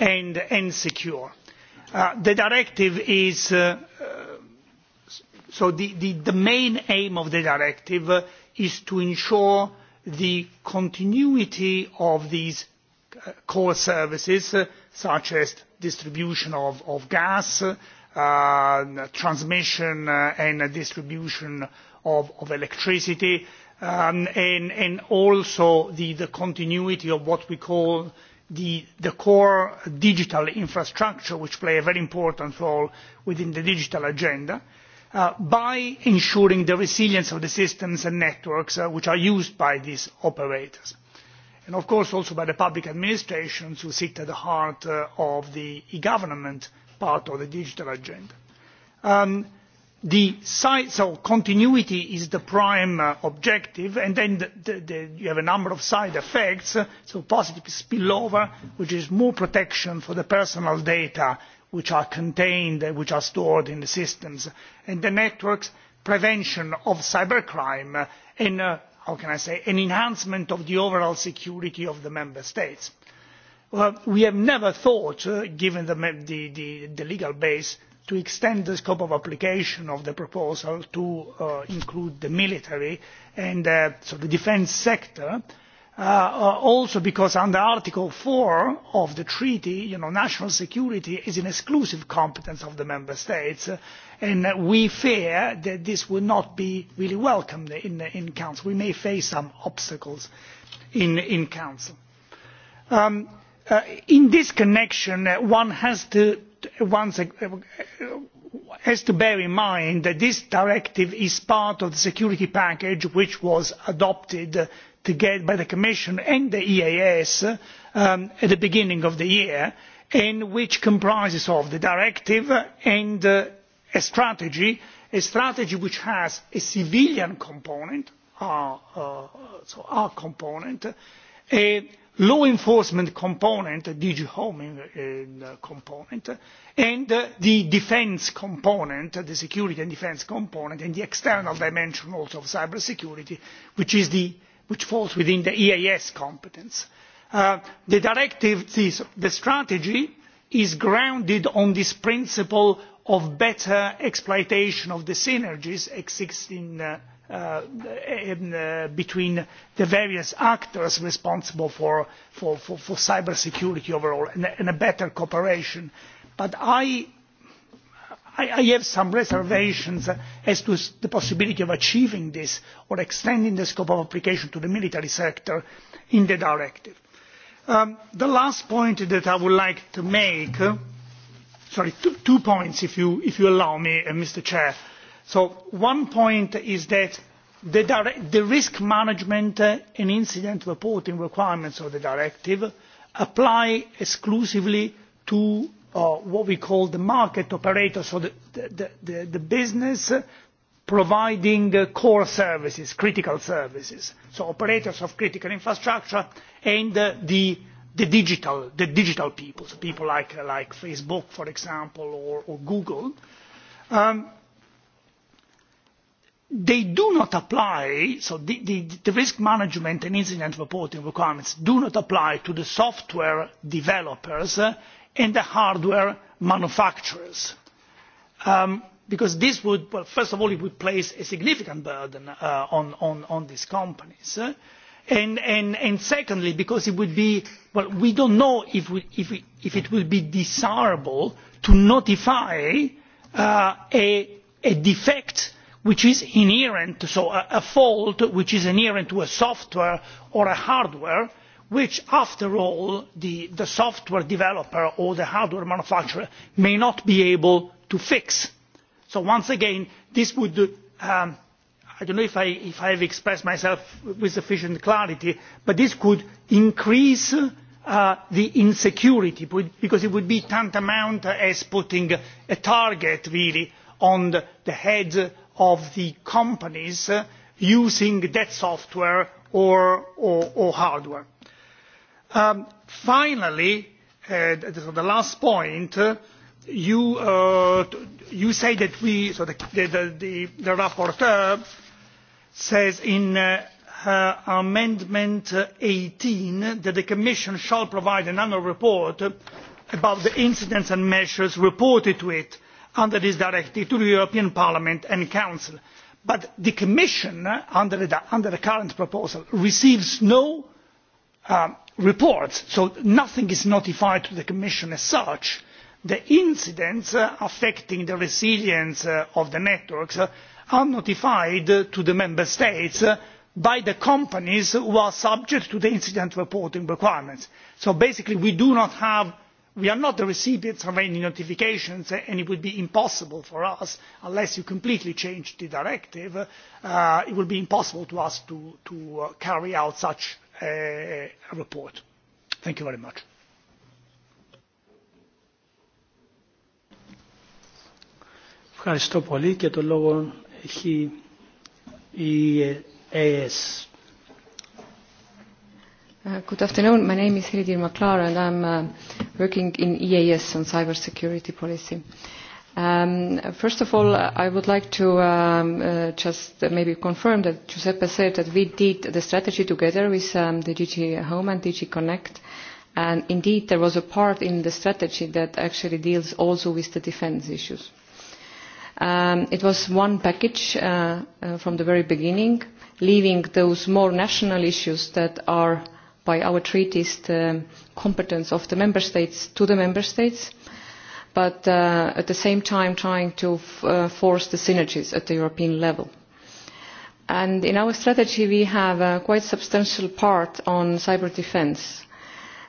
and, secure. Uh, uh, the main aim of the directive is to ensure the continuity of these core services such as distribution of, gas transmission and distribution of, of electricity um, and, and also the, continuity of what we call the, the core digital infrastructure which play a very important role within the digital agenda uh, by ensuring the resilience of the systems and networks uh, which are used by these operators and of course also by the public administrations who sit at the heart uh, of the e government part of the digital agenda. Um, the continuity is the prime uh, objective and then you have a number of side effects uh, so positive spillover which is more protection for the personal data which are contained and uh, which are stored in the systems and the networks prevention of cybercrime and how can i say an enhancement of the overall security of the member states. we have never thought given the legal base to extend the scope of application of the proposal to uh, include the military and uh, the defence sector uh, also because under article 4 of the treaty national security is an exclusive competence of the member states and we fear that this will not be really welcomed in in council we may face some obstacles in council um, in this connection one has to once uh, has to bear in mind that this directive is part of the security package which was adopted uh, together by the commission and the eas um, at the beginning of the year and which comprises of the directive and uh, a strategy a strategy which has a civilian component our, our component a law enforcement component dg home uh, component and uh, the defence component the security and defence component and the external dimension also of cybersecurity which, which falls within the eas competence. Uh, the directive the strategy is grounded on this principle of better exploitation of the synergies existing Uh, uh, between the various actors responsible for, for, for, cyber security overall and, a better cooperation. But I, I, have some reservations as to the possibility of achieving this or extending the scope of application to the military sector in the directive. Um, the last point that I would like to make, uh, sorry, two, points if you, if you allow me, Mr. Chair so one point is that the, risk management uh, and incident reporting requirements of the directive apply exclusively to uh, what we call the market operators so the, business providing uh, core services critical services so operators of critical infrastructure and the the digital the digital people so people like like facebook for example or, or google um, they do not apply so the, the, risk management and incident reporting requirements do not apply to the software developers uh, and the hardware manufacturers um, because this would first of all it would place a significant burden uh, on, on, on these companies uh, and, and, secondly because it would be well we don't know if, we, if, we, if it would be desirable to notify a, a defect which is inherent so a fault which is inherent to a software or a hardware which after all the, software developer or the hardware manufacturer may not be able to fix. so once again this would um, i do not know if I, have expressed myself with sufficient clarity but this could increase uh, the insecurity because it would be tantamount as putting a target really on the heads of the companies uh, using that software or, or, hardware. Um, finally, uh, the last point, uh, you, uh, you say that we, so the, the, rapporteur says in Amendment 18 that the Commission shall provide an annual report about the incidents and measures reported to it under this directive to the european parliament and council but the commission uh, under the, current proposal receives no um, reports so nothing is notified to the commission as such. the incidents uh, affecting the resilience uh, of the networks are notified to the member states by the companies who are subject to the incident reporting requirements. so basically we do not have we are not the recipients of any notifications eh, and it would be impossible for us unless you completely change the directive uh, it would be impossible for us to, uh, carry out such a report. thank you very much. Uh, good afternoon. My name is Hridir Maklar and I'm working in EAS on cybersecurity policy. Um, first of all, I would like to um, uh, just maybe confirm that Giuseppe said that we did the strategy together with um, the DG Home and DG Connect. And indeed, there was a part in the strategy that actually deals also with the defense issues. Um, it was one package uh, uh, from the very beginning, leaving those more national issues that are by our treaties the competence of the member states to the member states but uh, at the same time trying to uh, force the synergies at the european level. And in our strategy we have a quite substantial part on cyber defence.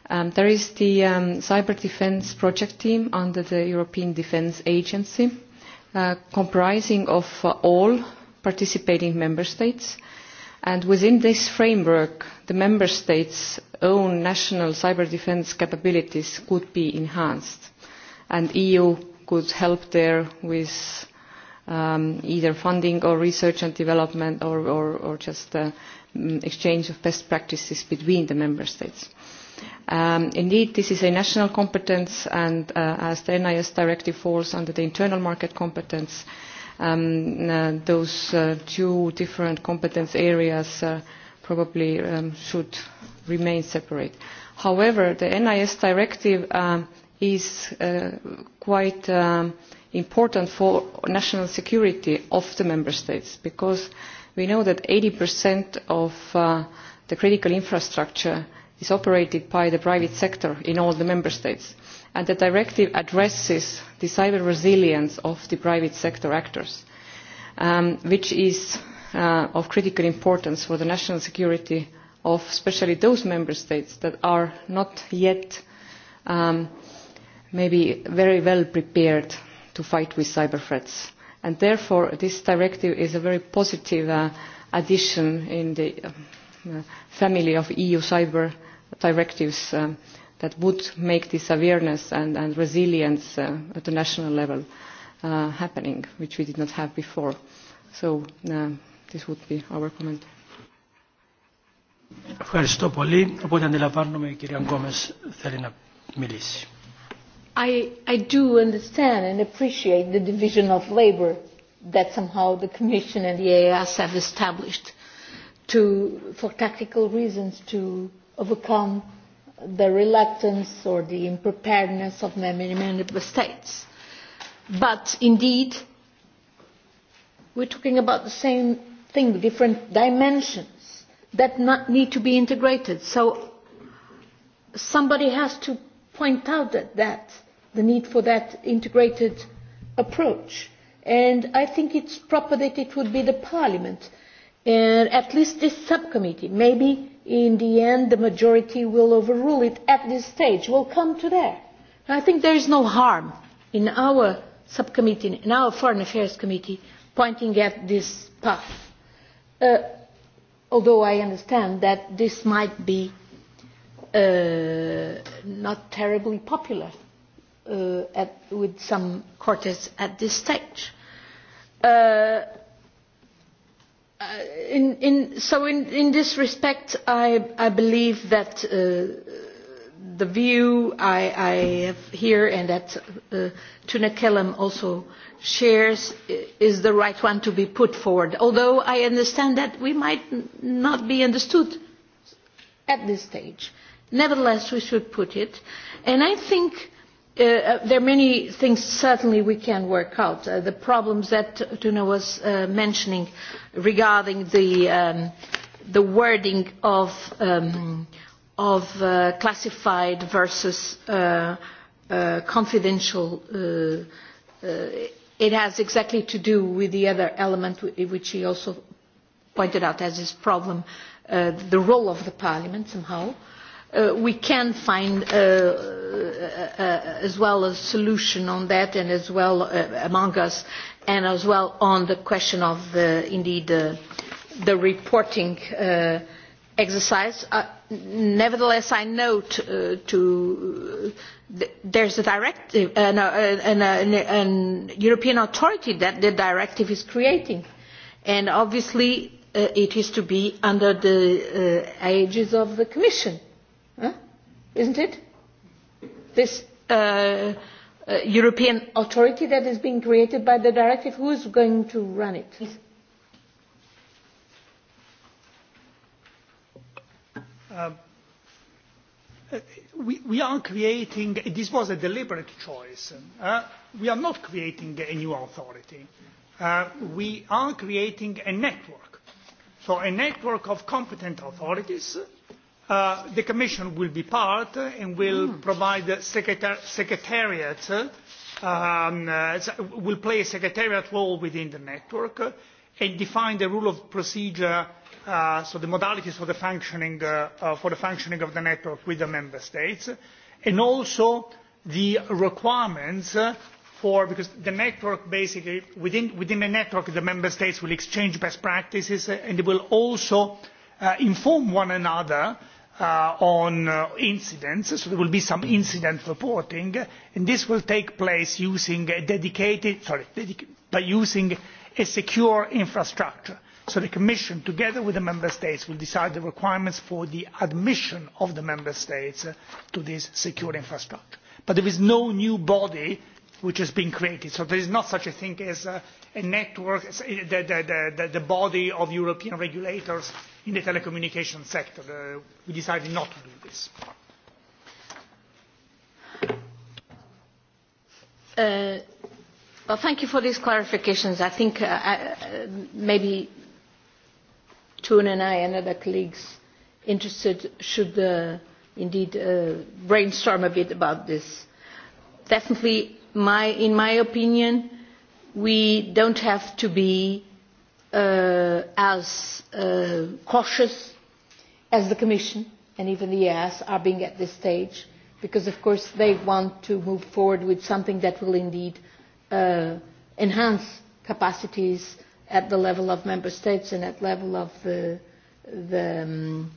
Um, there is the um, cyber defence project team under the european defence agency uh, comprising of all participating member states and within this framework the member states' own national cyber defence capabilities could be enhanced and the eu could help there with um, either funding or research and development or, just uh, exchange of best practices between the member states. Um, indeed, this is a national competence, and uh, as the NIS directive falls under the internal market competence, um, uh, those two different competence areas probably um, should remain separate. However, the NIS directive uh, is uh, quite um, important for national security of the member states because we know that 80% of uh, the critical infrastructure is operated by the private sector in all the member states and the directive addresses the cyber resilience of the private sector actors um, which is Uh, of critical importance for the national security of especially those member states that are not yet um, maybe very well prepared to fight with cyber threats. And therefore this directive is a very positive uh, addition in the um, uh, family of EU cyber directives um, that would make this awareness and, resilience at the national level happening, which we did not have before. So This would be our comment. I, I do understand and appreciate the division of labor that somehow the Commission and the AAS have established to, for tactical reasons to overcome the reluctance or the unpreparedness of many member states. But indeed, we're talking about the same think different dimensions that not need to be integrated so somebody has to point out that, that the need for that integrated approach and i think it's proper that it would be the parliament and at least this subcommittee maybe in the end the majority will overrule it at this stage we'll come to that. i think there is no harm in our subcommittee in our foreign affairs committee pointing at this path uh, although I understand that this might be uh, not terribly popular uh, at, with some quartets at this stage. Uh, uh, in, in, so in, in this respect, I, I believe that uh, the view I, I have here and that uh, Tuna Kellum also shares is the right one to be put forward, although I understand that we might not be understood at this stage. Nevertheless, we should put it. And I think uh, uh, there are many things certainly we can work out. Uh, the problems that Tuna was uh, mentioning regarding the, um, the wording of um, of uh, classified versus uh, uh, confidential it has exactly to do with the other element which he also pointed out as his problem the role of the parliament somehow we can find as well a solution on that and as well among us and as well on the question of indeed the reporting exercise nevertheless i note uh, to, th there's a directive uh, uh, uh an, european authority that the directive is creating and obviously uh, it is to be under the aegis of the commission isn't it this european authority that is being created by the directive who is going to run it? Uh, we, are creating this was a deliberate choice uh, we are not creating a new authority uh, we are creating a network so a network of competent authorities uh, the commission will be part and will hmm. provide the secretar secretariat uh, um, uh, will play a secretariat role within the network and define the rule of procedure Uh, so the modalities for the functioning uh, uh, for the functioning of the network with the member states and also the requirements uh, for because the network basically within within the network the member states will exchange best practices and they will also inform one another on incidents so there will be some incident reporting and this will take place using a dedicated sorry by using a secure infrastructure so the commission together with the member states will decide the requirements for the admission of the member states uh, to this secure infrastructure but there is no new body which has been created so there is not such a thing as a, network the, body of european regulators in the telecommunications sector. Uh, we decided not to do this. Uh, thank you for these clarifications. i think maybe Toon and I and other colleagues interested should uh, indeed uh, brainstorm a bit about this. Definitely, my, in my opinion, we don't have to be uh, as uh, cautious as the Commission and even the EAS are being at this stage, because of course they want to move forward with something that will indeed uh, enhance capacities at the level of member states and at level of um,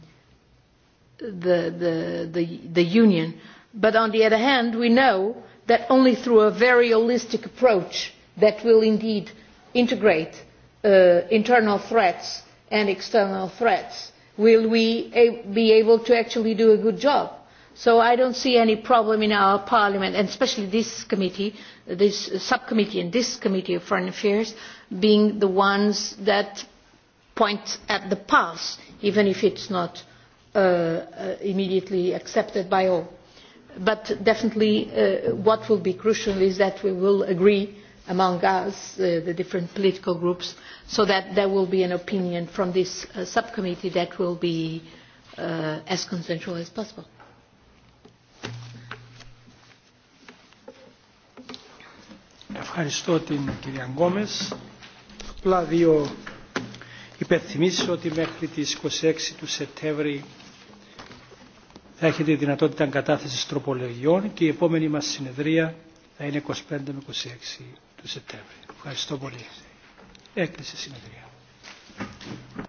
the the the, the, union. But on the other hand, we know that only through a very holistic approach that will indeed integrate uh, internal threats and external threats will we be able to actually do a good job so i do not see any problem in our parliament and especially this committee this subcommittee and this committee on foreign affairs being the ones that point at the past even if it is not uh, uh, immediately accepted by all. but definitely uh, what will be crucial is that we will agree among us the different political groups so that there will be an opinion from this subcommittee that will be as consensual as possible. Ευχαριστώ την κυρία Γκόμες. Απλά δύο υπενθυμίσεις ότι μέχρι τις 26 του Σεπτέμβρη θα έχετε δυνατότητα κατάθεσης τροπολογιών και η επόμενη μας συνεδρία θα είναι 25 με 26 του Σεπτέμβρη. Ευχαριστώ πολύ. Έκλεισε η συνεδρία.